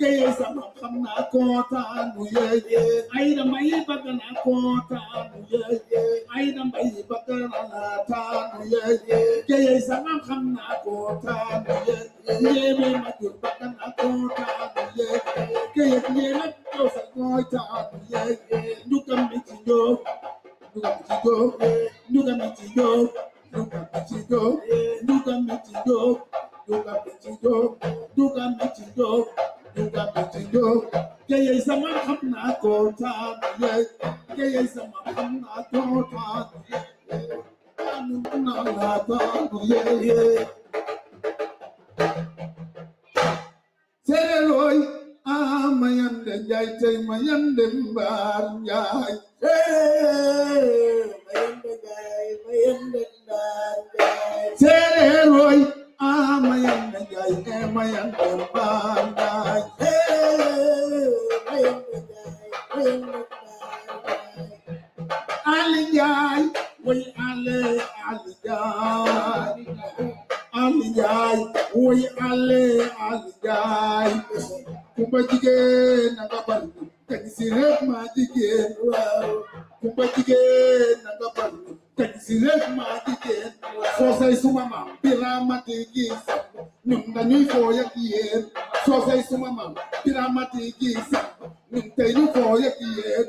kesa makana kota nuye ye aina mai kota nuye ye nuye ye kota nuye ye ye me matur bagana kota nuye me kota nuye ye mitiyo mitiyo mitiyo mitiyo mitiyo mitiyo mitiyo Yugamitiyo, Gaya Zaman Hamna Kota, Gaya Zaman Hamna Kota, Anuna Nata, Yay. Teroy, Amayan de Jai, Mayan de Mbar, Jai, Mayan de Jai, Mayan de Mbar, Jai. Teroy, Amayan nagay, amayan kumbangay. Hey, ring nagay, ring nagay. Aliyay, way ale, aliyay. Aliyay, way ale, aliyay. Kumbajige nagabalibig. kañ si rek maa jigéen waaw kumba jigéen na nga bal kañ si maa jigéen soosay suma maam piramati gi sax ñun dañuy fooy ak yéen soosay suma maam piramati gi sax ñun tey ñu fooy ak yéen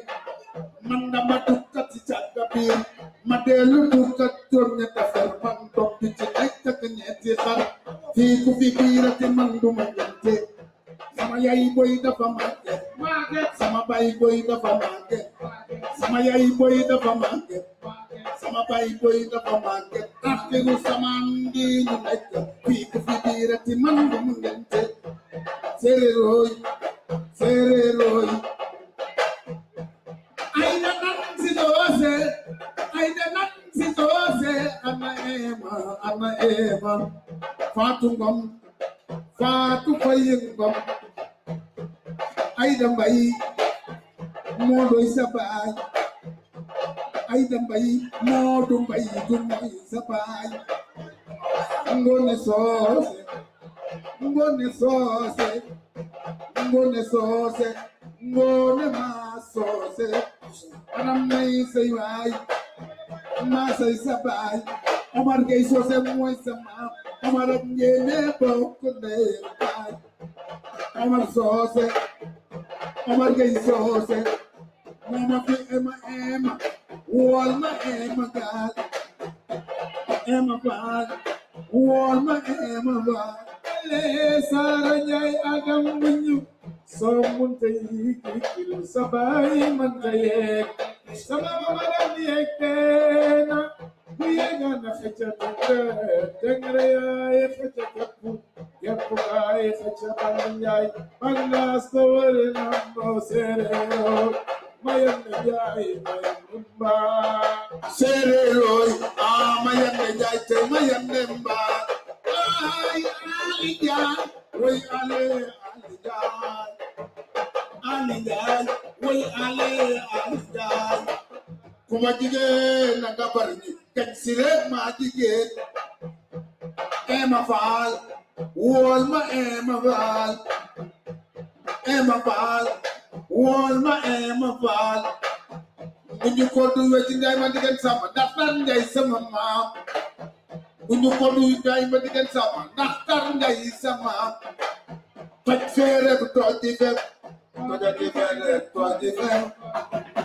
man dama tukkat ci càgga biir ma dellu tukkat jor ñetta fer man doppi ci nekk ak ñetti xar fii ku fi biirati man du ma ñetti sama yaay boy dafa màgget sama baay boy dafa màgget sama yaay boy dafa màgget sama baay boy dafa màgget affaire sama ndi ñu nekk fii ku fi diirati man du mu ngente séeréer ooy séeréer ooy ay na nan si doose ay na nan si doose ana ema ana faatu fa yëngam ay da mbay moo ay da mbay mbay du mooy sa baay ngoone soose ngoone soose soose ngoone maa soose anam may waay maa say sa baay soose mooy sa amar ak ñeene bokk ndey baay amar soose amar gay soose mama fi ema ema wool ma ema gaal ema baal wool ma ema baal lee saara njaay agam muñu soo munte yi kikilu sabaay manta yeek sama mama dam yeek teena Buyana Hachaka, Tangraya Hachaka, Yapukai Hachakanai, Pandas Tower and teg ma jigéen Ema Faal wool ma Ema Faal Ema Faal wool ma Ema Faal buñu ko du wecci ngay ma diggan sama ndax ngay sama maam buñu ko du ngay ma diggan sama ndax ngay sama faj feere bu tooj di fem tooj di fem tooj di fem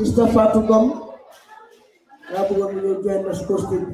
Sista Fatou Ngom daa bëggoon ñu join na si costume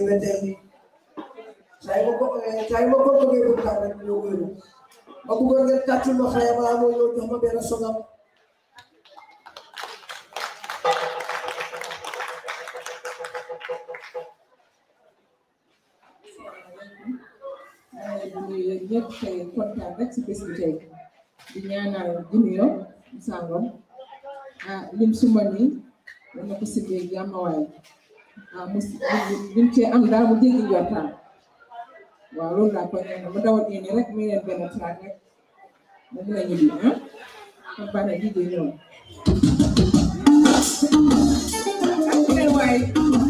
événement saa yu ma ko saa yu ma ko bëggee bu baax rek ñoo wéeru ma bëggoon ngeen tàccu ma xëy ma amoo ñoo jox ma benn songam ñëpp tey kontaan rek si bés bi tey di ñaanal Junior Sangom lim suma nii dama ko si dégg yàmmawaay waaw ah, mu buñ cee am daal mu jéggi njortaan waaw loolu laa koy ñaan mu dawal nii rek mu leen benn traak rek mu mun a ah.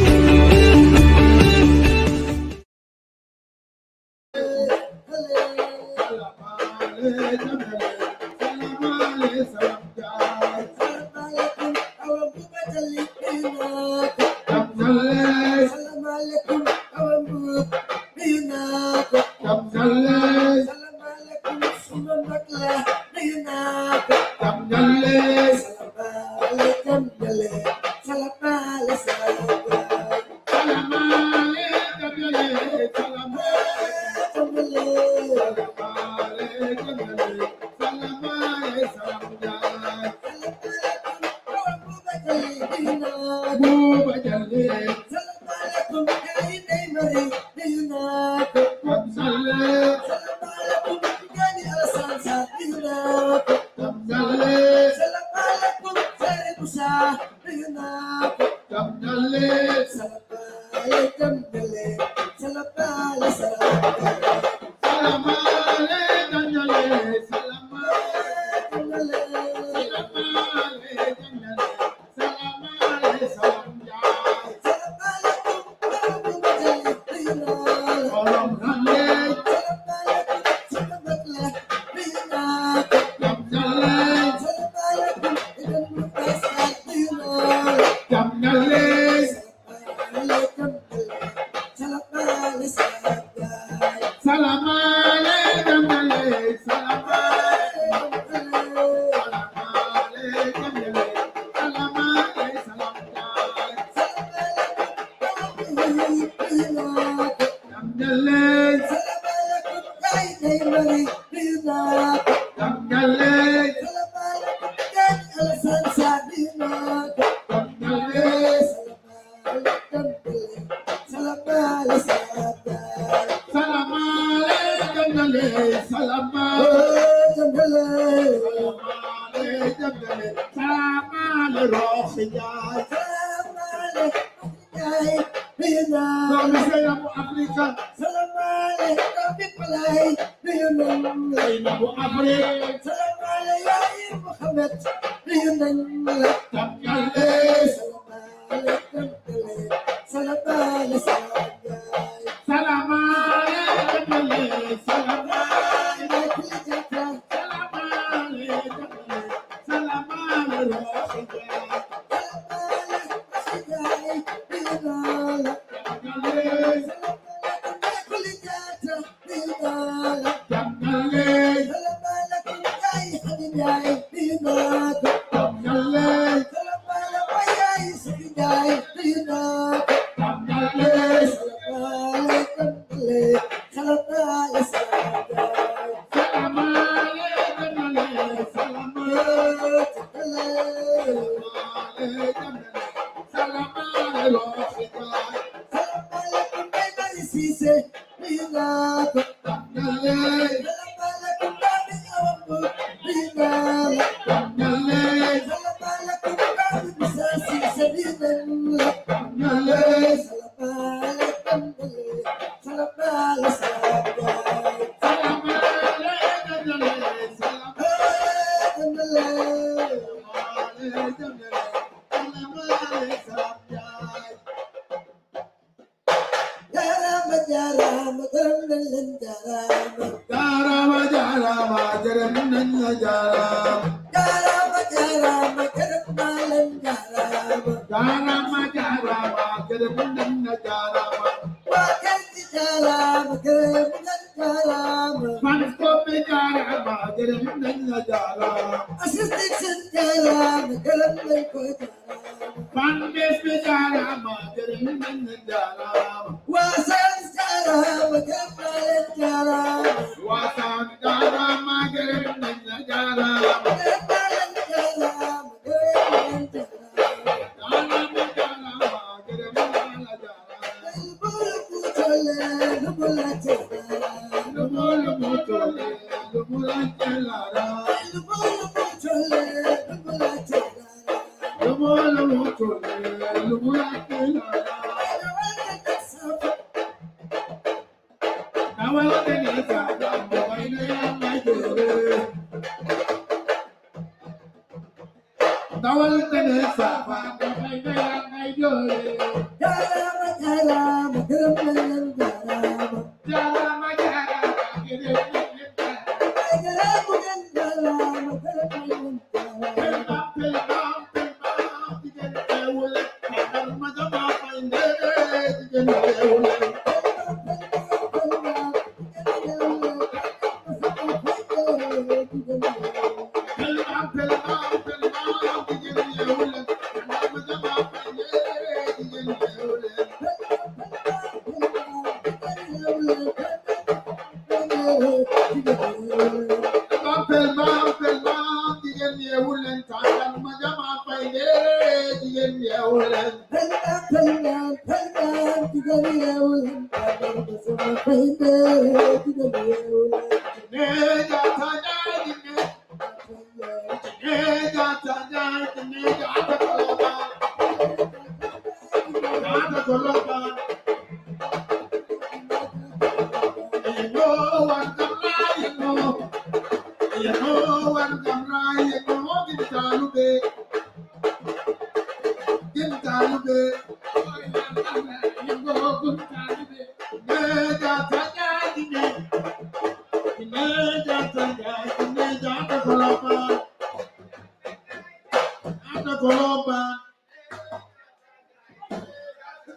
Move, I can live.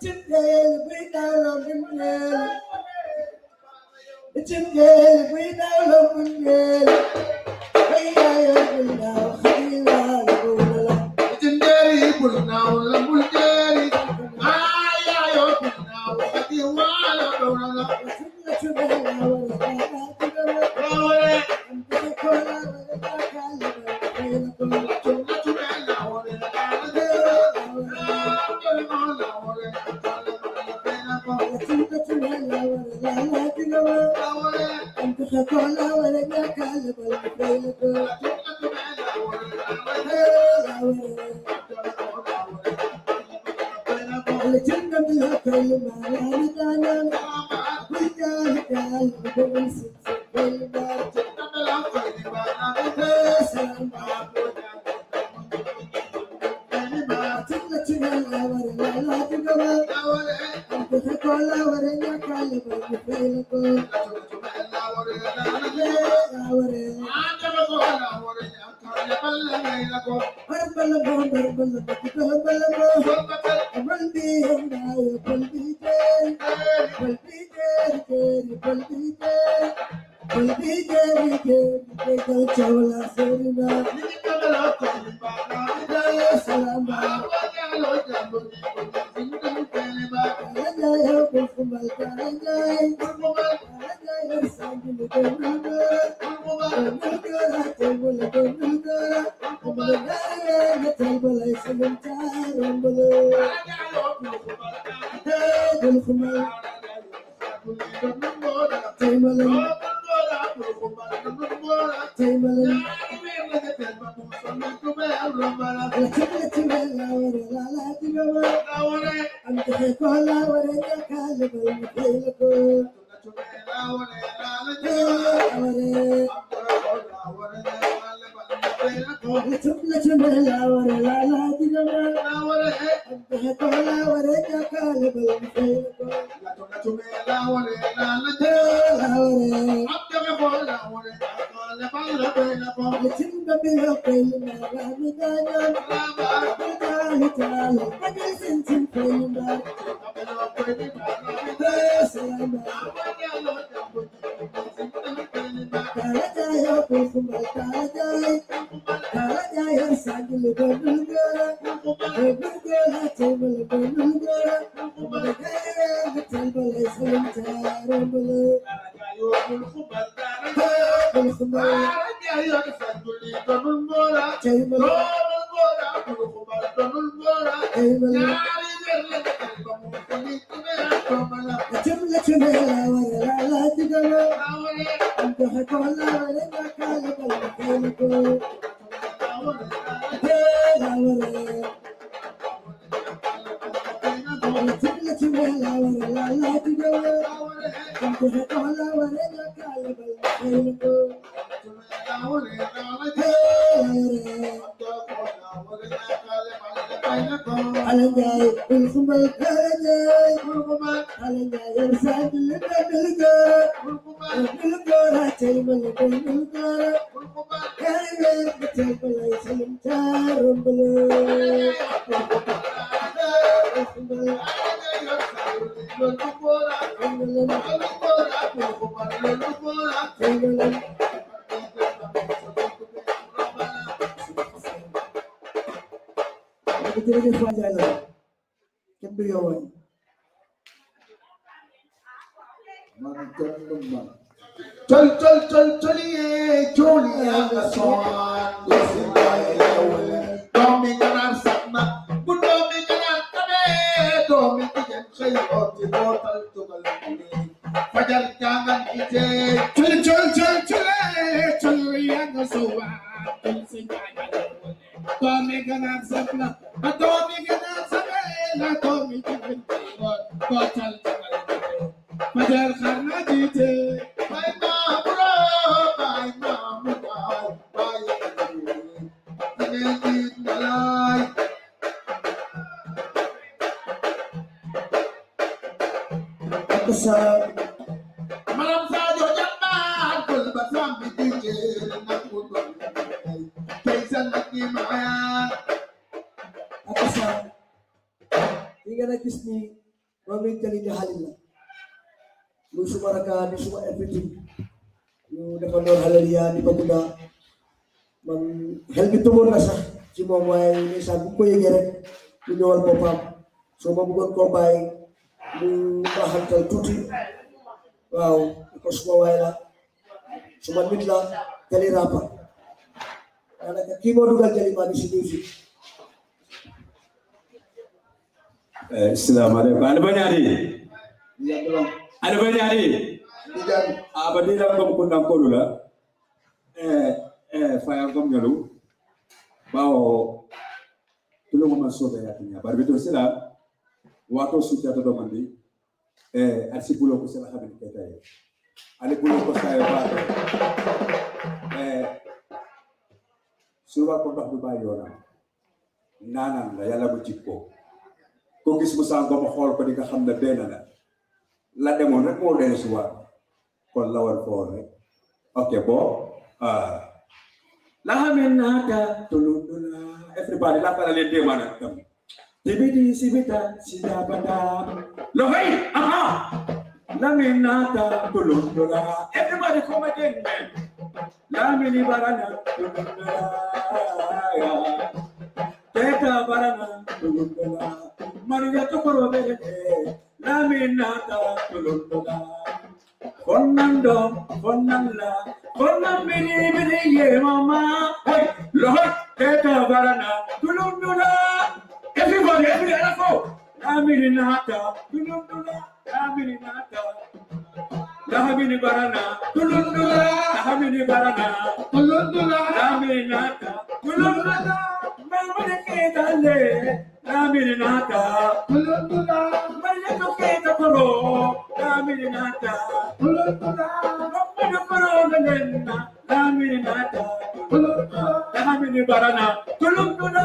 Nichingale, breathe down on him, Nelly. Nichingale, breathe down on the Nelly. Hey, I am now, hey, I boobu kau koo bàyyi mu baaxantal tuuti waaw ko suma waay la suma nit la jali rapa daanaka kii moo dugal si salaamaaleykum ana ana ba la ñolu bawo tulo ko man sobe sila wato sutiyata to mandi e eh, arsi bulo ko sela haɓen ketaye ali bulo ko saye baɗo e eh, surwa ko du ba yona nanan la yalla ko jikko ko gis mo sa goma xol ko di nga xam na la la demoon rek mo den si waat kon la war rek ok bo ah la xamee naata tolundula everybody la fara leen déemaana tam Dibidi sibita sidabada. Lohei, aha. Everybody come again, man. Lamini barana Teta barana Maria tokoro Laminata tulundola. Fernando, Fernanda, Fernanda, ye mama. Hey, teta barana tulundola. Everybody, everybody, let's Aminata, dunundula, aminata. Dahamini barana, dunundula, dahamini barana, aminata, dunundula, aminata, dunundula, aminata, dunundula, aminata, dunundula,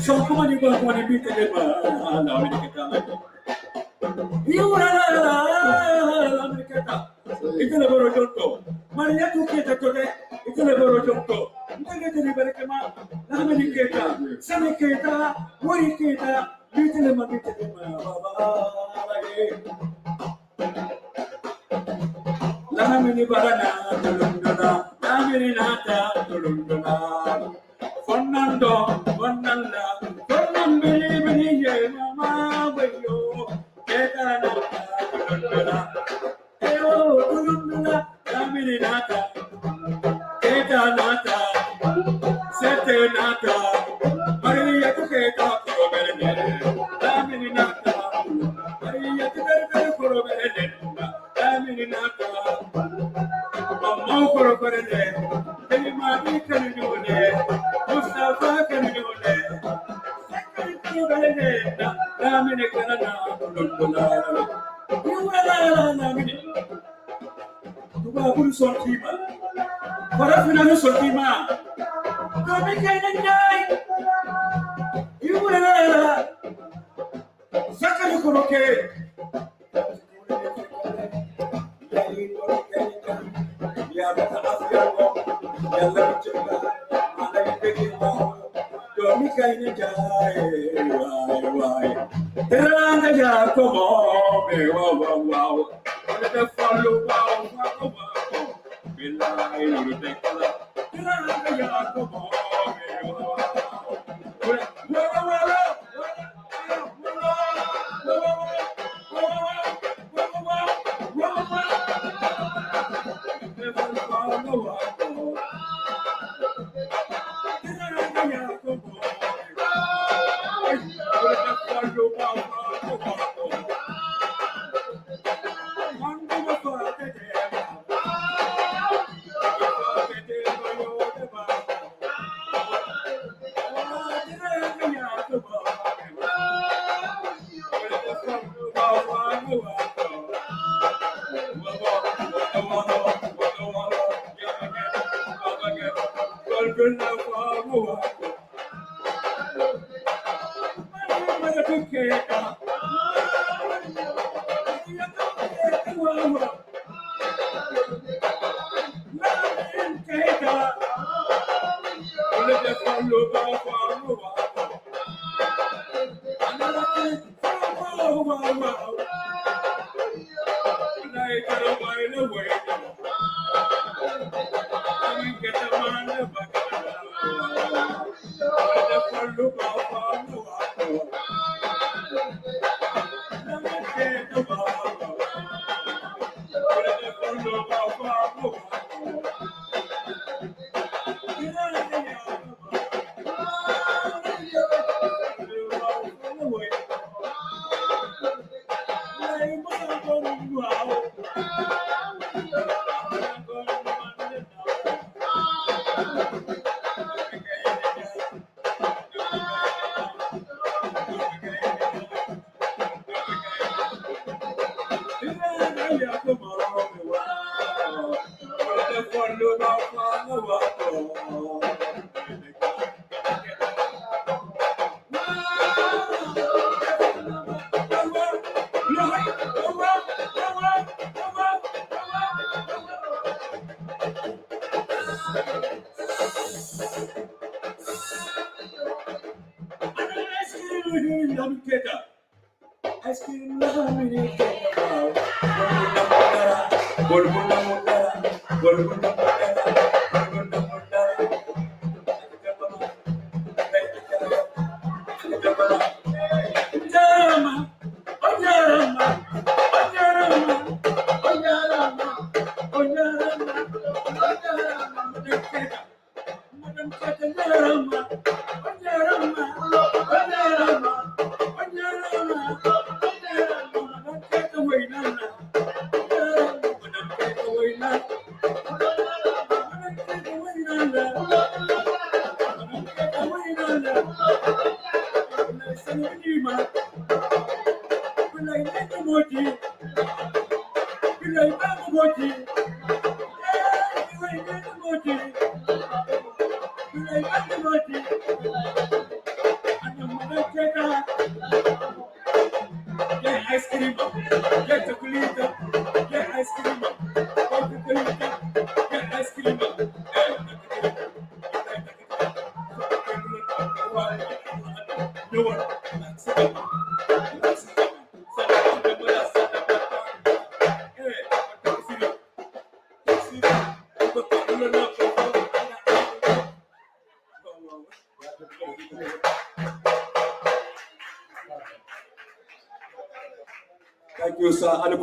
Siapa ni buat buat lebih terlebih ala Amerika tak. Ia ala ala Amerika tak. Itu lebih rojoto. Maria tu kita tu deh. Itu lebih rojoto. Mereka jadi mereka mah. Nama kita, sama kita, wari kita, lebih terlebih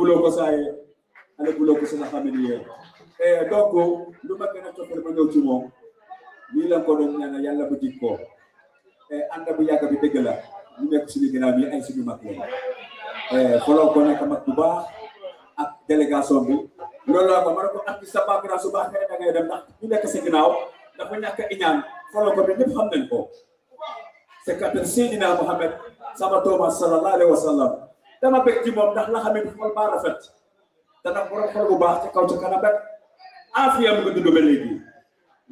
boulot ko saye ala boulot ko sina familier eh doko lu ma gën a toppal ma ñëw ci mom ni la ko doon ñaan yalla bu dig ko eh anda bu eh, yàgg bi dëgg la ñu nekk suñu ginnaaw yi ay suñu mak yi eh foloo ko nekk mak bu baax ak délégation bi loolu la ko ma ko ak sa gra su ba xere da ngay dem ndax ñu nekk sa ginnaaw dafa ñàkk iñaan foloo ko bi ñëpp xam nañ ko c'est que Seydina Mohamed sama toba sallallahu alaihi wasallam dama bekk ci moom ndax la xamee xol baa rafet te nag borom xol bu baax ci kaw ci kanam rek afiya mu nga dund ba léegi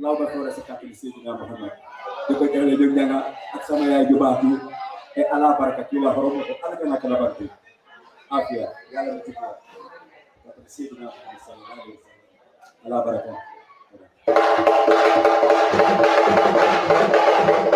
law ba toore sa kàttan Seydina Muhammad di ko jëlee ñu ñanga ak sama yaay ju baax yi e eh, ala baraka ci la xorom ko ala kana kala barke afiya yàlla na ci ko kàttan Seydina Muhammad sallallahu alayhi wa sallam ala baraka Thank you.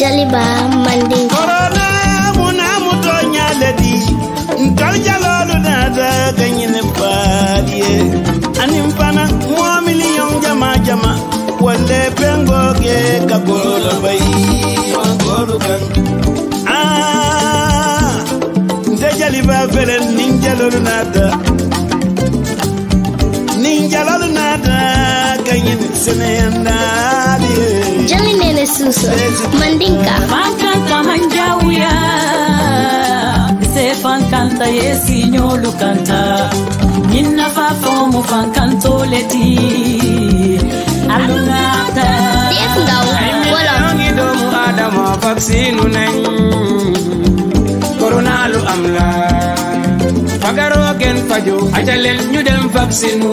jaliba manden korona muna muto nyaledi ngal jalolu na da ganyine badie anim fana mo million jama jama walle bengo ge kabolo bay goru kan ah nde jaliba velen nin jalolu na da Jami ne na suso, mandinka. Fankanta hanjawuya, se fankanta ye sinyolu kanta. Ninna fa fomu fankanto leti. Alungata. Tekungau, wala. Nangi domu adama vaksinu Corona Coronalu amla. Fagaro gen fajo, ajalel nyudem vaksinu.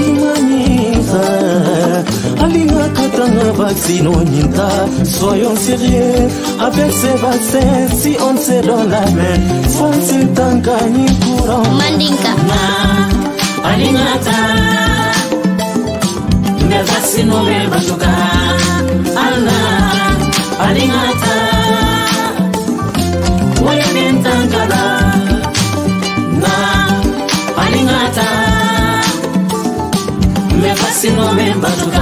Changera vaccine, on ninta. Soyons sérieux avec ces vaccins si on se donne la main. Fonce tangani courant. Mandinka. Na, alingata. Me vaccine, me batuka. Anna, alingata. Oye bintangala. Na, alingata. Me vaccine, me batuka.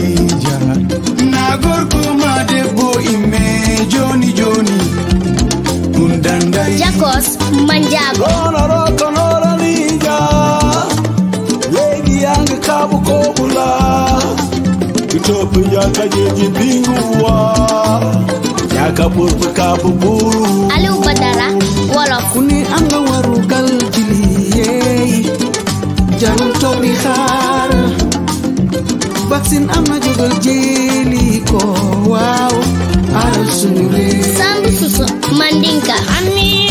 manjago onoro tonoro ninja legi yange kabu kobula kitop jaka jeji binguwa jaka burbu kabu buru alu badara wolof kuni anga waru gal jiliye jarul tobi xaar vaccine amna jogal jeli ko waaw aral sunu reew sambu susu mandinka amin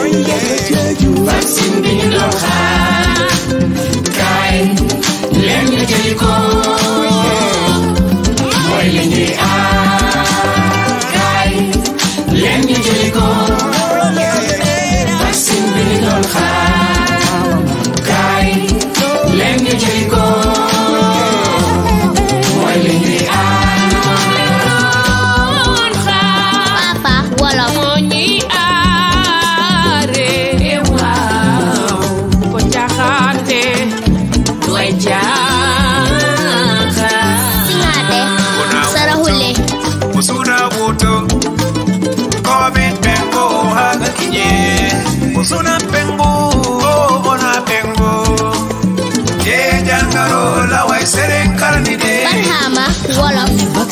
kaay leen ñu jëli ko mooy li ñuy aar